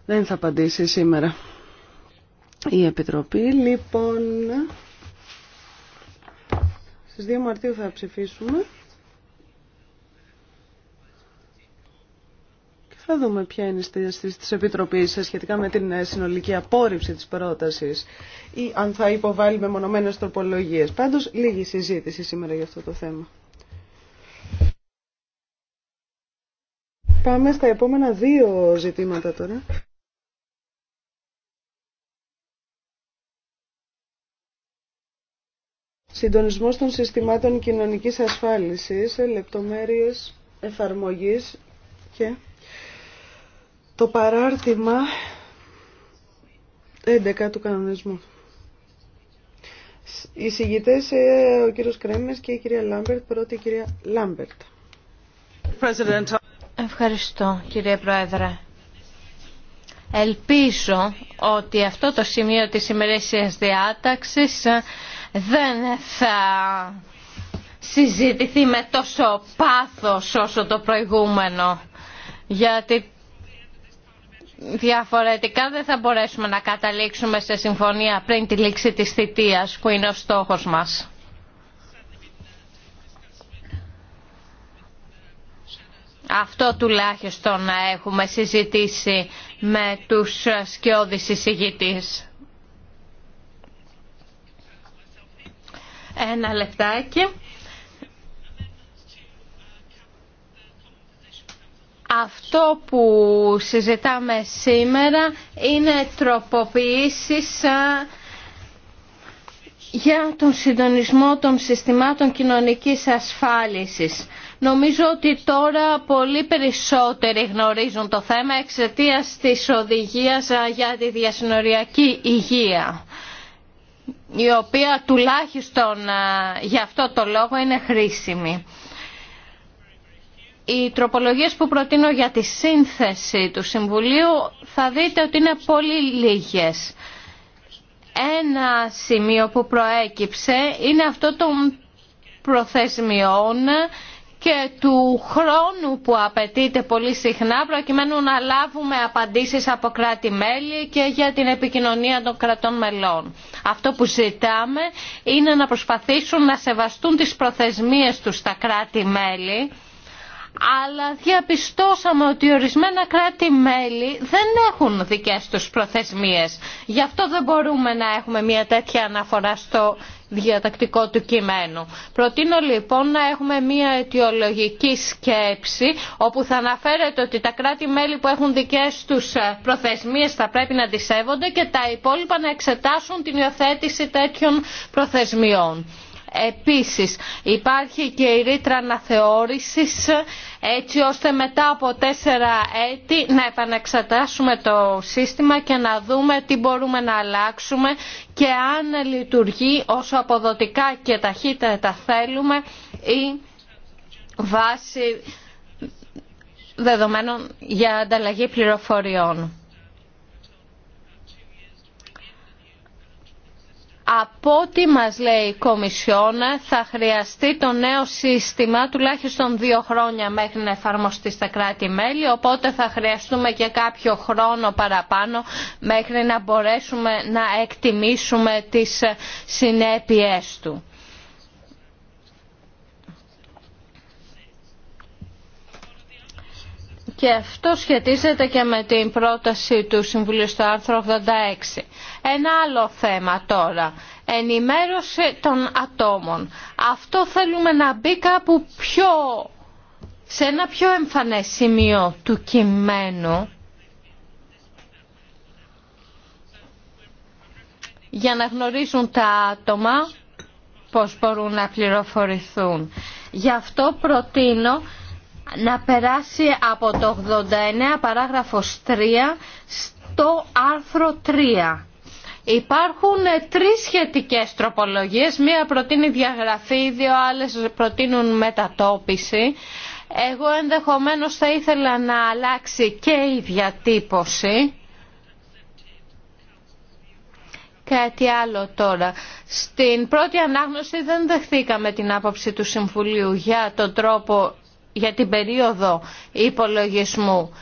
Speaker 1: Δεν θα απαντήσει σήμερα η Επιτροπή. Λοιπόν, στις 2 Μαρτίου θα ψηφίσουμε. Θα δούμε ποια είναι η θέση της Επιτροπής σχετικά με την ε, συνολική απόρριψη της πρότασης ή αν θα υποβάλει μεμονωμένες τροπολογίες. Πάντως, λίγη συζήτηση σήμερα για αυτό το θέμα. Πάμε στα επόμενα δύο ζητήματα τώρα. Συντονισμός των συστημάτων κοινωνικής ασφάλισης, λεπτομέρειες εφαρμογής και το παράρτημα 11 του κανονισμού. Οι συγγητές, ε, ο κύριος Κρέμες και η κυρία Λάμπερτ, πρώτη κυρία Λάμπερτ.
Speaker 4: Ευχαριστώ κύριε Πρόεδρε. Ελπίζω ότι αυτό το σημείο της ημερήσιας διάταξης ε, δεν θα συζητηθεί με τόσο πάθος όσο το προηγούμενο. Γιατί Διαφορετικά δεν θα μπορέσουμε να καταλήξουμε σε συμφωνία πριν τη λήξη της θητείας που είναι ο στόχος μας. Αυτό τουλάχιστον να έχουμε συζητήσει με τους σκιώδεις εισηγητής. Ένα λεπτάκι. Αυτό που συζητάμε σήμερα είναι τροποποιήσεις για τον συντονισμό των συστημάτων κοινωνικής ασφάλισης. Νομίζω ότι τώρα πολύ περισσότεροι γνωρίζουν το θέμα εξαιτίας της οδηγίας για τη διασυνοριακή υγεία η οποία τουλάχιστον για αυτό το λόγο είναι χρήσιμη οι τροπολογίες που προτείνω για τη σύνθεση του Συμβουλίου θα δείτε ότι είναι πολύ λίγες. Ένα σημείο που προέκυψε είναι αυτό των προθεσμιών και του χρόνου που απαιτείται πολύ συχνά προκειμένου να λάβουμε απαντήσεις από κράτη-μέλη και για την επικοινωνία των κρατών μελών. Αυτό που ζητάμε είναι να προσπαθήσουν να σεβαστούν τις προθεσμίες τους στα κράτη-μέλη αλλά διαπιστώσαμε ότι ορισμένα κράτη-μέλη δεν έχουν δικές τους προθεσμίες. Γι' αυτό δεν μπορούμε να έχουμε μια τέτοια αναφορά στο διατακτικό του κειμένου. Προτείνω λοιπόν να έχουμε μια αιτιολογική σκέψη όπου θα αναφέρεται ότι τα κράτη-μέλη που έχουν δικές τους ε, προθεσμίες θα πρέπει να τις και τα υπόλοιπα να εξετάσουν την υιοθέτηση τέτοιων προθεσμιών. Επίσης υπάρχει και η ρήτρα αναθεώρησης έτσι ώστε μετά από τέσσερα έτη να επαναξετάσουμε το σύστημα και να δούμε τι μπορούμε να αλλάξουμε και αν λειτουργεί όσο αποδοτικά και ταχύτερα θέλουμε η βάση δεδομένων για ανταλλαγή πληροφοριών. Από ό,τι μας λέει η Κομισιόνα, θα χρειαστεί το νέο σύστημα τουλάχιστον δύο χρόνια μέχρι να εφαρμοστεί στα κράτη-μέλη οπότε θα χρειαστούμε και κάποιο χρόνο παραπάνω μέχρι να μπορέσουμε να εκτιμήσουμε τις συνέπειές του. Και αυτό σχετίζεται και με την πρόταση του Συμβουλίου στο άρθρο 86. Ένα άλλο θέμα τώρα. Ενημέρωση των ατόμων. Αυτό θέλουμε να μπει κάπου πιο, σε ένα πιο εμφανές σημείο του κειμένου. για να γνωρίζουν τα άτομα πώς μπορούν να πληροφορηθούν. Γι' αυτό προτείνω να περάσει από το 89 παράγραφος 3 στο άρθρο 3. Υπάρχουν ε, τρεις σχετικές τροπολογίες, μία προτείνει διαγραφή, δύο άλλες προτείνουν μετατόπιση. Εγώ ενδεχομένως θα ήθελα να αλλάξει και η διατύπωση. Κάτι άλλο τώρα. Στην πρώτη ανάγνωση δεν δεχθήκαμε την άποψη του Συμβουλίου για τον τρόπο, για την περίοδο υπολογισμού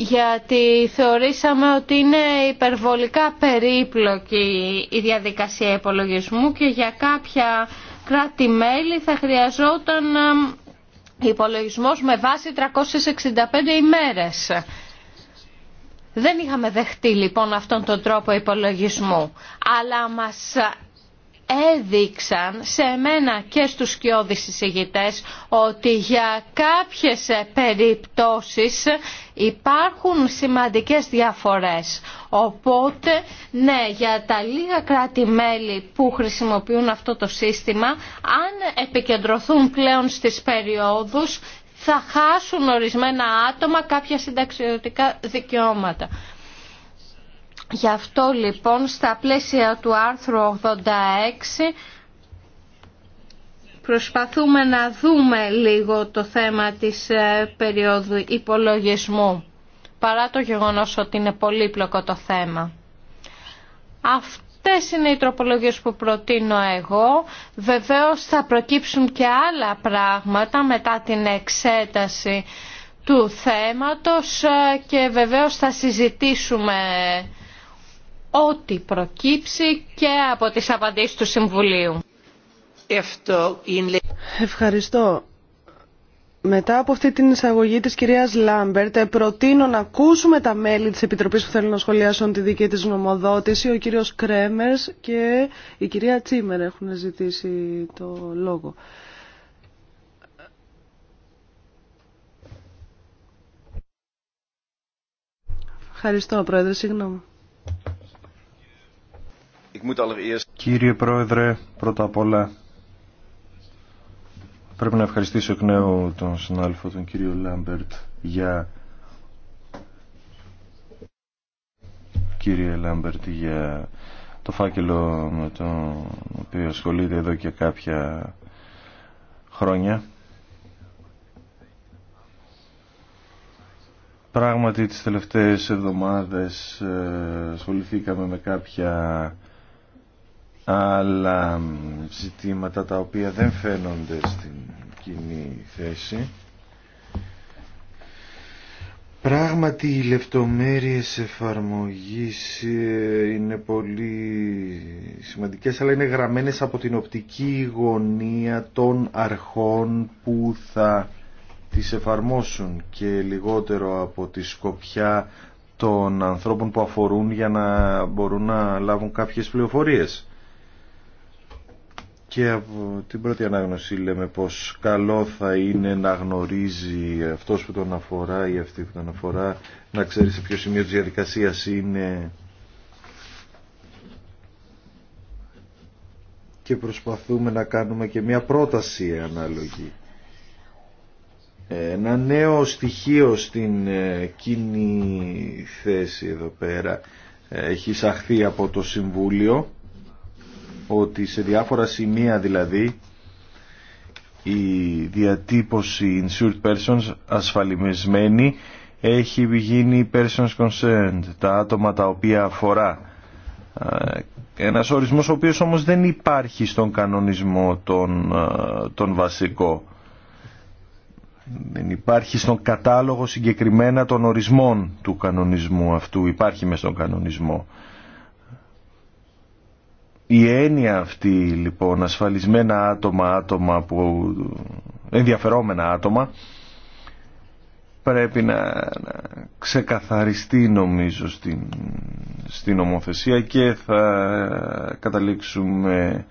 Speaker 4: γιατί θεωρήσαμε ότι είναι υπερβολικά περίπλοκη η διαδικασία υπολογισμού και για κάποια κράτη-μέλη θα χρειαζόταν υπολογισμός με βάση 365 ημέρες. Δεν είχαμε δεχτεί λοιπόν αυτόν τον τρόπο υπολογισμού, αλλά μας έδειξαν σε μένα και στους σκιώδεις εισηγητές ότι για κάποιες περιπτώσεις υπάρχουν σημαντικές διαφορές. Οπότε, ναι, για τα λίγα κράτη-μέλη που χρησιμοποιούν αυτό το σύστημα, αν επικεντρωθούν πλέον στις περιόδους, θα χάσουν ορισμένα άτομα κάποια συνταξιωτικά δικαιώματα. Γι' αυτό λοιπόν στα πλαίσια του άρθρου 86 προσπαθούμε να δούμε λίγο το θέμα της ε, περίοδου υπολογισμού παρά το γεγονός ότι είναι πολύπλοκο το θέμα. Αυτές είναι οι τροπολογίες που προτείνω εγώ. Βεβαίως θα προκύψουν και άλλα πράγματα μετά την εξέταση του θέματος ε, και βεβαίως θα συζητήσουμε ό,τι προκύψει και από τις απαντήσεις του Συμβουλίου.
Speaker 1: Ευχαριστώ. Μετά από αυτή την εισαγωγή της κυρίας Λάμπερτ, προτείνω να ακούσουμε τα μέλη της Επιτροπής που θέλουν να σχολιάσουν τη δική της νομοδότηση. Ο κύριος Κρέμερς και η κυρία Τσίμερ έχουν ζητήσει το λόγο. Ευχαριστώ, Πρόεδρε. Συγγνώμη.
Speaker 3: Κύριε Πρόεδρε, πρώτα απ' όλα πρέπει να ευχαριστήσω εκ νέου τον συνάδελφο τον κύριο Λάμπερτ για κύριε Λάμπερτ για το φάκελο με το οποίο ασχολείται εδώ και κάποια χρόνια Πράγματι τις τελευταίες εβδομάδες ε, ασχοληθήκαμε με κάποια άλλα ζητήματα τα οποία δεν φαίνονται στην κοινή θέση. Πράγματι οι λεπτομέρειες εφαρμογής ε, είναι πολύ σημαντικές αλλά είναι γραμμένες από την οπτική γωνία των αρχών που θα τις εφαρμόσουν και λιγότερο από τη σκοπιά των ανθρώπων που αφορούν για να μπορούν να λάβουν κάποιες πληροφορίες. Και από την πρώτη ανάγνωση λέμε πως καλό θα είναι να γνωρίζει αυτός που τον αφορά ή αυτή που τον αφορά να ξέρει σε ποιο σημείο της διαδικασίας είναι και προσπαθούμε να κάνουμε και μια πρόταση ανάλογη. Ένα νέο στοιχείο στην ε, κοινή θέση εδώ πέρα ε, έχει εισαχθεί από το Συμβούλιο ότι σε διάφορα σημεία δηλαδή η διατύπωση insured persons ασφαλισμένη έχει γίνει persons concerned, τα άτομα τα οποία αφορά. Ένας ορισμός ο οποίος όμως δεν υπάρχει στον κανονισμό τον, τον βασικό. Δεν υπάρχει στον κατάλογο συγκεκριμένα των ορισμών του κανονισμού αυτού. Υπάρχει μες στον κανονισμό. Η έννοια αυτή λοιπόν ασφαλισμένα άτομα, άτομα που ενδιαφερόμενα άτομα πρέπει να, να ξεκαθαριστεί νομίζω στην, στην ομοθεσία και θα καταλήξουμε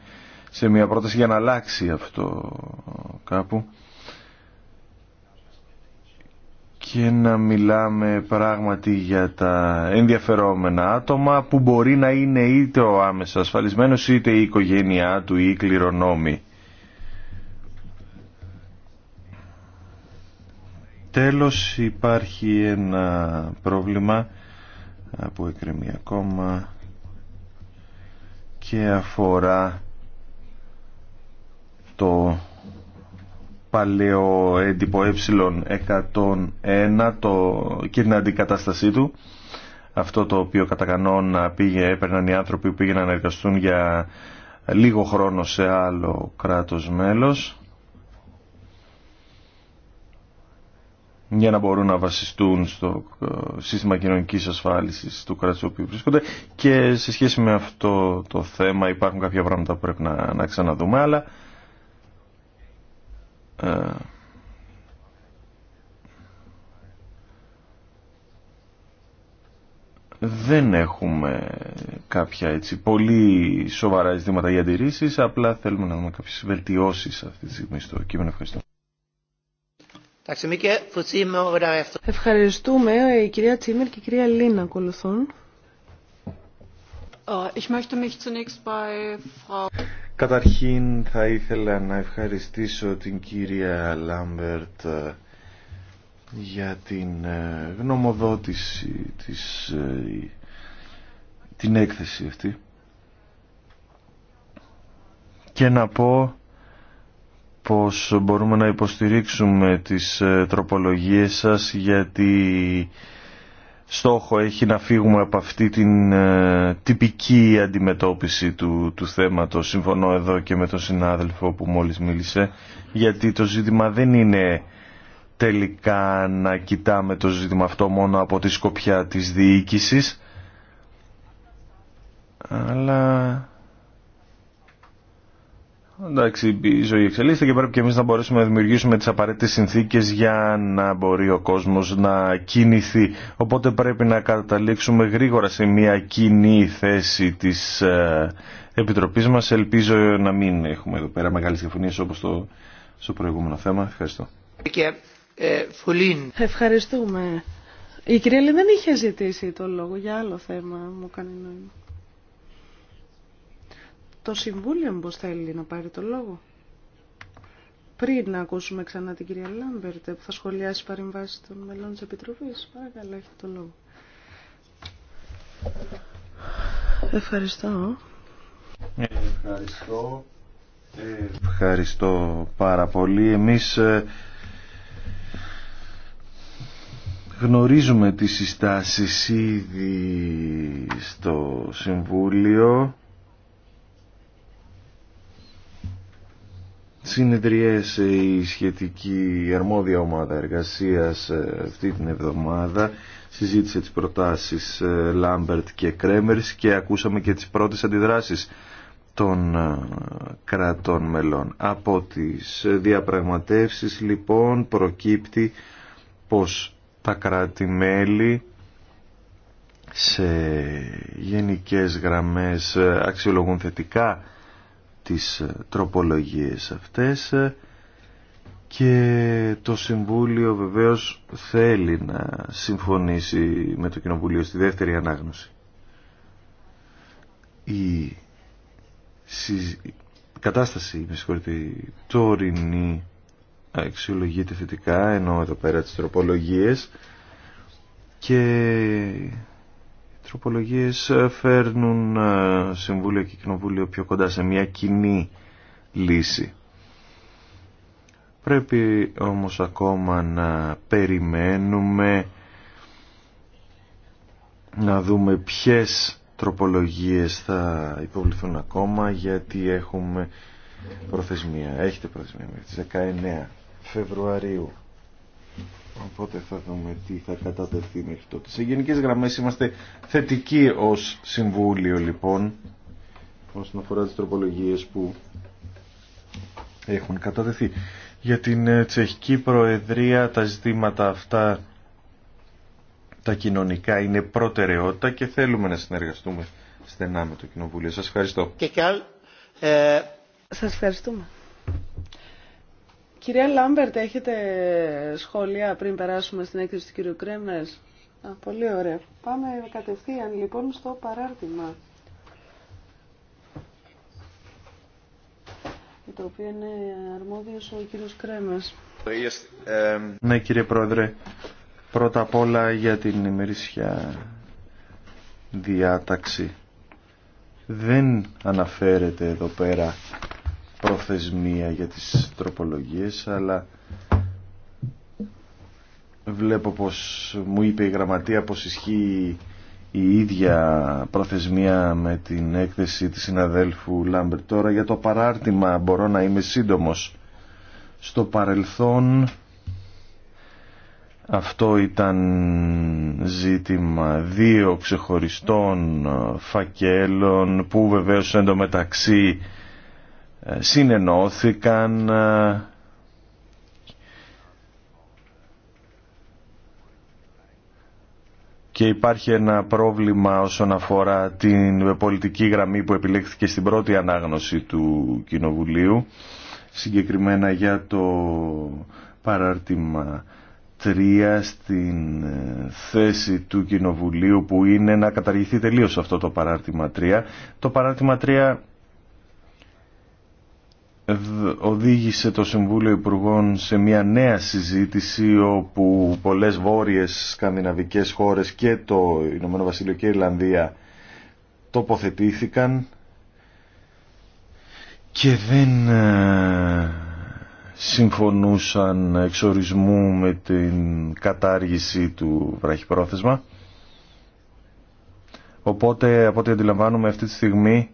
Speaker 3: σε μια πρόταση για να αλλάξει αυτό κάπου και να μιλάμε πράγματι για τα ενδιαφερόμενα άτομα που μπορεί να είναι είτε ο άμεσα ασφαλισμένος είτε η οικογένειά του ή η κληρονόμη. Τέλος υπάρχει ένα πρόβλημα που εκκρεμεί ακόμα και αφορά το παλαιό έντυπο ε101 το, και την αντικατάστασή του. Αυτό το οποίο κατά κανόνα πήγε, έπαιρναν οι άνθρωποι που πήγαιναν να εργαστούν για λίγο χρόνο σε άλλο κράτος μέλος για να μπορούν να βασιστούν στο ε, σύστημα κοινωνικής ασφάλισης του κράτους που βρίσκονται και σε σχέση με αυτό το θέμα υπάρχουν κάποια πράγματα που πρέπει να, να ξαναδούμε αλλά ε, δεν έχουμε κάποια έτσι πολύ σοβαρά ζητήματα ή αντιρρήσεις, απλά θέλουμε να δούμε κάποιες βελτιώσεις αυτή τη στιγμή στο κείμενο.
Speaker 2: Ευχαριστώ.
Speaker 1: Ευχαριστούμε για ε, κυρία Τσίμερ και η κυρία Λίνα ακολουθούν.
Speaker 2: Äh,
Speaker 3: Καταρχήν θα ήθελα να ευχαριστήσω την κυρία Λάμπερτ ε, για την ε, γνωμοδότηση της, ε, την έκθεση αυτή και να πω πως μπορούμε να υποστηρίξουμε τις τροπολογίες σας γιατί στόχο έχει να φύγουμε από αυτή την ε, τυπική αντιμετώπιση του, του θέματος. Συμφωνώ εδώ και με τον συνάδελφο που μόλις μίλησε, γιατί το ζήτημα δεν είναι τελικά να κοιτάμε το ζήτημα αυτό μόνο από τη σκοπιά της διοίκησης, αλλά εντάξει, η ζωή εξελίσσεται και πρέπει και εμείς να μπορέσουμε να δημιουργήσουμε τις απαραίτητες συνθήκες για να μπορεί ο κόσμος να κινηθεί. Οπότε πρέπει να καταλήξουμε γρήγορα σε μια κοινή θέση της ε, Επιτροπής μας. Ελπίζω να μην έχουμε εδώ πέρα μεγάλες διαφωνίες όπως το, στο προηγούμενο θέμα. Ευχαριστώ.
Speaker 1: Ε, Ευχαριστούμε. Η κυρία Λίν δεν είχε ζητήσει το λόγο για άλλο θέμα, μου κάνει νόημα. Το Συμβούλιο μήπως θέλει να πάρει το λόγο. Πριν να ακούσουμε ξανά την κυρία Λάμπερτ που θα σχολιάσει παρεμβάσει των μελών της Επιτροπής. Παρακαλώ, έχετε το λόγο. Ευχαριστώ. Ευχαριστώ.
Speaker 3: Ευχαριστώ πάρα πολύ. Εμείς ε, γνωρίζουμε τις συστάσεις ήδη στο Συμβούλιο Συνεδριές η σχετική αρμόδια ομάδα εργασίας ε, αυτή την εβδομάδα συζήτησε τις προτάσεις Λάμπερτ και Κρέμερς και ακούσαμε και τις πρώτες αντιδράσεις των ε, κρατών μελών. Από τις διαπραγματεύσεις λοιπόν προκύπτει πως τα κράτη-μέλη σε γενικές γραμμές ε, αξιολογούν θετικά τις ε, τροπολογίες αυτές ε, και το Συμβούλιο βεβαίως θέλει να συμφωνήσει με το Κοινοβουλίο στη δεύτερη ανάγνωση. Η, κατάσταση, με συγχωρείτε, τωρινή αξιολογείται θετικά, ενώ εδώ πέρα τις τροπολογίες και τροπολογίες ε, φέρνουν ε, Συμβούλιο και Κοινοβούλιο πιο κοντά σε μια κοινή λύση. Πρέπει όμως ακόμα να περιμένουμε να δούμε ποιες τροπολογίες θα υποβληθούν ακόμα γιατί έχουμε προθεσμία. Έχετε προθεσμία μέχρι τις 19 Φεβρουαρίου. Οπότε θα δούμε τι θα κατατεθεί μέχρι τότε. Σε γενικέ γραμμές είμαστε θετικοί ω Συμβούλιο λοιπόν όσον αφορά τι τροπολογίε που έχουν κατατεθεί. Για την ε, Τσεχική Προεδρία τα ζητήματα αυτά τα κοινωνικά είναι προτεραιότητα και θέλουμε να συνεργαστούμε στενά με το Κοινοβούλιο. Σας ευχαριστώ.
Speaker 2: Και άλλο. ε... Σας ευχαριστούμε.
Speaker 1: Κυρία Λάμπερτ, έχετε σχόλια πριν περάσουμε στην έκθεση του κύριου Α, πολύ ωραία. Πάμε κατευθείαν λοιπόν στο παράρτημα. Το οποίο είναι αρμόδιος ο κύριος Κρέμες.
Speaker 3: Ναι κύριε Πρόεδρε, πρώτα απ' όλα για την ημερήσια διάταξη. Δεν αναφέρεται εδώ πέρα προθεσμία για τις τροπολογίες αλλά βλέπω πως μου είπε η γραμματεία πως ισχύει η ίδια προθεσμία με την έκθεση της συναδέλφου Λάμπερ τώρα για το παράρτημα μπορώ να είμαι σύντομος στο παρελθόν αυτό ήταν ζήτημα δύο ξεχωριστών φακέλων που βεβαίως εντωμεταξύ μεταξύ ε, συνενώθηκαν ε, και υπάρχει ένα πρόβλημα όσον αφορά την πολιτική γραμμή που επιλέχθηκε στην πρώτη ανάγνωση του Κοινοβουλίου συγκεκριμένα για το παράρτημα 3 στην ε, θέση του Κοινοβουλίου που είναι να καταργηθεί τελείως αυτό το παράρτημα 3. Το παράρτημα 3 οδήγησε το Συμβούλιο Υπουργών σε μια νέα συζήτηση όπου πολλές βόρειες σκανδιναβικές χώρες και το Ηνωμένο Βασίλειο και η Ιρλανδία τοποθετήθηκαν και δεν ε, συμφωνούσαν εξορισμού με την κατάργηση του βραχυπρόθεσμα. Οπότε από ό,τι αντιλαμβάνουμε αυτή τη στιγμή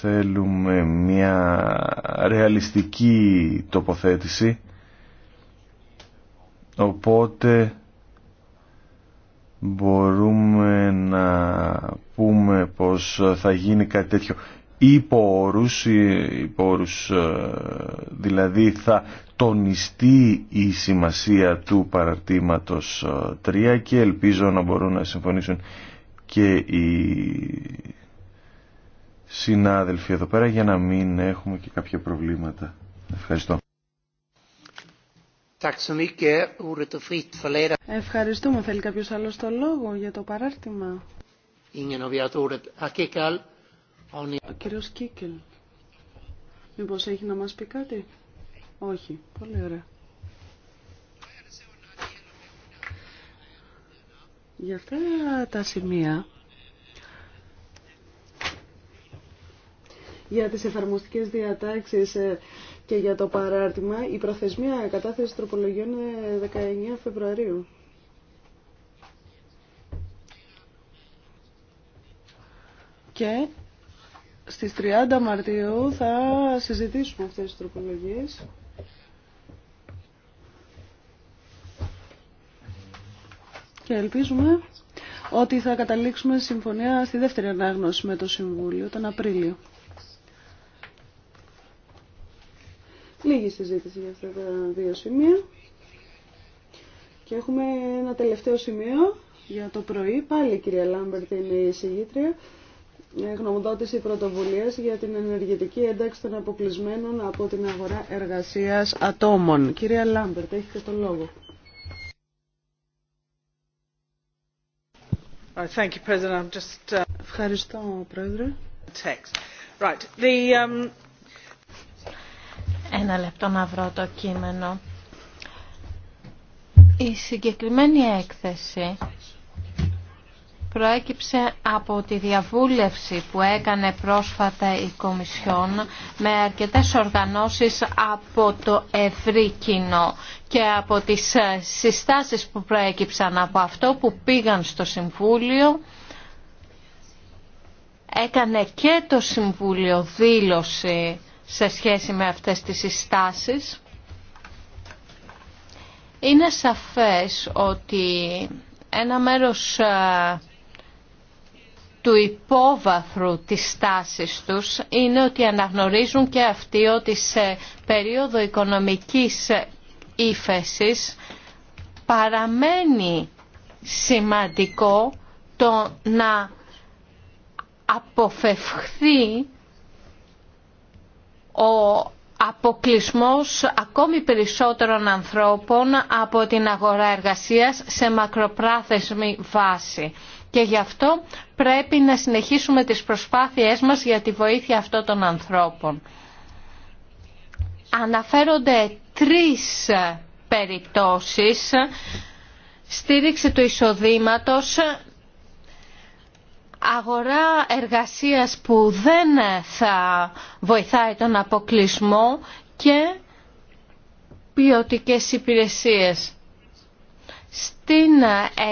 Speaker 3: θέλουμε μια ρεαλιστική τοποθέτηση οπότε μπορούμε να πούμε πως θα γίνει κάτι τέτοιο υπό όρους, ε, δηλαδή θα τονιστεί η σημασία του παραρτήματος 3 ε, και ελπίζω να μπορούν να συμφωνήσουν και οι συνάδελφοι εδώ πέρα για να μην έχουμε και κάποια προβλήματα. Ευχαριστώ.
Speaker 1: Ευχαριστούμε. Θέλει κάποιος άλλος το λόγο για το παράρτημα. Ο κύριος Κίκελ. Μήπως έχει να μας πει κάτι. Όχι. Πολύ ωραία. Για αυτά τα σημεία για τις εφαρμοστικές διατάξεις ε, και για το παράρτημα. Η προθεσμία κατάθεσης τροπολογιών είναι 19 Φεβρουαρίου. Και στις 30 Μαρτίου θα συζητήσουμε αυτές τις τροπολογίες. Και ελπίζουμε ότι θα καταλήξουμε συμφωνία στη δεύτερη ανάγνωση με το Συμβούλιο τον Απρίλιο. Λίγη συζήτηση για αυτά τα δύο σημεία. Και έχουμε ένα τελευταίο σημείο για το πρωί. Πάλι η κυρία Λάμπερτ είναι η συγγήτρια. Ε, γνωμοδότηση πρωτοβουλία για την ενεργητική ένταξη των αποκλεισμένων από την αγορά εργασία ατόμων. Κυρία Λάμπερτ, έχετε τον λόγο. Thank you, just... Uh, Ευχαριστώ, Πρόεδρε. Right. The, um,
Speaker 4: ένα λεπτό να βρω το κείμενο. Η συγκεκριμένη έκθεση προέκυψε από τη διαβούλευση που έκανε πρόσφατα η Κομισιόν με αρκετές οργανώσεις από το ευρύ κοινό και από τις συστάσεις που προέκυψαν από αυτό που πήγαν στο Συμβούλιο έκανε και το Συμβούλιο δήλωση σε σχέση με αυτές τις συστάσεις. Είναι σαφές ότι ένα μέρος ε, του υπόβαθρου της στάσης τους είναι ότι αναγνωρίζουν και αυτοί ότι σε περίοδο οικονομικής ύφεσης παραμένει σημαντικό το να αποφευχθεί ο αποκλισμός ακόμη περισσότερων ανθρώπων από την αγορά εργασίας σε μακροπράθεσμη βάση. Και γι' αυτό πρέπει να συνεχίσουμε τις προσπάθειές μας για τη βοήθεια αυτών των ανθρώπων. Αναφέρονται τρεις περιπτώσεις στήριξη του εισοδήματος, αγορά εργασίας που δεν θα βοηθάει τον αποκλεισμό και ποιοτικές υπηρεσίες. Στην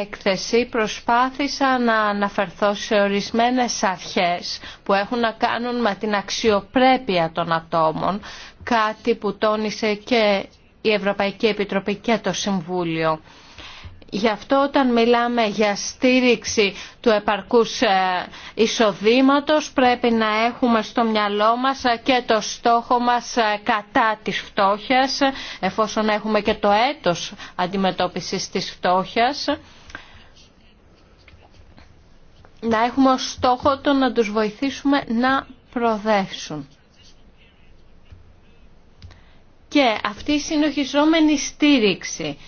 Speaker 4: έκθεση προσπάθησα να αναφερθώ σε ορισμένες αρχές που έχουν να κάνουν με την αξιοπρέπεια των ατόμων, κάτι που τόνισε και η Ευρωπαϊκή Επιτροπή και το Συμβούλιο. Γι' αυτό όταν μιλάμε για στήριξη του επαρκούς ε, εισοδήματος πρέπει να έχουμε στο μυαλό μας ε, και το στόχο μας ε, κατά της φτώχειας εφόσον έχουμε και το έτος αντιμετώπισης της φτώχειας να έχουμε ως στόχο το να τους βοηθήσουμε να προδεύσουν. Και αυτή η συνοχιζόμενη στήριξη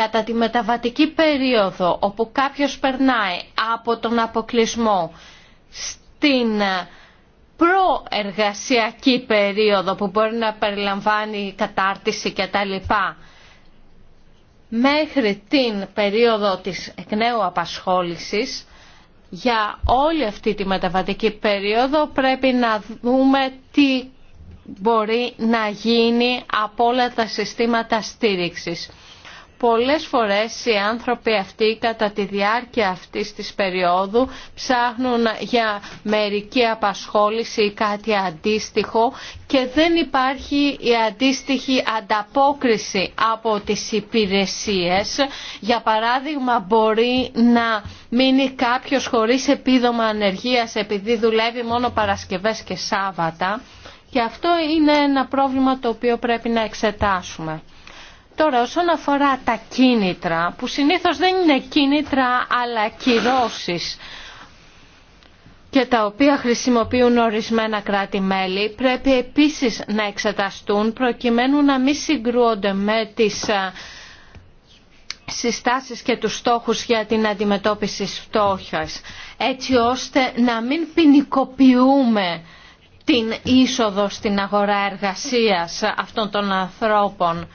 Speaker 4: κατά τη μεταβατική περίοδο όπου κάποιος περνάει από τον αποκλεισμό στην προεργασιακή περίοδο που μπορεί να περιλαμβάνει κατάρτιση κτλ. Μέχρι την περίοδο της εκ νέου απασχόλησης, για όλη αυτή τη μεταβατική περίοδο πρέπει να δούμε τι μπορεί να γίνει από όλα τα συστήματα στήριξης. Πολλές φορές οι άνθρωποι αυτοί κατά τη διάρκεια αυτής της περίοδου ψάχνουν για μερική απασχόληση ή κάτι αντίστοιχο και δεν υπάρχει η αντίστοιχη ανταπόκριση από τις υπηρεσίες. Για παράδειγμα μπορεί να μείνει κάποιος χωρίς επίδομα ανεργίας επειδή δουλεύει μόνο Παρασκευές και Σάββατα και αυτό είναι ένα πρόβλημα το οποίο πρέπει να εξετάσουμε. Τώρα όσον αφορά τα κίνητρα, που συνήθως δεν είναι κίνητρα αλλά κυρώσεις και τα οποία χρησιμοποιούν ορισμένα κράτη-μέλη, πρέπει επίσης να εξεταστούν προκειμένου να μην συγκρούονται με τις ε, συστάσεις και τους στόχους για την αντιμετώπιση φτώχειας, έτσι ώστε να μην ποινικοποιούμε την είσοδο στην αγορά εργασίας αυτών των ανθρώπων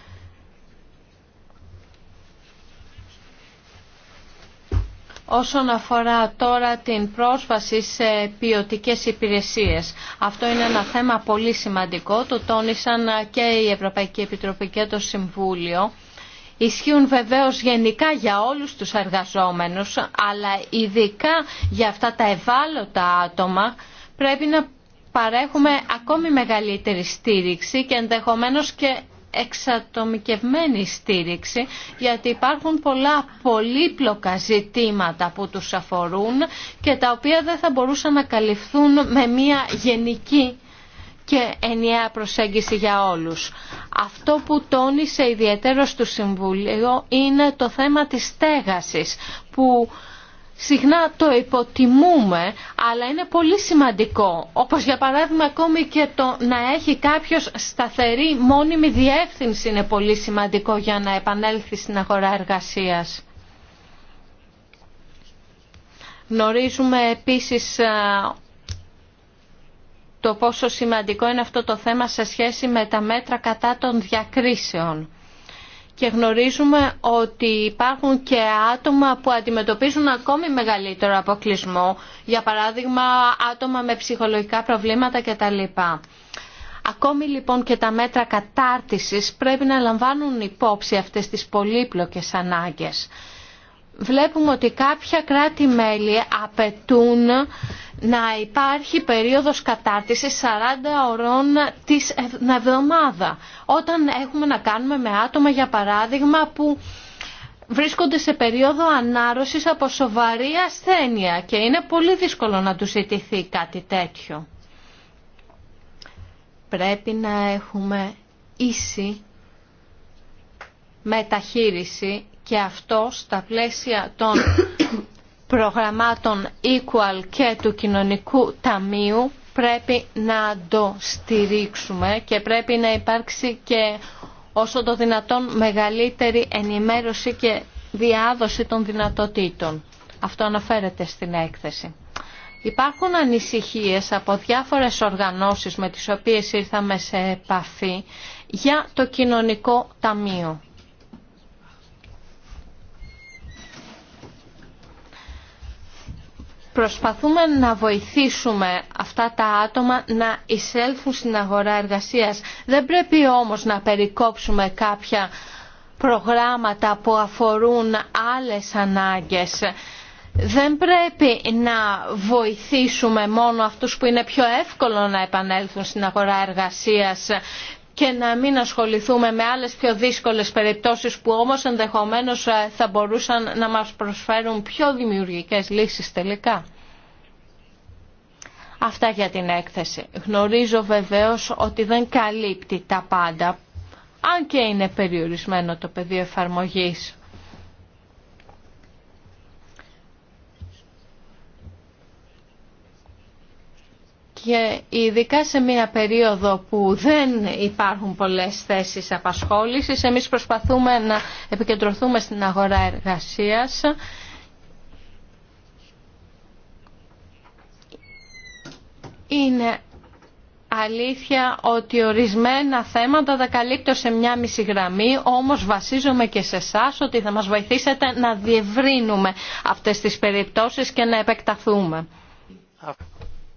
Speaker 4: όσον αφορά τώρα την πρόσβαση σε ποιοτικές υπηρεσίες. Αυτό είναι ένα θέμα πολύ σημαντικό, το τόνισαν και η Ευρωπαϊκή Επιτροπή και το Συμβούλιο. Ισχύουν βεβαίως γενικά για όλους τους εργαζόμενους, αλλά ειδικά για αυτά τα ευάλωτα άτομα πρέπει να παρέχουμε ακόμη μεγαλύτερη στήριξη και ενδεχομένως και εξατομικευμένη στήριξη γιατί υπάρχουν πολλά πολύπλοκα ζητήματα που τους αφορούν και τα οποία δεν θα μπορούσαν να καλυφθούν με μια γενική και ενιαία προσέγγιση για όλους. Αυτό που τόνισε ιδιαίτερο στο Συμβούλιο είναι το θέμα της στέγασης που συχνά το υποτιμούμε, αλλά είναι πολύ σημαντικό. Όπως για παράδειγμα ακόμη και το να έχει κάποιος σταθερή μόνιμη διεύθυνση είναι πολύ σημαντικό για να επανέλθει στην αγορά εργασίας. Γνωρίζουμε επίσης το πόσο σημαντικό είναι αυτό το θέμα σε σχέση με τα μέτρα κατά των διακρίσεων και γνωρίζουμε ότι υπάρχουν και άτομα που αντιμετωπίζουν ακόμη μεγαλύτερο αποκλεισμό, για παράδειγμα άτομα με ψυχολογικά προβλήματα κτλ. Ακόμη λοιπόν και τα μέτρα κατάρτισης πρέπει να λαμβάνουν υπόψη αυτές τις πολύπλοκες ανάγκες βλέπουμε ότι κάποια κράτη-μέλη απαιτούν να υπάρχει περίοδος κατάρτισης 40 ωρών της εβδομάδα. Όταν έχουμε να κάνουμε με άτομα, για παράδειγμα, που βρίσκονται σε περίοδο ανάρρωσης από σοβαρή ασθένεια και είναι πολύ δύσκολο να τους ζητηθεί κάτι τέτοιο. Πρέπει να έχουμε ίση μεταχείριση και αυτό στα πλαίσια των *coughs* προγραμμάτων Equal και του Κοινωνικού Ταμείου πρέπει να το στηρίξουμε και πρέπει να υπάρξει και όσο το δυνατόν μεγαλύτερη ενημέρωση και διάδοση των δυνατοτήτων. Αυτό αναφέρεται στην έκθεση. Υπάρχουν ανησυχίες από διάφορες οργανώσεις με τις οποίες ήρθαμε σε επαφή για το κοινωνικό ταμείο. Προσπαθούμε να βοηθήσουμε αυτά τα άτομα να εισέλθουν στην αγορά εργασίας. Δεν πρέπει όμως να περικόψουμε κάποια προγράμματα που αφορούν άλλες ανάγκες. Δεν πρέπει να βοηθήσουμε μόνο αυτούς που είναι πιο εύκολο να επανέλθουν στην αγορά εργασίας και να μην ασχοληθούμε με άλλες πιο δύσκολες περιπτώσεις που όμως ενδεχομένως ε, θα μπορούσαν να μας προσφέρουν πιο δημιουργικές λύσεις τελικά. Αυτά για την έκθεση. Γνωρίζω βεβαίως ότι δεν καλύπτει τα πάντα, αν και είναι περιορισμένο το πεδίο εφαρμογής. και ειδικά σε μια περίοδο που δεν υπάρχουν πολλές θέσεις απασχόλησης, εμείς προσπαθούμε να επικεντρωθούμε στην αγορά εργασίας. Είναι αλήθεια ότι ορισμένα θέματα τα καλύπτω σε μια μισή γραμμή, όμως βασίζομαι και σε εσά ότι θα μας βοηθήσετε να διευρύνουμε αυτές τις περιπτώσεις και να επεκταθούμε.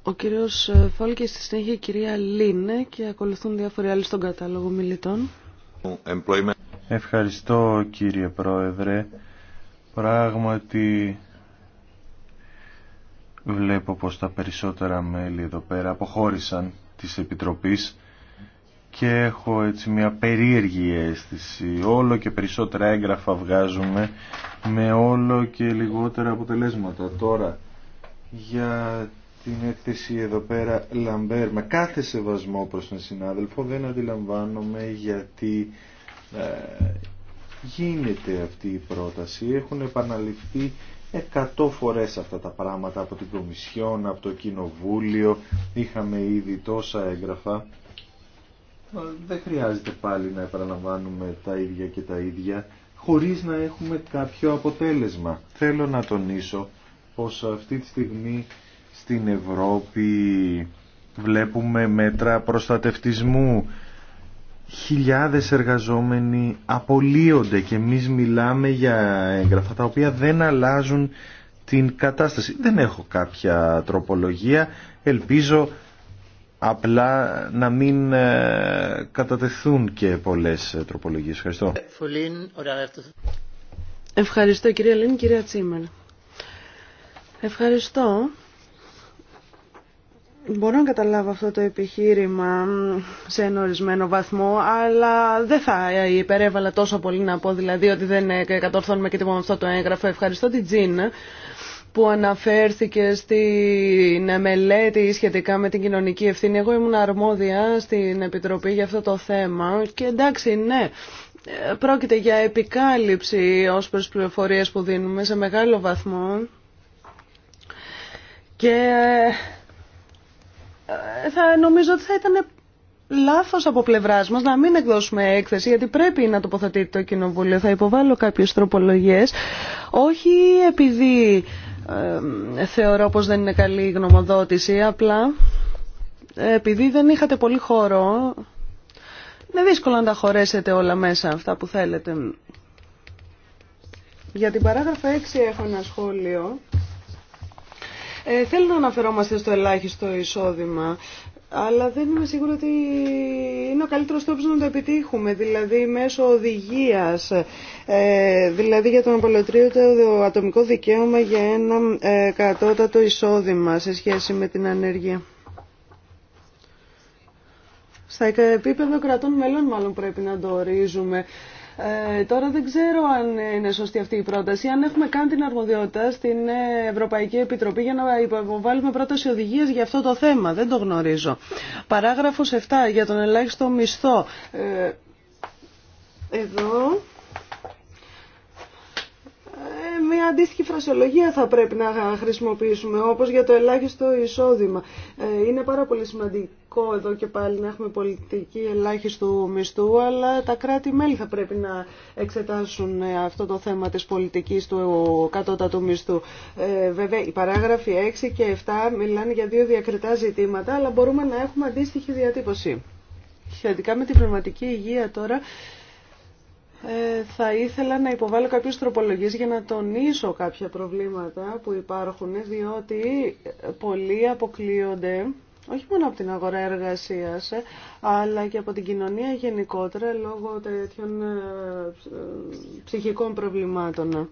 Speaker 1: Ο κύριος ε, Φόλ στη συνέχεια η κυρία Λίνε και ακολουθούν διάφοροι άλλοι στον κατάλογο μιλητών.
Speaker 3: Ευχαριστώ κύριε Πρόεδρε. Πράγματι βλέπω πως τα περισσότερα μέλη εδώ πέρα αποχώρησαν της Επιτροπής και έχω έτσι μια περίεργη αίσθηση. Όλο και περισσότερα έγγραφα βγάζουμε με όλο και λιγότερα αποτελέσματα. Τώρα για την έκθεση εδώ πέρα Λαμπέρ με κάθε σεβασμό προς τον συνάδελφο δεν αντιλαμβάνομαι γιατί ε, γίνεται αυτή η πρόταση έχουν επαναληφθεί εκατό φορές αυτά τα πράγματα από την Κομισιόν, από το Κοινοβούλιο είχαμε ήδη τόσα έγγραφα δεν χρειάζεται πάλι να επαναλαμβάνουμε τα ίδια και τα ίδια χωρίς να έχουμε κάποιο αποτέλεσμα θέλω να τονίσω πως αυτή τη στιγμή στην Ευρώπη βλέπουμε μέτρα προστατευτισμού. Χιλιάδες εργαζόμενοι απολύονται και εμείς μιλάμε για έγγραφα τα οποία δεν αλλάζουν την κατάσταση. Δεν έχω κάποια τροπολογία, ελπίζω απλά να μην ε, κατατεθούν και πολλές τροπολογίες. Ευχαριστώ.
Speaker 1: Ευχαριστώ κυρία Λίνη, κυρία Τσίμερ. Ευχαριστώ. Μπορώ να καταλάβω αυτό το επιχείρημα σε ένα ορισμένο βαθμό, αλλά δεν θα υπερέβαλα τόσο πολύ να πω δηλαδή ότι δεν ε, κατορθώνουμε και τίποτα αυτό το έγγραφο. Ευχαριστώ την Τζιν που αναφέρθηκε στην μελέτη σχετικά με την κοινωνική ευθύνη. Εγώ ήμουν αρμόδια στην Επιτροπή για αυτό το θέμα και εντάξει, ναι, πρόκειται για επικάλυψη ως προς πληροφορίες που δίνουμε σε μεγάλο βαθμό και ε, ε, θα νομίζω ότι θα ήταν λάθος από πλευράς μας να μην εκδώσουμε έκθεση γιατί πρέπει να τοποθετεί το Κοινοβούλιο. Θα υποβάλω κάποιες τροπολογίες, όχι επειδή ε, θεωρώ πως δεν είναι καλή η γνωμοδότηση, απλά ε, επειδή δεν είχατε πολύ χώρο, είναι δύσκολο να τα χωρέσετε όλα μέσα αυτά που θέλετε. Για την παράγραφα 6 έχω ένα σχόλιο. Ε, θέλω να αναφερόμαστε στο ελάχιστο εισόδημα, αλλά δεν είμαι σίγουρη ότι είναι ο καλύτερος τρόπος να το επιτύχουμε, δηλαδή μέσω οδηγίας, ε, δηλαδή για τον απολωτρίο το ατομικό δικαίωμα για ένα ε, κατώτατο εισόδημα σε σχέση με την ανέργεια. Στα επίπεδο κρατών μελών μάλλον πρέπει να το ορίζουμε. Ε, τώρα δεν ξέρω αν είναι σωστή αυτή η πρόταση. Αν έχουμε κάνει την αρμοδιότητα στην Ευρωπαϊκή Επιτροπή για να υποβάλουμε πρόταση οδηγίε για αυτό το θέμα. Δεν το γνωρίζω. Παράγραφος 7 για τον ελάχιστο μισθό. Ε, εδώ μια αντίστοιχη φρασιολογία θα πρέπει να χρησιμοποιήσουμε, όπως για το ελάχιστο εισόδημα. Ε, είναι πάρα πολύ σημαντικό εδώ και πάλι να έχουμε πολιτική ελάχιστου μισθού, αλλά τα κράτη-μέλη θα πρέπει να εξετάσουν ε, αυτό το θέμα της πολιτικής του κατώτατου μισθού. Ε, βέβαια, οι παράγραφοι 6 και 7 μιλάνε για δύο διακριτά ζητήματα, αλλά μπορούμε να έχουμε αντίστοιχη διατύπωση. Σχετικά με την πνευματική υγεία τώρα, ε, θα ήθελα να υποβάλω κάποιες τροπολογίες για να τονίσω κάποια προβλήματα που υπάρχουν, διότι πολλοί αποκλείονται όχι μόνο από την αγορά εργασίας, ε, αλλά και από την κοινωνία γενικότερα λόγω τέτοιων ε, ψυχικών προβλημάτων.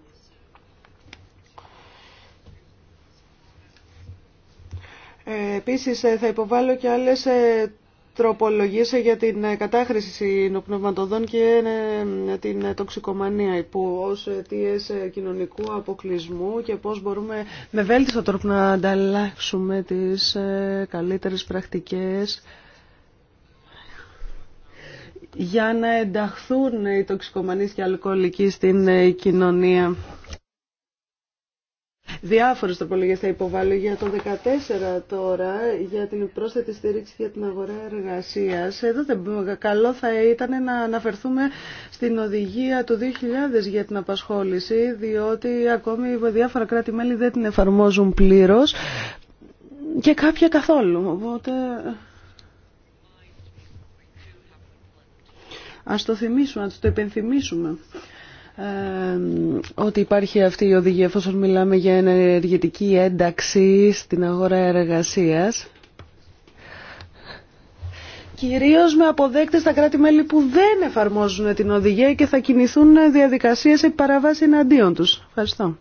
Speaker 1: Επίσης θα υποβάλω και άλλες Τροπολογήσε για την ε, κατάχρηση συνοπνευματοδών και ε, την ε, τοξικομανία υπό ως αιτίες κοινωνικού αποκλεισμού και πώς μπορούμε με βέλτιστο τρόπο να ανταλλάξουμε τις καλύτερες πρακτικές για να ενταχθούν οι τοξικομανείς και οι αλκοολικοί στην κοινωνία. Διάφορε τροπολογίε θα υποβάλω για το 14 τώρα, για την πρόσθετη στήριξη για την αγορά εργασία. Εδώ δεν καλό θα ήταν να αναφερθούμε στην οδηγία του 2000 για την απασχόληση, διότι ακόμη διάφορα κράτη-μέλη δεν την εφαρμόζουν πλήρω και κάποια καθόλου. Οπότε. Ας το θυμίσουμε, α το υπενθυμίσουμε. Ε, ότι υπάρχει αυτή η οδηγία εφόσον μιλάμε για ενεργητική ένταξη στην αγορά εργασίας κυρίως με αποδέκτες τα κράτη-μέλη που δεν εφαρμόζουν την οδηγία και θα κινηθούν διαδικασίες επί παραβάση εναντίον τους. Ευχαριστώ.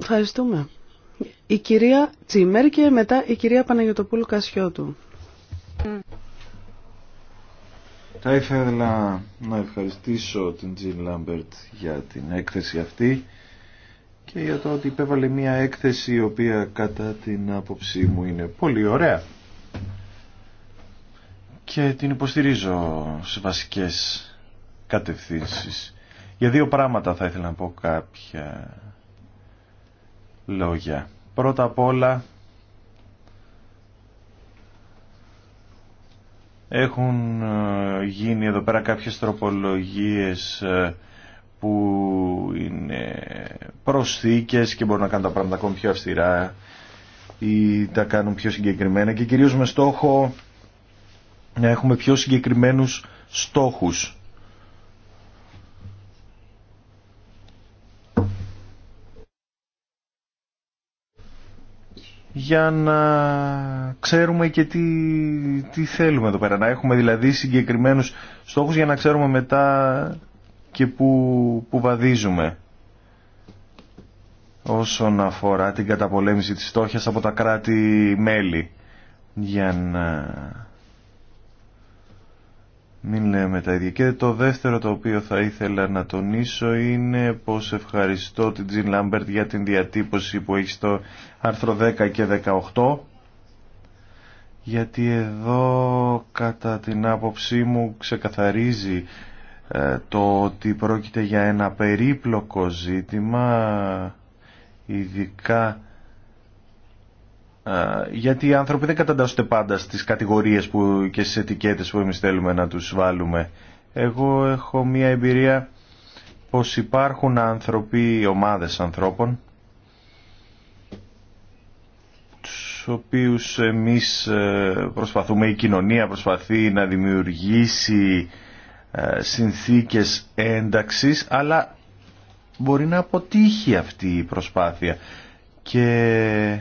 Speaker 1: Ευχαριστούμε. Η κυρία Τσίμερ και μετά η κυρία Παναγιωτοπούλου Κασιώτου. Mm.
Speaker 3: Θα ήθελα να ευχαριστήσω την Τζιν Λάμπερτ για την έκθεση αυτή και για το ότι υπέβαλε μια έκθεση η οποία κατά την άποψή μου είναι πολύ ωραία και την υποστηρίζω σε βασικές κατευθύνσεις. Για δύο πράγματα θα ήθελα να πω κάποια λόγια. Πρώτα απ' όλα Έχουν ε, γίνει εδώ πέρα κάποιες τροπολογίες ε, που είναι προσθήκες και μπορούν να κάνουν τα πράγματα ακόμη πιο αυστηρά ή τα κάνουν πιο συγκεκριμένα και κυρίως με στόχο να έχουμε πιο συγκεκριμένους στόχους για να ξέρουμε και τι, τι θέλουμε εδώ πέρα. Να έχουμε δηλαδή συγκεκριμένους στόχους για να ξέρουμε μετά και που, που βαδίζουμε όσον αφορά την καταπολέμηση της στόχιας από τα κράτη-μέλη για να μην λέμε τα ίδια. Και το δεύτερο το οποίο θα ήθελα να τονίσω είναι πως ευχαριστώ την Τζιν Λάμπερτ για την διατύπωση που έχει στο άρθρο 10 και 18 γιατί εδώ κατά την άποψή μου ξεκαθαρίζει ε, το ότι πρόκειται για ένα περίπλοκο ζήτημα ειδικά γιατί οι άνθρωποι δεν καταντάσσονται πάντα στις κατηγορίες που, και στις ετικέτες που εμείς θέλουμε να τους βάλουμε. Εγώ έχω μία εμπειρία πως υπάρχουν άνθρωποι, ομάδες ανθρώπων, τους οποίους εμείς ε, προσπαθούμε, η κοινωνία προσπαθεί να δημιουργήσει ε, συνθήκες ένταξης, αλλά μπορεί να αποτύχει αυτή η προσπάθεια. Και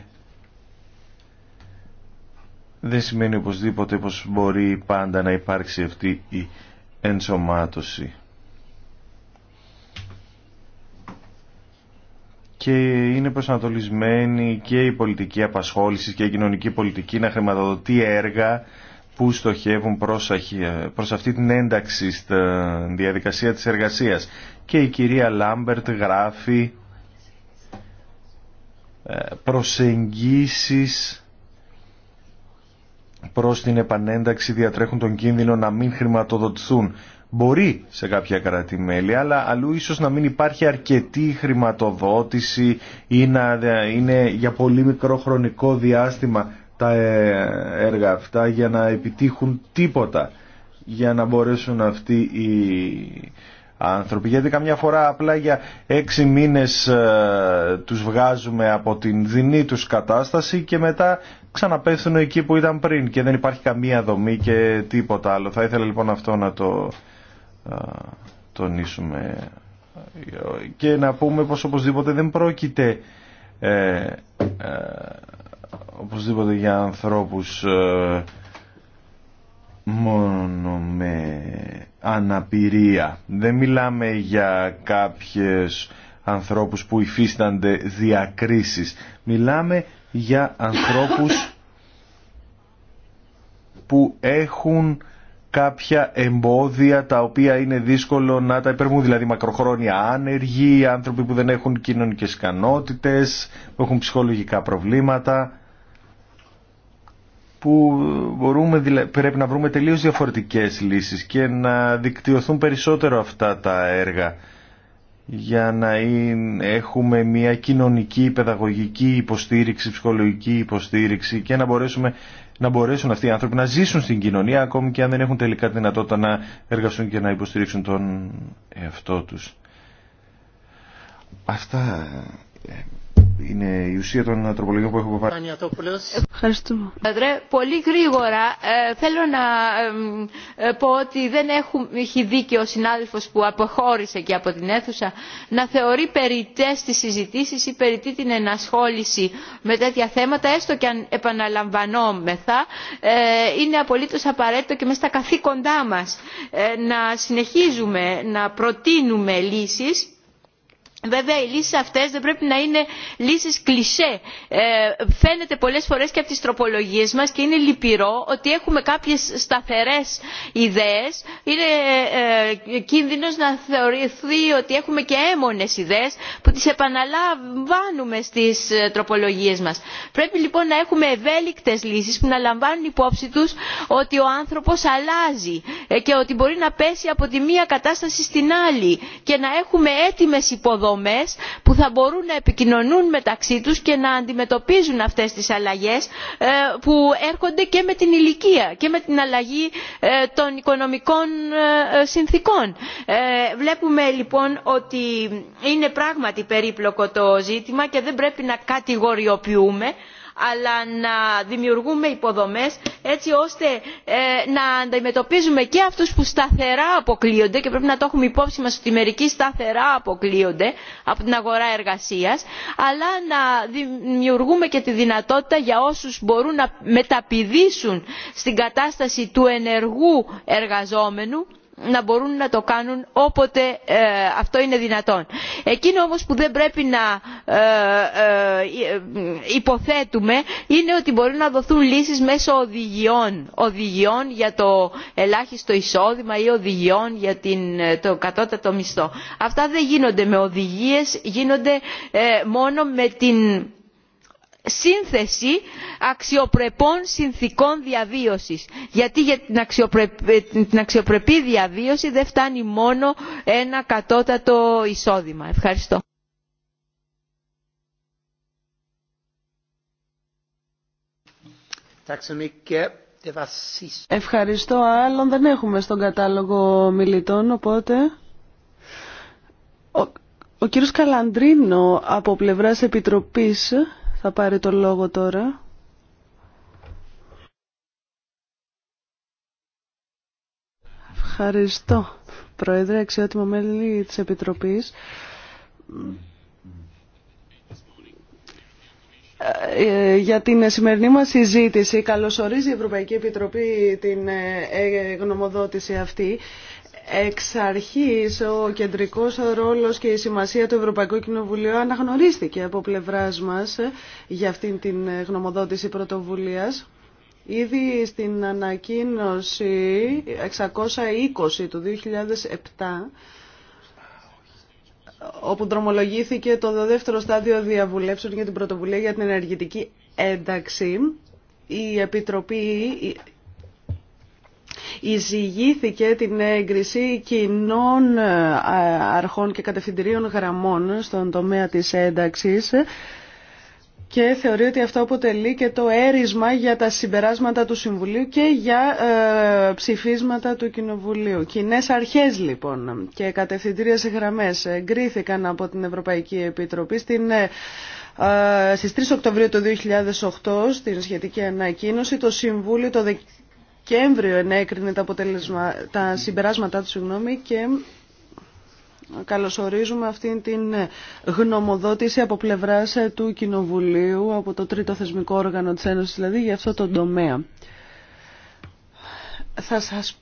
Speaker 3: δεν σημαίνει οπωσδήποτε πως μπορεί πάντα να υπάρξει αυτή η ενσωμάτωση. και είναι προσανατολισμένη και η πολιτική απασχόληση και η κοινωνική πολιτική να χρηματοδοτεί έργα που στοχεύουν προς, αυτή την ένταξη στη διαδικασία της εργασίας. Και η κυρία Λάμπερτ γράφει ε, προσεγγίσεις προς την επανένταξη διατρέχουν τον κίνδυνο να μην χρηματοδοτηθούν. Μπορεί σε κάποια κρατημέλη, αλλά αλλού ίσως να μην υπάρχει αρκετή χρηματοδότηση ή να είναι για πολύ μικρό χρονικό διάστημα τα ε, έργα αυτά για να επιτύχουν τίποτα για να μπορέσουν αυτοί οι άνθρωποι γιατί καμιά φορά απλά για έξι μήνες ε, τους βγάζουμε από την δινή τους κατάσταση και μετά ξαναπέφτουν εκεί που ήταν πριν και δεν υπάρχει καμία δομή και τίποτα άλλο. Θα ήθελα λοιπόν αυτό να το ε, τονίσουμε και να πούμε πως οπωσδήποτε δεν πρόκειται ε, ε, οπωσδήποτε για ανθρώπους ε, μόνο με αναπηρία. Δεν μιλάμε για κάποιες ανθρώπους που υφίστανται διακρίσεις. Μιλάμε για ανθρώπους που έχουν κάποια εμπόδια τα οποία είναι δύσκολο να τα υπέρβουν. δηλαδή μακροχρόνια άνεργοι, άνθρωποι που δεν έχουν κοινωνικές ικανότητες, που έχουν ψυχολογικά προβλήματα που μπορούμε, πρέπει να βρούμε τελείως διαφορετικές λύσεις και να δικτυωθούν περισσότερο αυτά τα έργα για να έχουμε μια κοινωνική, παιδαγωγική υποστήριξη, ψυχολογική υποστήριξη και να, μπορέσουμε, να μπορέσουν αυτοί οι άνθρωποι να ζήσουν στην κοινωνία ακόμη και αν δεν έχουν τελικά τη δυνατότητα να εργαστούν και να υποστηρίξουν τον εαυτό τους. Αυτά ε, είναι η ουσία των τροπολογιών που έχω βάλει.
Speaker 5: Ευχαριστούμε. Πολύ γρήγορα ε, θέλω να ε, πω ότι δεν έχουν, έχει δίκιο ο συνάδελφος που αποχώρησε και από την αίθουσα να θεωρεί περιττές τις συζητήσεις ή περιττή την ενασχόληση με τέτοια θέματα έστω και αν επαναλαμβανόμεθα ε, είναι απολύτως απαραίτητο και μέσα στα καθήκοντά μας να συνεχίζουμε να προτείνουμε λύσεις Βέβαια οι λύσεις αυτές δεν πρέπει να είναι λύσεις κλισέ. Ε, φαίνεται πολλές φορές και από τις τροπολογίες μας και είναι λυπηρό ότι έχουμε κάποιες σταθερές ιδέες. Είναι ε, κίνδυνος να θεωρηθεί ότι έχουμε και έμονες ιδέες που τις επαναλαμβάνουμε στις ε, τροπολογίες μας. Πρέπει λοιπόν να έχουμε ευέλικτες λύσεις που να λαμβάνουν υπόψη τους ότι ο άνθρωπος αλλάζει και ότι μπορεί να πέσει από τη μία κατάσταση στην άλλη και να έχουμε έτοιμες υποδομές που θα μπορούν να επικοινωνούν μεταξύ τους και να αντιμετωπίζουν αυτές τις αλλαγές ε, που έρχονται και με την ηλικία και με την αλλαγή ε, των οικονομικών ε, συνθήκων. Βλέπουμε λοιπόν ότι είναι πράγματι περίπλοκο το ζήτημα και δεν πρέπει να κατηγοριοποιούμε αλλά να δημιουργούμε υποδομές έτσι ώστε ε, να αντιμετωπίζουμε και αυτούς που σταθερά αποκλείονται και πρέπει να το έχουμε υπόψη μας ότι μερικοί σταθερά αποκλείονται από την αγορά εργασίας αλλά να δημιουργούμε και τη δυνατότητα για όσους μπορούν να μεταπηδήσουν στην κατάσταση του ενεργού εργαζόμενου να μπορούν να το κάνουν όποτε ε, αυτό είναι δυνατόν. Εκείνο όμως που δεν πρέπει να ε, ε, υποθέτουμε είναι ότι μπορεί να δοθούν λύσεις μέσω οδηγιών. Οδηγιών για το ελάχιστο εισόδημα ή οδηγιών για το κατώτατο μισθό. Αυτά δεν γίνονται με οδηγίες, γίνονται μόνο με την σύνθεση αξιοπρεπών συνθήκων διαβίωσης γιατί για την αξιοπρεπή διαβίωση δεν φτάνει μόνο ένα κατώτατο εισόδημα. Ευχαριστώ.
Speaker 1: Ευχαριστώ. Άλλον δεν έχουμε στον κατάλογο μιλητών, οπότε... Ο, ο κύριος Καλαντρίνο από πλευράς Επιτροπής θα πάρει το λόγο τώρα. Ευχαριστώ, Πρόεδρε, αξιότιμο μέλη της Επιτροπής. Ε, για την σημερινή μας συζήτηση καλωσορίζει η Ευρωπαϊκή Επιτροπή την ε, ε, γνωμοδότηση αυτή Εξ αρχής ο κεντρικός ρόλος και η σημασία του Ευρωπαϊκού Κοινοβουλίου αναγνωρίστηκε από πλευράς μας για αυτήν την γνωμοδότηση πρωτοβουλίας. Ήδη στην ανακοίνωση 620 του 2007 όπου δρομολογήθηκε το δεύτερο στάδιο διαβουλεύσεων για την πρωτοβουλία για την ενεργητική ένταξη. Η Επιτροπή Εισηγήθηκε την έγκριση κοινών ε, αρχών και κατευθυντηρίων γραμμών στον τομέα της ένταξης και θεωρεί ότι αυτό αποτελεί και το έρισμα για τα συμπεράσματα του Συμβουλίου και για ε, ψηφίσματα του Κοινοβουλίου. Κοινέ αρχές λοιπόν και κατευθυντήριες γραμμές εγκρίθηκαν από την Ευρωπαϊκή Επιτροπή στην ε, στις 3 Οκτωβρίου του 2008 στην σχετική ανακοίνωση το Συμβούλιο το Δεκέμβριο ενέκρινε τα, τα συμπεράσματά του συγγνώμη, και καλωσορίζουμε αυτήν την γνωμοδότηση από πλευράς ε, του Κοινοβουλίου, από το τρίτο θεσμικό όργανο της Ένωσης, δηλαδή για αυτό το τομέα. Θα σας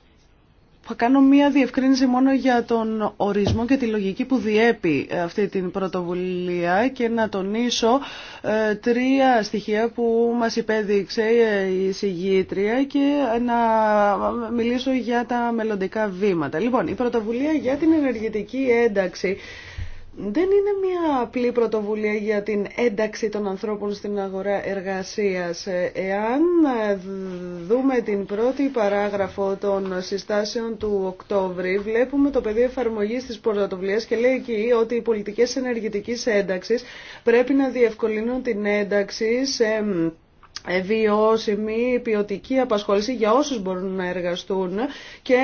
Speaker 1: θα κάνω μία διευκρίνηση μόνο για τον ορισμό και τη λογική που διέπει αυτή την πρωτοβουλία και να τονίσω ε, τρία στοιχεία που μας υπέδειξε η συγγήτρια και να μιλήσω για τα μελλοντικά βήματα. Λοιπόν, η πρωτοβουλία για την ενεργητική ένταξη δεν είναι μια απλή πρωτοβουλία για την ένταξη των ανθρώπων στην αγορά εργασίας. Εάν δούμε την πρώτη παράγραφο των συστάσεων του Οκτώβρη, βλέπουμε το πεδίο εφαρμογής της πρωτοβουλίας και λέει εκεί ότι οι πολιτικές ενεργητικής ένταξης πρέπει να διευκολύνουν την ένταξη σε βιώσιμη ποιοτική απασχόληση για όσους μπορούν να εργαστούν και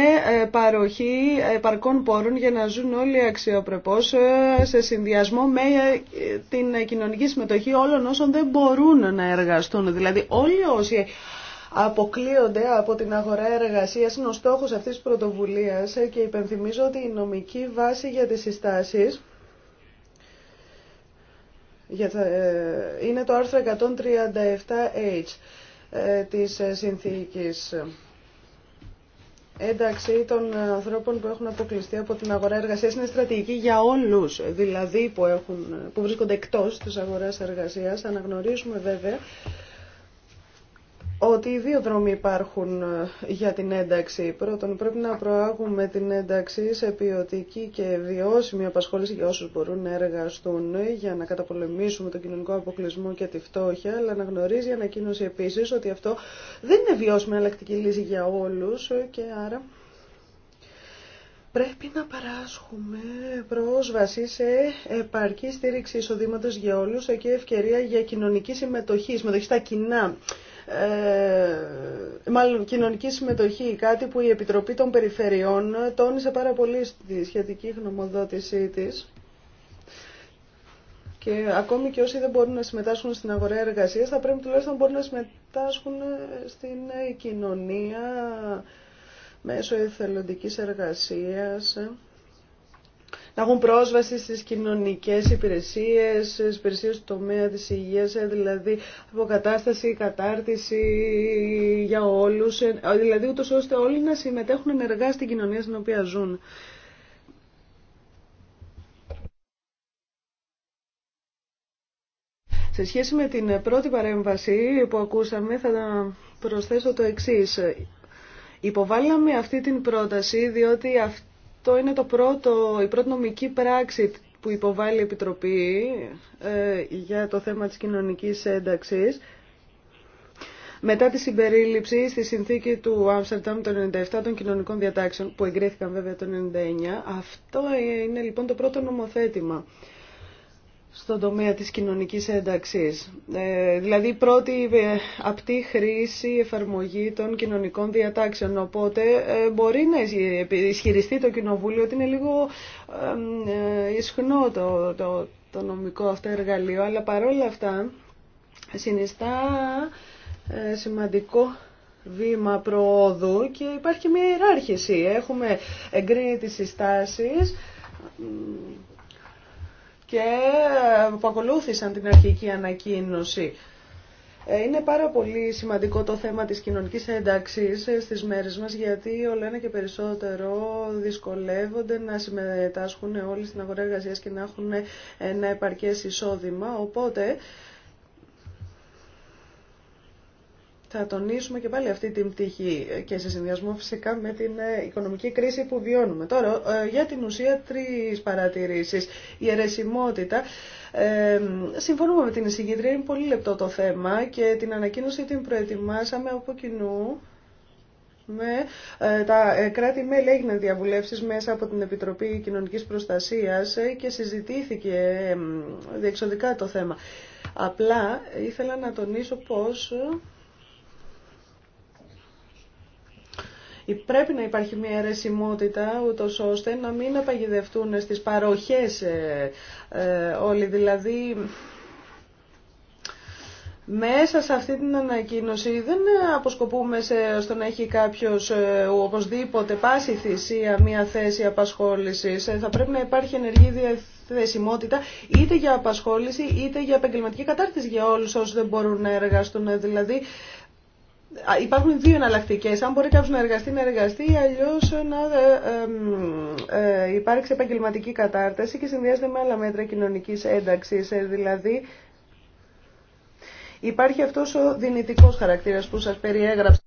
Speaker 1: ε, παροχή παρκών πόρων για να ζουν όλοι αξιοπρεπώς ε, σε συνδυασμό με ε, την κοινωνική συμμετοχή όλων όσων δεν μπορούν να εργαστούν. Δηλαδή όλοι όσοι αποκλείονται από την αγορά εργασίας είναι ο στόχος αυτής της πρωτοβουλίας και υπενθυμίζω ότι η νομική βάση για τις συστάσεις ε, είναι το άρθρο 137H ε, της ε, συνθήκης ένταξη των ανθρώπων που έχουν αποκλειστεί από την αγορά εργασίας είναι στρατηγική για όλους, δηλαδή που, έχουν, που βρίσκονται εκτός της αγοράς εργασίας. Αναγνωρίζουμε βέβαια ότι οι δύο δρόμοι υπάρχουν ε, για την ένταξη. Πρώτον, πρέπει να προάγουμε την ένταξη σε ποιοτική και βιώσιμη απασχόληση για όσους μπορούν να εργαστούν για να καταπολεμήσουμε τον κοινωνικό αποκλεισμό και τη φτώχεια, αλλά να γνωρίζει η ανακοίνωση επίσης ότι αυτό δεν είναι βιώσιμη αλλακτική λύση για όλους και άρα πρέπει να παράσχουμε πρόσβαση σε επαρκή στήριξη εισοδήματο για όλους και ευκαιρία για κοινωνική συμμετοχή, συμμετοχή στα κοινά. Ε, μάλλον κοινωνική συμμετοχή, κάτι που η Επιτροπή των Περιφερειών τόνισε πάρα πολύ στη σχετική γνωμοδότησή της. Και ακόμη και όσοι δεν μπορούν να συμμετάσχουν στην αγορά εργασίας, θα πρέπει τουλάχιστον μπορούν να συμμετάσχουν ε, στην ε, κοινωνία μέσω εθελοντικής εργασίας να έχουν πρόσβαση στις κοινωνικές υπηρεσίες, στις υπηρεσίες του τομέα της υγείας, ε, δηλαδή αποκατάσταση, κατάρτιση για όλους, ε, δηλαδή ούτως ώστε όλοι να συμμετέχουν ενεργά στην κοινωνία στην οποία ζουν. Σε σχέση με την πρώτη παρέμβαση που ακούσαμε θα προσθέσω το εξής. Υποβάλαμε αυτή την πρόταση διότι αυτή αυτό είναι το πρώτο, η πρώτη νομική πράξη που υποβάλλει η Επιτροπή ε, για το θέμα της κοινωνικής ένταξης. Μετά τη συμπερίληψη στη συνθήκη του Άμστερνταμ το 97 των κοινωνικών διατάξεων, που εγκρίθηκαν βέβαια το 99, αυτό είναι λοιπόν το πρώτο νομοθέτημα στον τομέα της κοινωνικής ένταξης. Ε, δηλαδή πρώτη ε, απτή χρήση, εφαρμογή των κοινωνικών διατάξεων. Οπότε ε, μπορεί να ισχυριστεί το Κοινοβούλιο ότι είναι λίγο ε, ισχνό το, το, το νομικό αυτό εργαλείο, αλλά παρόλα αυτά συνιστά ε, σημαντικό βήμα προόδου και υπάρχει μια ιεράρχηση. Έχουμε εγκρίνει τις συστάσεις και ε, που ακολούθησαν την αρχική ανακοίνωση. Ε, είναι πάρα πολύ σημαντικό το θέμα της κοινωνικής ένταξης ε, στις μέρες μας γιατί όλο ένα και περισσότερο δυσκολεύονται να συμμετάσχουν όλοι στην αγορά εργασίας και να έχουν ένα επαρκές εισόδημα. Οπότε Θα τονίσουμε και πάλι αυτή την πτυχή και σε συνδυασμό φυσικά με την ε, οικονομική κρίση που βιώνουμε. Τώρα, ε, για την ουσία τρει παρατηρήσεις. Η αιρεσιμότητα. Ε, συμφωνούμε με την εισηγήτρια, είναι πολύ λεπτό το θέμα και την ανακοίνωση την προετοιμάσαμε από κοινού με ε, τα κράτη-μέλη έγιναν διαβουλεύσεις μέσα από την Επιτροπή Κοινωνικής Προστασίας και συζητήθηκε διεξοδικά το θέμα. Απλά ήθελα να τονίσω πως Πρέπει να υπάρχει μια αιρεσιμότητα ούτως ώστε να μην απαγιδευτούν στις παροχές ε, ε, όλοι. Δηλαδή μέσα σε αυτή την ανακοίνωση δεν αποσκοπούμε σε, στο να έχει κάποιος ε, οπωσδήποτε πάση θυσία μια θέση απασχόλησης. Ε, θα πρέπει να υπάρχει ενεργή διαθεσιμότητα είτε για απασχόληση είτε για επαγγελματική κατάρτιση για όλους όσους δεν μπορούν να εργαστούν. Δηλαδή Υπάρχουν δύο εναλλακτικέ. Αν μπορεί κάποιο να εργαστεί, να εργαστεί, αλλιώ να ε, ε, υπάρξει επαγγελματική κατάρτιση και συνδυάζεται με άλλα μέτρα κοινωνική ένταξη. Ε, δηλαδή, υπάρχει αυτό ο δυνητικό χαρακτήρα που σα περιέγραψα.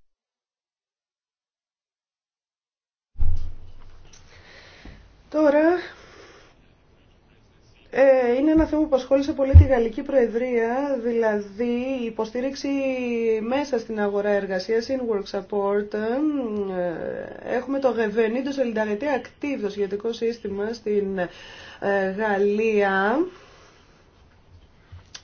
Speaker 1: Τώρα, ε, είναι ένα θέμα που απασχόλησε πολύ τη Γαλλική Προεδρία, δηλαδή η υποστήριξη μέσα στην αγορα εργασία, εργασίας, in-work support. Ε, έχουμε το Γεβενίντο Solidarity Active, το σχετικό σύστημα στην ε, Γαλλία.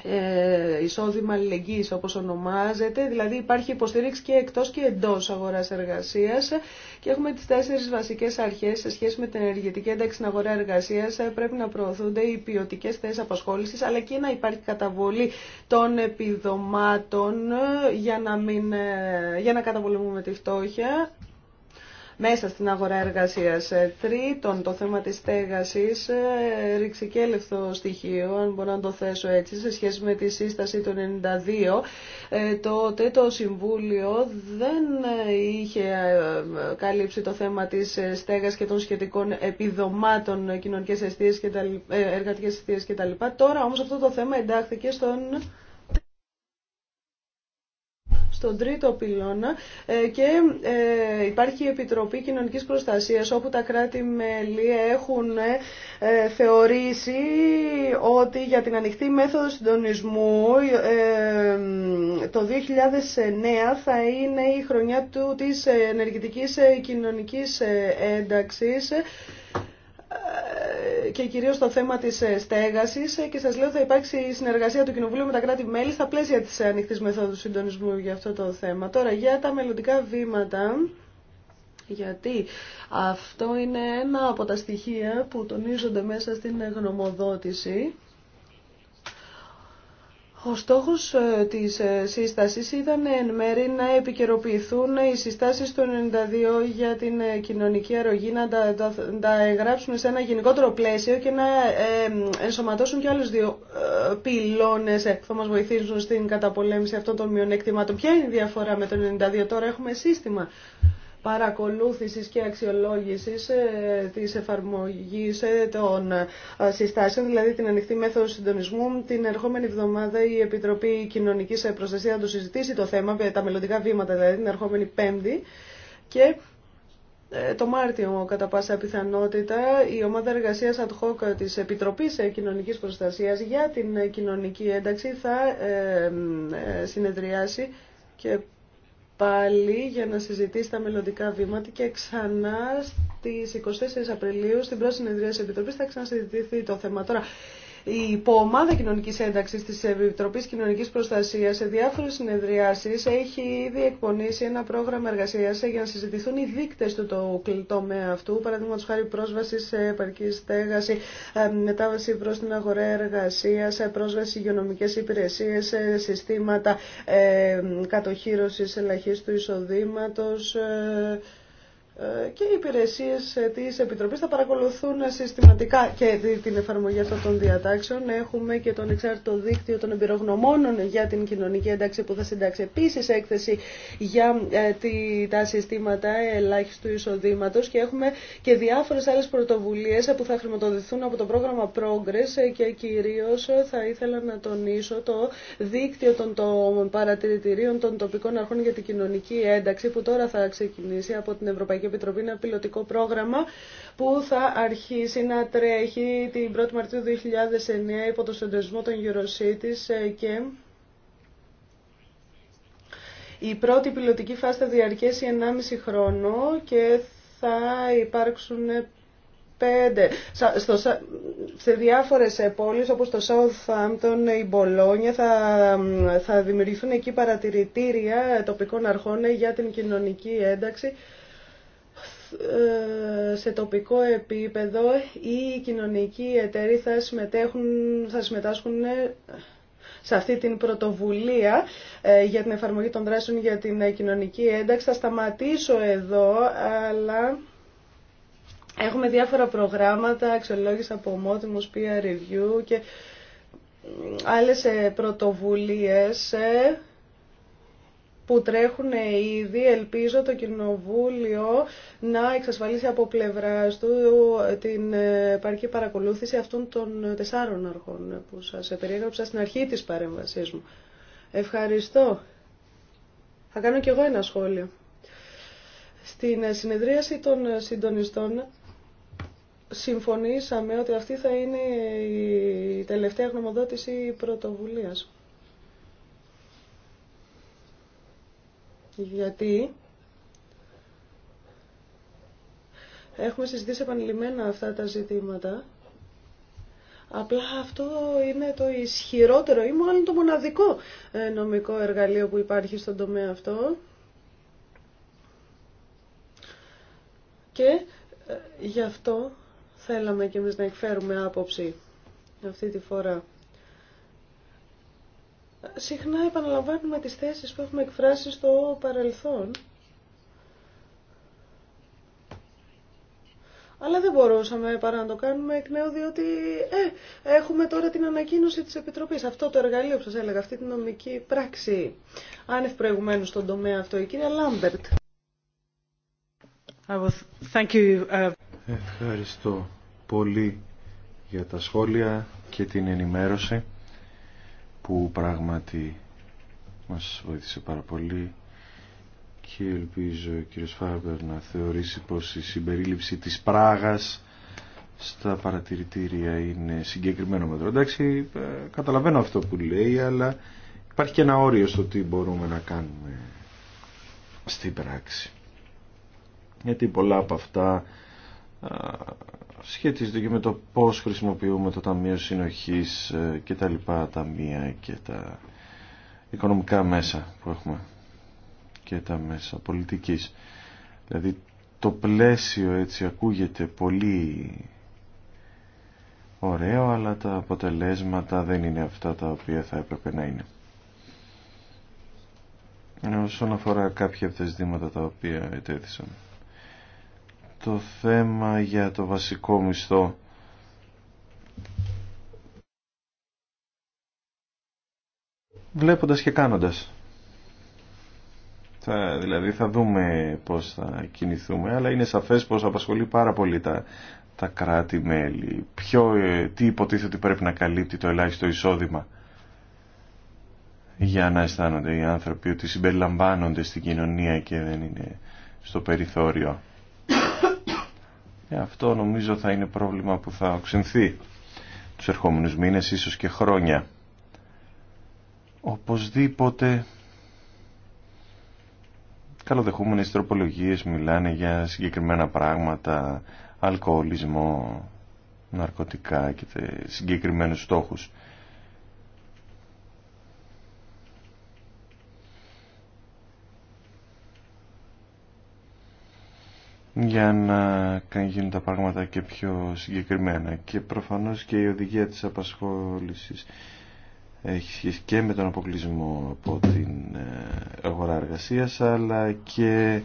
Speaker 1: Ε, εισόδημα αλληλεγγύης όπως ονομάζεται, δηλαδή υπάρχει υποστήριξη και εκτός και εντός αγοράς εργασίας και έχουμε τις τέσσερις βασικές αρχές σε σχέση με την ενεργητική ένταξη στην αγορά εργασίας ε, πρέπει να προωθούνται οι ποιοτικέ θέσει απασχόλησης αλλά και να υπάρχει καταβολή των επιδομάτων ε, για να, μην, για να καταβολούμε τη φτώχεια μέσα στην αγορά εργασίας. Ε, τρίτον, το θέμα της στέγασης, ε, ρηξικέλευθο στοιχείο, αν μπορώ να το θέσω έτσι, σε σχέση με τη σύσταση του 92, Το το Συμβούλιο δεν ε, είχε καλύψει το θέμα της στέγας και των σχετικών επιδομάτων κοινωνικές αιστείες και τα, εργατικές κτλ. Τώρα όμως αυτό το θέμα εντάχθηκε στον στον τρίτο πυλώνα ε, και ε, υπάρχει η Επιτροπή Κοινωνικής Προστασίας όπου τα κράτη-μέλη έχουν ε, θεωρήσει ότι για την ανοιχτή μέθοδο συντονισμού το 2009 θα είναι η χρονιά του της ενεργητικής κοινωνικής ένταξης και κυρίως το θέμα της ε, στέγασης ε, και σας λέω θα υπάρξει συνεργασία του Κοινοβουλίου με τα κράτη-μέλη στα πλαίσια της ε, ανοιχτής μεθόδου συντονισμού για αυτό το θέμα. Τώρα για τα μελλοντικά βήματα, γιατί αυτό είναι ένα από τα στοιχεία που τονίζονται μέσα στην γνωμοδότηση. Ο στόχος ε, της ε, σύστασης ήταν εν μέρη να επικαιροποιηθούν οι συστάσεις του 92 για την ε, κοινωνική αρρωγή, να τα, εγγράψουν σε ένα γενικότερο πλαίσιο και να ενσωματώσουν και άλλους δύο ε, πυλώνες που θα μας βοηθήσουν στην καταπολέμηση αυτών των μειονεκτημάτων. Ποια είναι η διαφορά με το 92, τώρα έχουμε σύστημα παρακολούθησης και αξιολόγησης ε, της εφαρμογής ε, των ε, συστάσεων, δηλαδή την ανοιχτή μέθοδο συντονισμού. Την ερχόμενη εβδομάδα η Επιτροπή Κοινωνικής Προστασίας θα το συζητήσει το θέμα, τα μελλοντικά βήματα δηλαδή την ερχόμενη Πέμπτη. Και το Μάρτιο κατά πάσα πιθανότητα η ομάδα εργασίας ad hoc της Επιτροπής Κοινωνικής Προστασίας για την κοινωνική ένταξη θα συνεδριάσει και πάλι για να συζητήσει τα μελλοντικά βήματα και ξανά στις 24 Απριλίου στην πρώτη συνεδρία της Επιτροπής θα ξανασυζητηθεί το θέμα. Τώρα, η υποομάδα κοινωνικής ένταξης της Επιτροπή Κοινωνικής Προστασίας σε διάφορες συνεδριάσεις έχει ήδη εκπονήσει ένα πρόγραμμα εργασίας για να συζητηθούν οι δείκτες του το τομέα αυτού, παραδείγματος χάρη πρόσβαση σε επαρκή στέγαση, ε, μετάβαση προς την αγορά εργασίας, ε, πρόσβαση υγειονομικές υπηρεσίες, ε, συστήματα κατοχύρωσης ελαχίστου εισοδήματος, ε, και οι υπηρεσίε ε, τη επιτροπή θα παρακολουθούν ε, συστηματικά και την εφαρμογή αυτών των διατάξεων. Έχουμε και τον εξάρτητο δίκτυο των εμπειρογνωμόνων για την κοινωνική ένταξη που θα συντάξει επίση έκθεση για τα συστήματα ελάχιστου εισοδήματο. και έχουμε και διάφορε άλλε πρωτοβουλίε που θα χρηματοδοτηθούν από το πρόγραμμα Progress και κυρίω θα ήθελα να τονίσω το δίκτυο των παρατηρητηρίων των τοπικών αρχών για την κοινωνική ένταξη που τώρα θα ξεκινήσει από την Ευρωπαϊκή Επιτροπή ένα πιλωτικό πρόγραμμα που θα αρχίσει να τρέχει την 1η Μαρτίου 2009 υπό το συντονισμό των Eurocities ε, και η πρώτη πιλωτική φάση θα διαρκέσει 1,5 χρόνο και θα υπάρξουν πέντε. Στο, σε διάφορες ε, πόλεις όπως το Southampton, η Μπολόνια θα, θα δημιουργηθούν εκεί παρατηρητήρια τοπικών αρχών για την κοινωνική ένταξη ε, σε τοπικό επίπεδο οι κοινωνικοί εταίροι θα, συμμετέχουν, θα συμμετάσχουν ε, σε αυτή την πρωτοβουλία ε, για την εφαρμογή των δράσεων για την κοινωνική ένταξη. Θα σταματήσω εδώ, αλλά έχουμε διάφορα προγράμματα, αξιολόγηση από ομότιμους, peer review και άλλες πρωτοβουλίες που τρέχουν ήδη. Ελπίζω το Κοινοβούλιο να εξασφαλίσει από πλευρά του ε, την ε, επαρκή παρακολούθηση αυτών των τεσσάρων αρχών που σα περιέγραψα στην αρχή της παρέμβασής μου. Ευχαριστώ. Θα κάνω κι εγώ ένα σχόλιο. Στην συνεδρίαση των συντονιστών συμφωνήσαμε ότι αυτή θα είναι η τελευταία γνωμοδότηση πρωτοβουλίας. γιατί έχουμε συζητήσει επανειλημμένα αυτά τα ζητήματα. Απλά αυτό είναι το ισχυρότερο ή μάλλον το μοναδικό ε, νομικό εργαλείο που υπάρχει στον τομέα αυτό. Και ε, γι' αυτό θέλαμε και εμείς να εκφέρουμε άποψη αυτή τη φορά συχνά επαναλαμβάνουμε τις θέσεις που έχουμε εκφράσει στο παρελθόν. Αλλά δεν μπορούσαμε παρά να το κάνουμε εκ νέου, διότι ε, έχουμε τώρα την ανακοίνωση της Επιτροπής. Αυτό το εργαλείο που σας έλεγα, αυτή την νομική πράξη, άνευ προηγουμένου στον τομέα αυτό, η κυρία Λάμπερτ. Thank you. Uh,
Speaker 3: Ευχαριστώ πολύ για τα σχόλια και την ενημέρωση που πράγματι μας βοήθησε πάρα πολύ και ελπίζω ο κύριος Φάρμπερ να θεωρήσει πως η συμπερίληψη της πράγας στα παρατηρητήρια είναι συγκεκριμένο μέτρο. Εντάξει, ε, καταλαβαίνω αυτό που λέει, αλλά υπάρχει και ένα όριο στο τι μπορούμε να κάνουμε στην πράξη. Γιατί πολλά από αυτά σχετίζεται και με το πώς χρησιμοποιούμε το Ταμείο Συνοχής ε, και τα λοιπά ταμεία και τα οικονομικά μέσα που έχουμε και τα μέσα πολιτικής. Δηλαδή το πλαίσιο έτσι ακούγεται πολύ ωραίο αλλά τα αποτελέσματα δεν είναι αυτά τα οποία θα έπρεπε να είναι. Ε, όσον αφορά κάποια από τα ζητήματα τα οποία ετέθησαμε το θέμα για το βασικό μισθό. Βλέποντας και κάνοντας. Θα, δηλαδή θα δούμε πώς θα κινηθούμε, αλλά είναι σαφές πως απασχολεί πάρα πολύ τα, τα κράτη-μέλη. Ε, τι υποτίθεται ότι πρέπει να καλύπτει το ελάχιστο εισόδημα για να αισθάνονται οι άνθρωποι ότι συμπεριλαμβάνονται στην κοινωνία και δεν είναι στο περιθώριο. Ε, αυτό νομίζω θα είναι πρόβλημα που θα οξυνθεί τους ερχόμενους μήνες, ίσως και χρόνια. Οπωσδήποτε καλοδεχούμενες τροπολογίες μιλάνε για συγκεκριμένα πράγματα, αλκοολισμό, ναρκωτικά και συγκεκριμένους στόχους. για να γίνουν τα πράγματα και πιο συγκεκριμένα. Και προφανώς και η οδηγία της απασχόλησης έχει σχέση και με τον αποκλεισμό από την ε, αγορά εργασίας αλλά και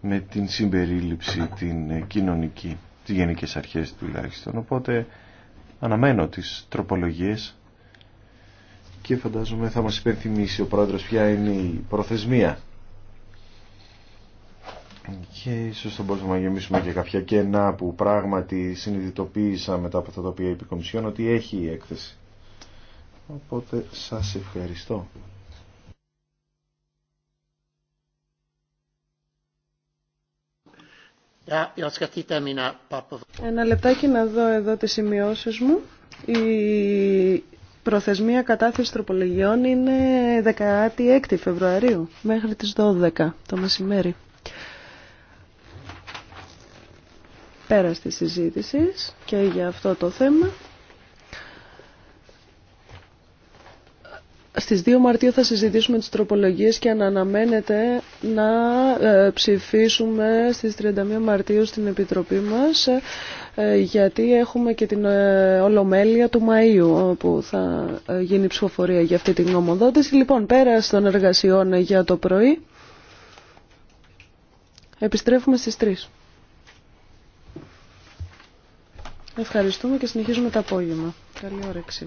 Speaker 3: με την συμπερίληψη την ε, κοινωνική, τις γενικές αρχές τουλάχιστον. Οπότε αναμένω τις τροπολογίες και φαντάζομαι θα μας υπενθυμίσει ο πρόεδρος ποια είναι η προθεσμία. Και ίσως θα μπορούσαμε να γεμίσουμε και κάποια κενά που πράγματι συνειδητοποίησα μετά από αυτά τα οποία είπε η Κομισιόν ότι έχει η έκθεση. Οπότε σας ευχαριστώ.
Speaker 1: Ένα λεπτάκι να δω εδώ τι σημειώσεις μου. Η προθεσμία κατάθεση τροπολογιών είναι 16 Φεβρουαρίου μέχρι τις 12 το μεσημέρι. πέρας της συζήτηση και για αυτό το θέμα. Στις 2 Μαρτίου θα συζητήσουμε τις τροπολογίες και αναμένεται να ε, ψηφίσουμε στις 31 Μαρτίου στην Επιτροπή μας ε, γιατί έχουμε και την ε, Ολομέλεια του Μαΐου όπου θα γίνει ψηφοφορία για αυτή την νομοδότηση. Λοιπόν, πέρα των εργασιών για το πρωί, επιστρέφουμε στις 3. Ευχαριστούμε και συνεχίζουμε το απόγευμα. Καλή όρεξη.